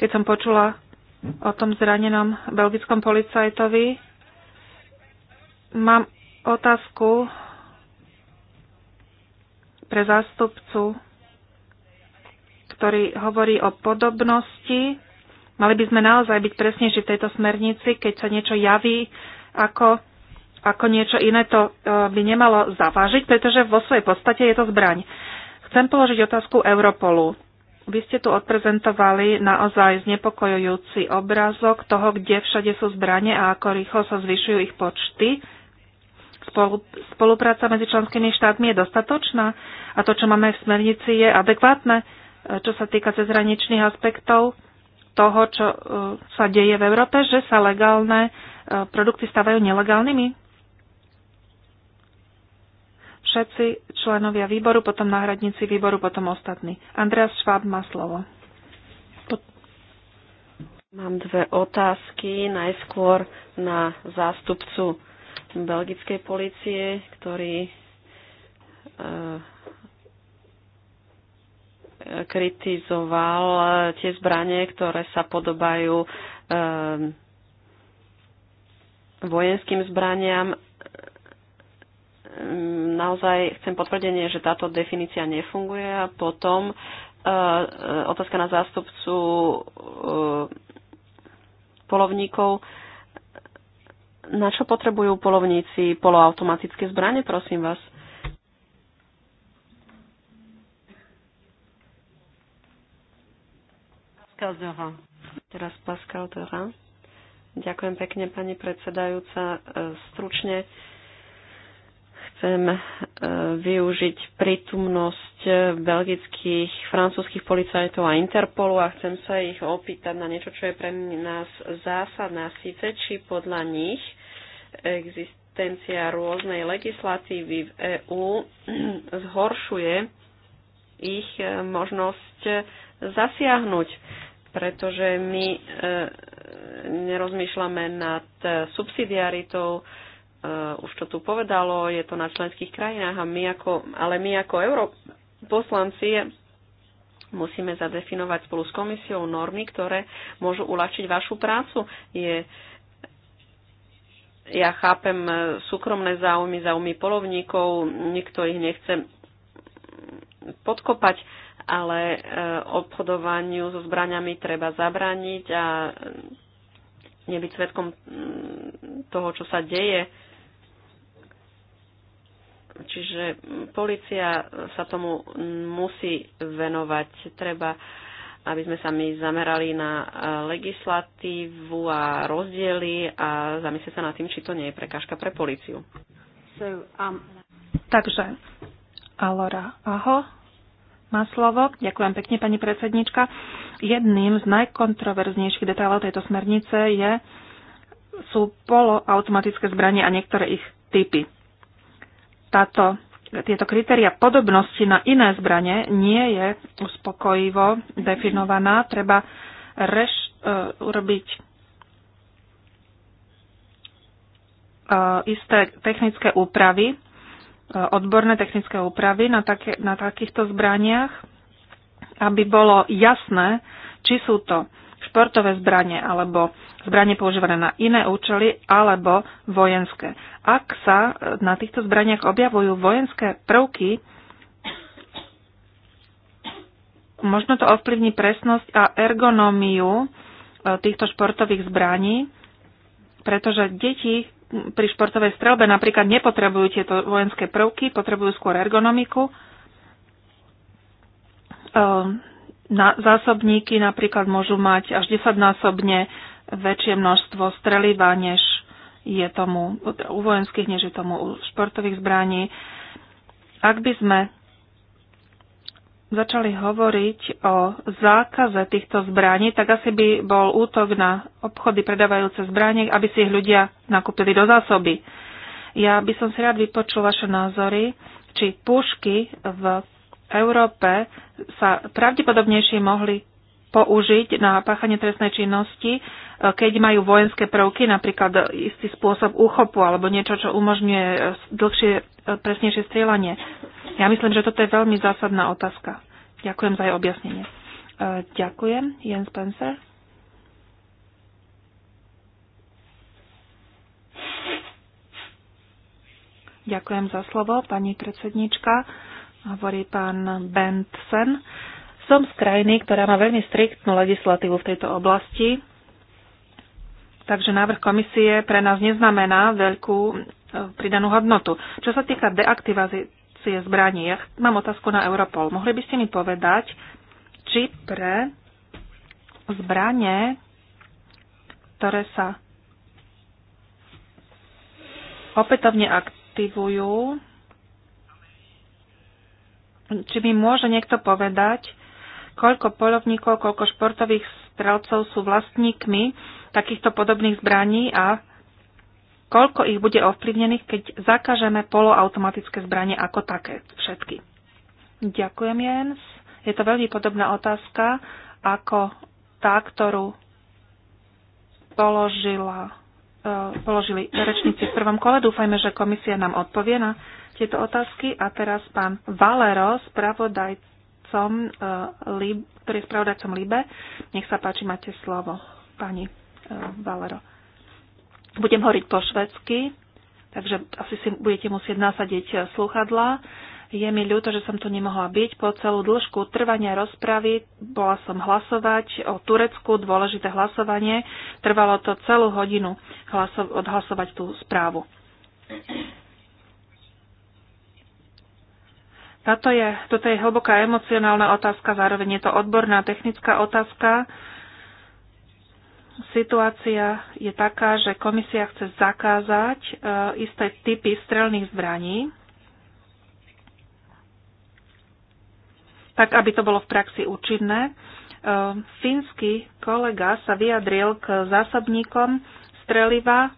keď som počula o tom zranenom belgickom policajtovi. Mám otázku pre zástupcu, ktorý hovorí o podobnosti. Mali by sme naozaj byť presnejší v tejto smernici, keď sa niečo javí ako, ako niečo iné, to e, by nemalo zavážiť, pretože vo svojej podstate je to zbraň. Chcem položiť otázku Europolu. Vy ste tu odprezentovali naozaj znepokojujúci obrazok toho, kde všade sú zbranie a ako rýchlo sa zvyšujú ich počty spolupráca medzi členskými štátmi je dostatočná a to, čo máme v smernici, je adekvátne, e, čo sa týka cezhraničných aspektov toho, čo e, sa deje v Európe, že sa legálne e, produkty stávajú nelegálnymi. Všetci členovia výboru, potom náhradníci výboru, potom ostatní. Andreas Schwab má slovo. Mám dve otázky. Najskôr na zástupcu belgickej policie, ktorý eh, kritizoval eh, tie zbranie, ktoré sa podobajú eh, vojenským zbraniam. Naozaj chcem potvrdenie, že táto definícia nefunguje a potom otázka na zástupcu polovníkov. Na čo potrebujú polovníci poloautomatické zbranie, prosím vás? Pascal Zora. Teraz Pascal Zora. Ďakujem pekne, pani predsedajúca. E, stručne chcem e, využiť prítomnosť e, belgických, francúzských policajtov a Interpolu a chcem sa ich opýtať na niečo, čo je pre nás zásadné. síce či podľa nich existencia rôznej legislatívy v EÚ zhoršuje ich e, možnosť e, zasiahnuť, pretože my e, nerozmýšľame nad subsidiaritou, už to tu povedalo, je to na členských krajinách, a my ako, ale my ako europoslanci musíme zadefinovať spolu s komisiou normy, ktoré môžu uľahčiť vašu prácu. Je ja chápem e, súkromné záujmy, záujmy polovníkov, nikto ich nechce podkopať, ale e, obchodovaniu so zbraniami treba zabrániť a nebyť svetkom toho, čo sa deje. Čiže policia sa tomu musí venovať. Treba aby sme sa my zamerali na e, legislatívu a rozdiely a zamyslieť sa nad tým, či to nie je prekážka pre políciu. So, um... Takže, Alora, aho, má slovo. Ďakujem pekne, pani predsednička. Jedným z najkontroverznejších detailov tejto smernice je, sú poloautomatické zbranie a niektoré ich typy. Táto tieto kritéria podobnosti na iné zbranie nie je uspokojivo definovaná. Treba reš, uh, urobiť uh, isté technické úpravy, uh, odborné technické úpravy na, také, na takýchto zbraniach, aby bolo jasné, či sú to športové zbranie alebo zbranie používané na iné účely alebo vojenské. Ak sa e, na týchto zbraniach objavujú vojenské prvky, možno to ovplyvní presnosť a ergonómiu e, týchto športových zbraní, pretože deti pri športovej strelbe napríklad nepotrebujú tieto vojenské prvky, potrebujú skôr ergonomiku e, na zásobníky napríklad môžu mať až 10-násobne väčšie množstvo streliva, než je tomu u vojenských, než je tomu u športových zbraní. Ak by sme začali hovoriť o zákaze týchto zbraní, tak asi by bol útok na obchody predávajúce zbranie, aby si ich ľudia nakúpili do zásoby. Ja by som si rád vypočul vaše názory, či pušky v Európe sa pravdepodobnejšie mohli použiť na páchanie trestnej činnosti, e, keď majú vojenské prvky, napríklad istý spôsob úchopu alebo niečo, čo umožňuje e, dlhšie, e, presnejšie strieľanie. Ja myslím, že toto je veľmi zásadná otázka. Ďakujem za jej objasnenie. Ďakujem. Jens Spencer. Ďakujem za slovo, pani predsednička hovorí pán Bentsen. Som z krajiny, ktorá má veľmi striktnú legislatívu v tejto oblasti, takže návrh komisie pre nás neznamená veľkú e, pridanú hodnotu. Čo sa týka deaktivácie zbraní, ja mám otázku na Europol. Mohli by ste mi povedať, či pre zbranie, ktoré sa opätovne aktivujú, či mi môže niekto povedať, koľko polovníkov, koľko športových strelcov sú vlastníkmi takýchto podobných zbraní a koľko ich bude ovplyvnených, keď zakažeme poloautomatické zbranie ako také všetky. Ďakujem, Jens. Je to veľmi podobná otázka ako tá, ktorú položila, e, položili rečníci v prvom kole. Dúfajme, že komisia nám odpovie na tieto otázky. A teraz pán Valero, spravodajcom, eh, lib, ktorý je spravodajcom Libe. Nech sa páči, máte slovo, pani eh, Valero. Budem hovoriť po švedsky, takže asi si budete musieť nasadiť eh, sluchadla. Je mi ľúto, že som tu nemohla byť. Po celú dĺžku trvania rozpravy bola som hlasovať o Turecku, dôležité hlasovanie. Trvalo to celú hodinu hlaso- odhlasovať tú správu. Táto je, toto je hlboká emocionálna otázka, zároveň je to odborná technická otázka. Situácia je taká, že komisia chce zakázať e, isté typy strelných zbraní, tak aby to bolo v praxi účinné. E, fínsky kolega sa vyjadril k zásobníkom streliva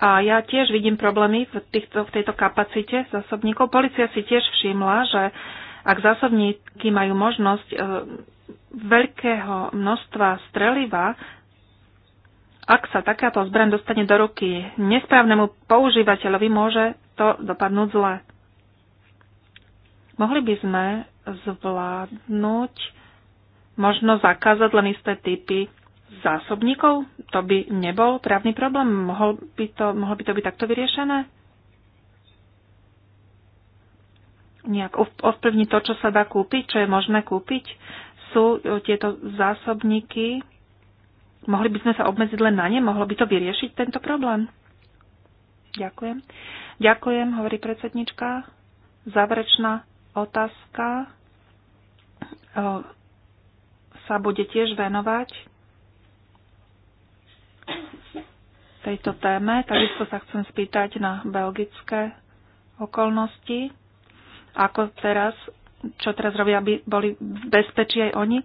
a ja tiež vidím problémy v, týchto, v tejto kapacite zásobníkov. Polícia si tiež všimla, že ak zásobníky majú možnosť e, veľkého množstva streliva, ak sa takáto zbraň dostane do ruky nesprávnemu používateľovi, môže to dopadnúť zle. Mohli by sme zvládnuť možno zakázať len isté typy zásobníkov? To by nebol právny problém? Mohol by to, mohlo by to byť takto vyriešené? Nejak ovplyvniť to, čo sa dá kúpiť, čo je možné kúpiť? Sú e, tieto zásobníky? Mohli by sme sa obmedziť len na ne? Mohlo by to vyriešiť tento problém? Ďakujem. Ďakujem, hovorí predsednička. Záverečná otázka e, sa bude tiež venovať tejto téme. Takisto sa chcem spýtať na belgické okolnosti. Ako teraz, čo teraz robia, aby boli bezpečí aj oni?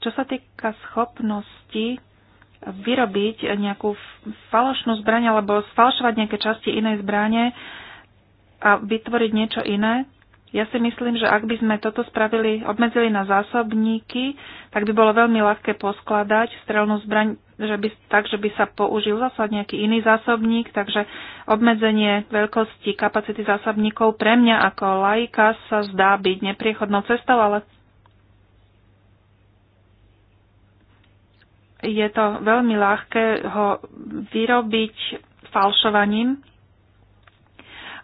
Čo sa týka schopnosti vyrobiť nejakú falošnú zbraň alebo sfalšovať nejaké časti inej zbrane a vytvoriť niečo iné, ja si myslím, že ak by sme toto spravili, obmedzili na zásobníky, tak by bolo veľmi ľahké poskladať strelnú zbraň že by, tak, že by sa použil zase nejaký iný zásobník, takže obmedzenie veľkosti kapacity zásobníkov pre mňa ako lajka sa zdá byť nepriechodnou cestou, ale je to veľmi ľahké ho vyrobiť falšovaním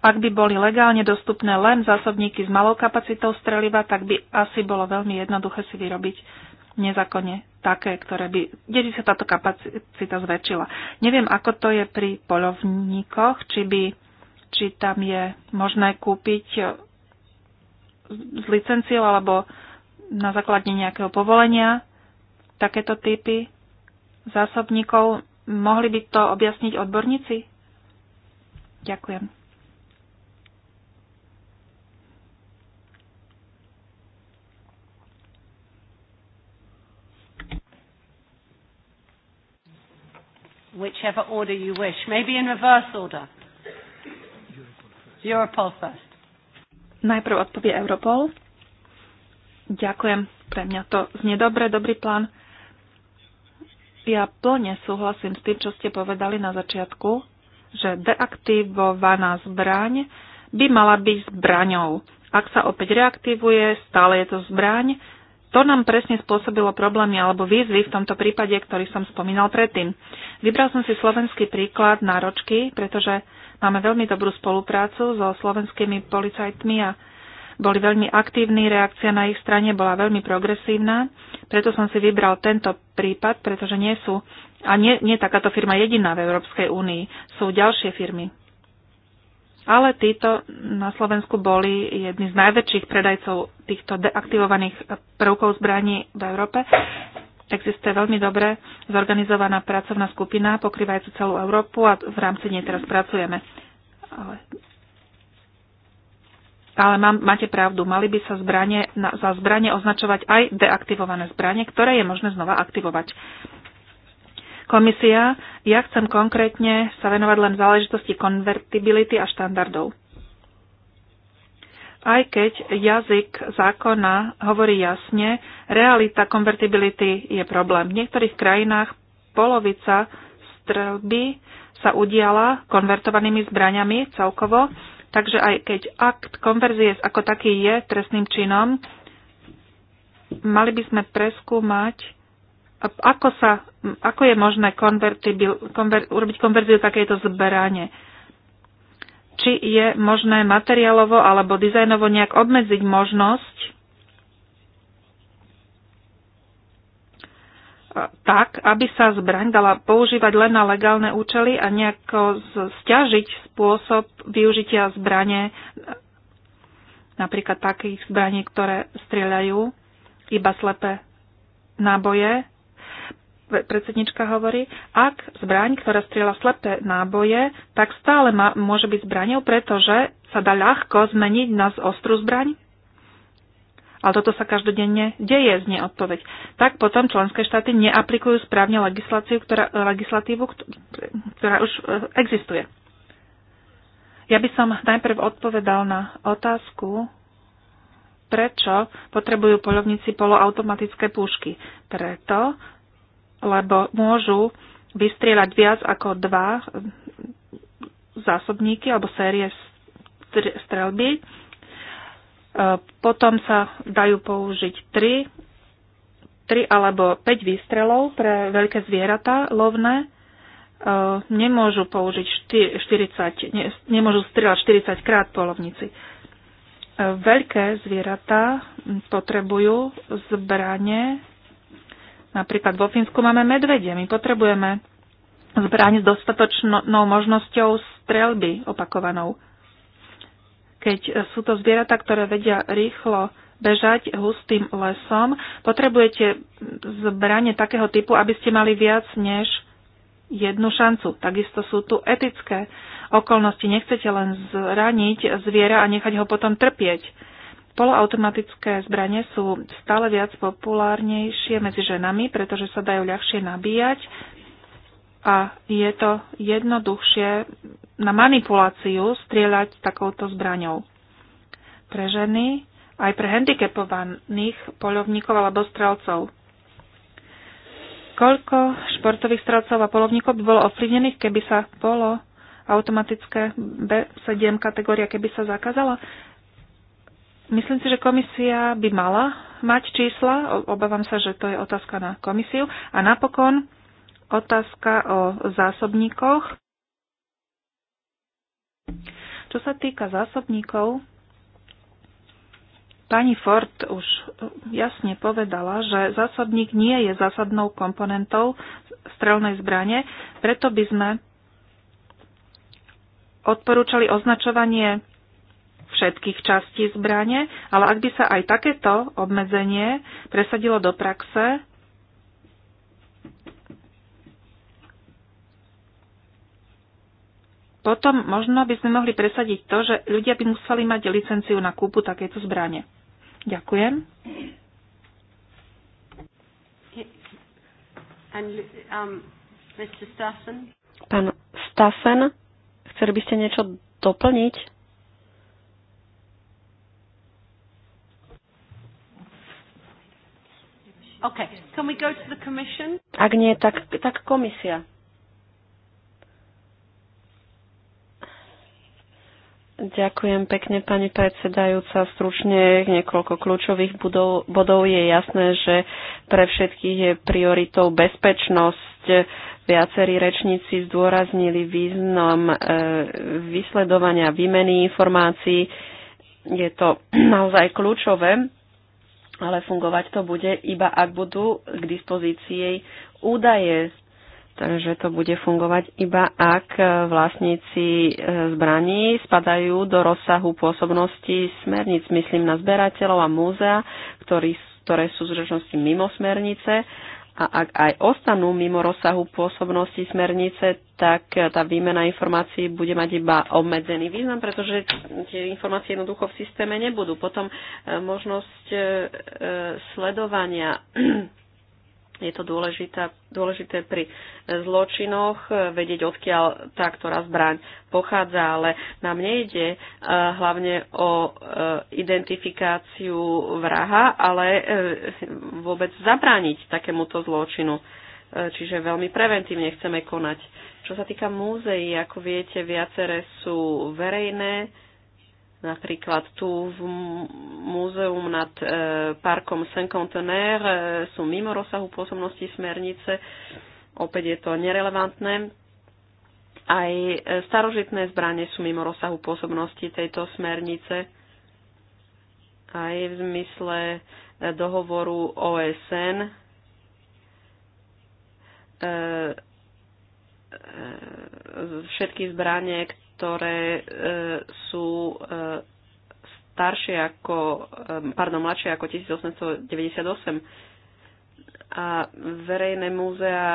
ak by boli legálne dostupné len zásobníky s malou kapacitou streliva, tak by asi bolo veľmi jednoduché si vyrobiť nezákonne také, ktoré by, kde by sa táto kapacita zväčšila. Neviem, ako to je pri polovníkoch, či, by, či tam je možné kúpiť e, z licenciou alebo na základe nejakého povolenia takéto typy zásobníkov. Mohli by to objasniť odborníci? Ďakujem. whichever order you wish. Maybe in reverse order. Europol first. Najprv odpovie Europol. Ďakujem, pre mňa to znie dobre, dobrý plán. Ja plne súhlasím s tým, čo ste povedali na začiatku, že deaktivovaná zbraň by mala byť zbraňou. Ak sa opäť reaktivuje, stále je to zbraň, to nám presne spôsobilo problémy alebo výzvy v tomto prípade, ktorý som spomínal predtým. Vybral som si slovenský príklad náročky, pretože máme veľmi dobrú spoluprácu so slovenskými policajtmi a boli veľmi aktívni, reakcia na ich strane bola veľmi progresívna, preto som si vybral tento prípad, pretože nie sú, a nie, nie takáto firma jediná v Európskej únii, sú ďalšie firmy ale títo na Slovensku boli jedni z najväčších predajcov týchto deaktivovaných prvkov zbraní v Európe. Existuje veľmi dobre zorganizovaná pracovná skupina pokrývajúca celú Európu a v rámci nej teraz pracujeme. Ale ale mám, máte pravdu, mali by sa zbranie, na, za zbranie označovať aj deaktivované zbranie, ktoré je možné znova aktivovať komisia. Ja chcem konkrétne sa venovať len záležitosti konvertibility a štandardov. Aj keď jazyk zákona hovorí jasne, realita konvertibility je problém. V niektorých krajinách polovica strelby sa udiala konvertovanými zbraniami celkovo, takže aj keď akt konverzie ako taký je trestným činom, mali by sme preskúmať ako, sa, ako je možné konver, urobiť konverziu takéto zberanie? Či je možné materiálovo alebo dizajnovo nejak obmedziť možnosť tak, aby sa zbraň dala používať len na legálne účely a nejako stiažiť spôsob využitia zbrane, napríklad takých zbraní, ktoré strieľajú iba slepé náboje, predsednička hovorí, ak zbraň, ktorá strieľa slepé náboje, tak stále má, môže byť zbraňou, pretože sa dá ľahko zmeniť na ostrú zbraň? Ale toto sa každodenne deje, znie odpoveď. Tak potom členské štáty neaplikujú správne legislatívu, ktorá, legislatívu, ktorá už e, existuje. Ja by som najprv odpovedal na otázku, prečo potrebujú polovníci poloautomatické púšky. Preto, lebo môžu vystrieľať viac ako dva zásobníky alebo série strelby. E, potom sa dajú použiť 3, tri alebo 5 výstrelov pre veľké zvieratá lovné. E, nemôžu použiť 40, nemôžu strieľať 40 krát po lovnici. E, veľké zvieratá potrebujú zbranie Napríklad vo Fínsku máme medvedie. My potrebujeme zbraň s dostatočnou možnosťou strelby opakovanou. Keď sú to zvieratá, ktoré vedia rýchlo bežať hustým lesom, potrebujete zbranie takého typu, aby ste mali viac než jednu šancu. Takisto sú tu etické okolnosti. Nechcete len zraniť zviera a nechať ho potom trpieť. Poloautomatické zbranie sú stále viac populárnejšie medzi ženami, pretože sa dajú ľahšie nabíjať a je to jednoduchšie na manipuláciu strieľať takouto zbraňou. Pre ženy aj pre handicapovaných polovníkov alebo strelcov. Koľko športových strelcov a polovníkov by bolo ovplyvnených, keby sa polo automatické B7 kategória, keby sa zakázala? Myslím si, že komisia by mala mať čísla. Obávam sa, že to je otázka na komisiu. A napokon otázka o zásobníkoch. Čo sa týka zásobníkov, pani Ford už eh, jasne povedala, že zásobník nie je zásadnou komponentou strelnej zbrane, preto by sme odporúčali označovanie všetkých častí zbrane, ale ak by sa aj takéto obmedzenie presadilo do praxe, potom možno by sme mohli presadiť to, že ľudia by museli mať licenciu na kúpu takéto zbrane. Ďakujem. Um, Pán Stassen, chceli by ste niečo doplniť? Okay. Can we go to the commission? Ak nie, tak, tak komisia. Ďakujem pekne, pani predsedajúca. Stručne niekoľko kľúčových budov, bodov je jasné, že pre všetkých je prioritou bezpečnosť. Viacerí rečníci zdôraznili význam e, vysledovania výmeny informácií. Je to naozaj kľúčové ale fungovať to bude iba ak budú k dispozícii údaje. Takže to bude fungovať iba ak vlastníci e, zbraní spadajú do rozsahu pôsobnosti smerníc, myslím na zberateľov a múzea, ktorí, ktoré sú zrečnosti mimo smernice a ak aj ostanú mimo rozsahu pôsobnosti smernice, tak tá výmena informácií bude mať iba obmedzený význam, pretože tie informácie jednoducho v systéme nebudú. Potom e, možnosť e, e, sledovania Je to dôležité, dôležité pri e, zločinoch e, vedieť, odkiaľ tá, ktorá zbraň pochádza, ale nám nejde e, hlavne o identifikáciu vraha, ale vôbec zabrániť takémuto zločinu. Čiže veľmi preventívne chceme konať. Čo sa týka múzeí, ako viete, viaceré sú verejné, Napríklad tu v múzeum nad e, parkom Saint-Contenaire e, sú mimo rozsahu pôsobnosti smernice. Opäť je to nerelevantné. Aj e, starožitné zbranie sú mimo rozsahu pôsobnosti tejto smernice. Aj v zmysle e, dohovoru OSN e, e, všetky zbranie, ktoré e, sú e, staršie ako, e, pardon, mladšie ako 1898. A verejné múzea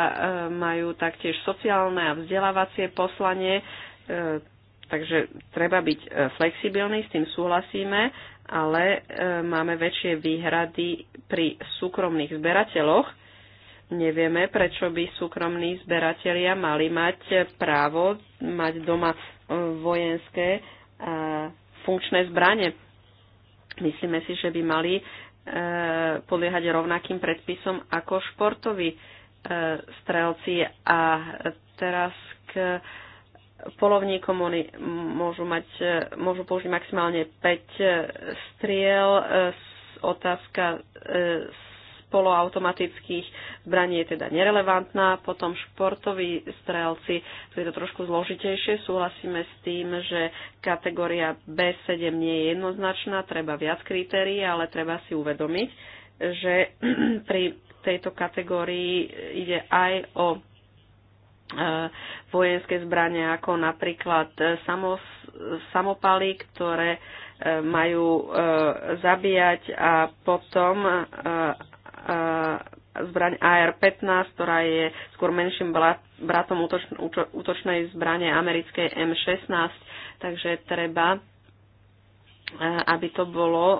majú taktiež sociálne a vzdelávacie poslanie, takže treba byť flexibilný, s tým súhlasíme, ale máme väčšie výhrady pri súkromných zberateľoch. Nevieme, prečo by súkromní zberatelia mali mať právo mať doma vojenské a funkčné zbranie. Myslíme si, že by mali e, podliehať rovnakým predpisom ako športoví e, strelci a teraz k polovníkom oni môžu, mať, e, môžu použiť maximálne 5 striel. Otázka poloautomatických zbraní je teda nerelevantná. Potom športoví strelci, to je to trošku zložitejšie, súhlasíme s tým, že kategória B7 nie je jednoznačná, treba viac kritérií, ale treba si uvedomiť, že pri tejto kategórii ide aj o e, vojenské zbranie, ako napríklad e, samopaly, ktoré e, majú zabíjať a potom E, zbraň AR-15, ktorá je skôr menším bratom útočnej zbrane americkej M16, takže treba e, aby to bolo e,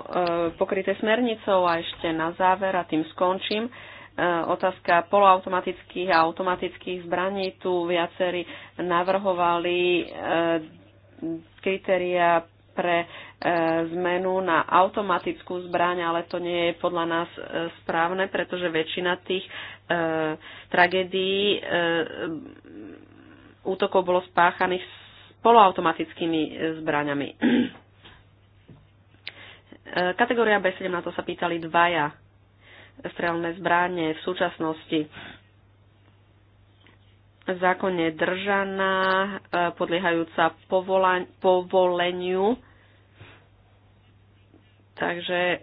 pokryté smernicou a ešte na záver a tým skončím otázka poloautomatických a automatických zbraní. Tu viacerí navrhovali kritéria pre e, zmenu na automatickú zbraň, ale to nie je podľa nás e, správne, pretože väčšina tých e, tragédií útokov bolo spáchaných s poloautomatickými zbraňami. Kategória B7 na to sa pýtali dvaja strelné zbranie v súčasnosti zákonne držaná, e, podliehajúca povoleniu. Takže e,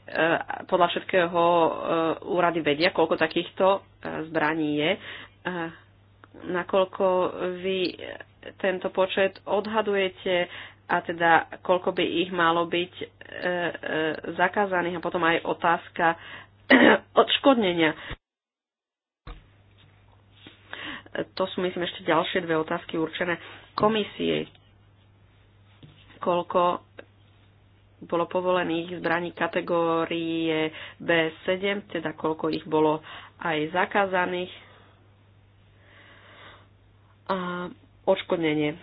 podľa všetkého e, úrady vedia, koľko takýchto zbraní je. Nakoľko vy tento počet odhadujete a teda koľko by ich malo byť zakázaných a potom aj otázka odškodnenia. To sú, myslím, ešte ďalšie dve otázky určené komisii. Koľko bolo povolených zbraní kategórie B7, teda koľko ich bolo aj zakázaných. A odškodnenie,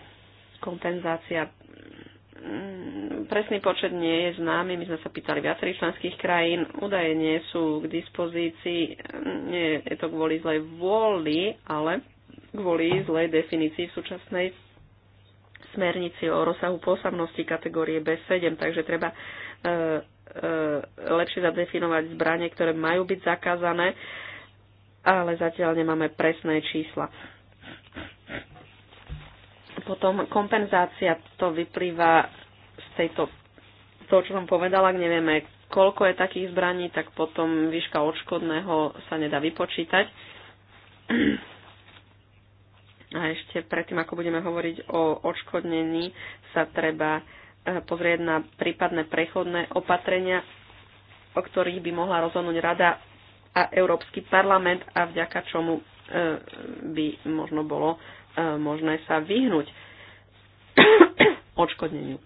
kompenzácia. Mm, presný počet nie je známy, my sme sa pýtali viacerých členských krajín, údaje nie sú k dispozícii, nie je to kvôli zlej vôli, ale kvôli zlej definícii v súčasnej smernici o rozsahu pôsobnosti kategórie B7, takže treba e, e, lepšie zadefinovať zbranie, ktoré majú byť zakázané, ale zatiaľ nemáme presné čísla. Potom kompenzácia, to vyplýva z tejto, toho, čo som povedala, ak nevieme, koľko je takých zbraní, tak potom výška odškodného sa nedá vypočítať a ešte predtým, ako budeme hovoriť o odškodnení, sa treba e, pozrieť na prípadné prechodné opatrenia, o ktorých by mohla rozhodnúť Rada a Európsky parlament a vďaka čomu e, by možno bolo e, možné sa vyhnúť odškodneniu.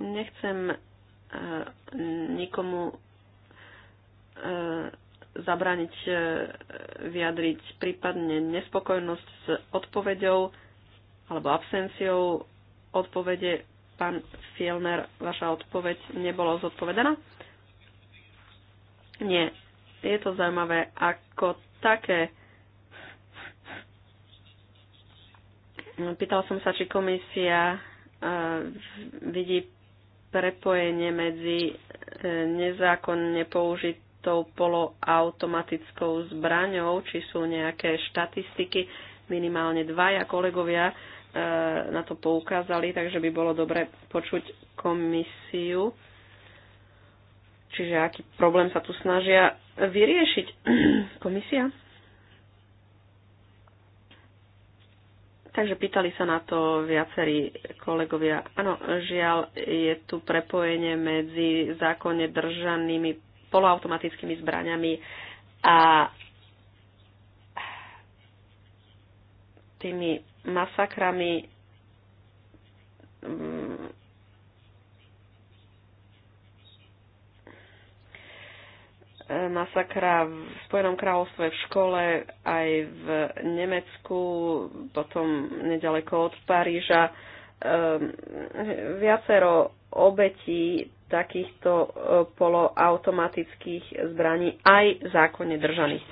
Nechcem E, nikomu e, zabraniť e, vyjadriť prípadne nespokojnosť s odpoveďou alebo absenciou odpovede. Pán Fielner, vaša odpoveď nebola zodpovedaná? Nie. Je to zaujímavé ako také. Pýtal som sa, či komisia vidí prepojenie medzi e, nezákonne použitou poloautomatickou zbraňou, či sú nejaké štatistiky, minimálne dvaja kolegovia e, na to poukázali, takže by bolo dobre počuť komisiu. Čiže aký problém sa tu snažia vyriešiť komisia? Takže pýtali sa na to viacerí kolegovia. Áno, žiaľ, je tu prepojenie medzi zákonne držanými poloautomatickými zbraniami a tými masakrami mm, masakra v Spojenom kráľovstve v škole, aj v Nemecku, potom nedaleko od Paríža. Ehm, viacero obetí takýchto e, poloautomatických zbraní, aj zákonne držaných.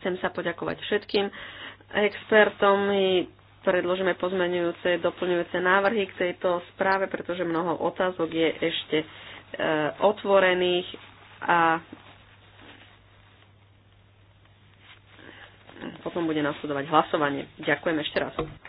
Chcem sa poďakovať všetkým expertom. My predložíme pozmenujúce, doplňujúce návrhy k tejto správe, pretože mnoho otázok je ešte e, otvorených a potom bude nasledovať hlasovanie. Ďakujem ešte raz.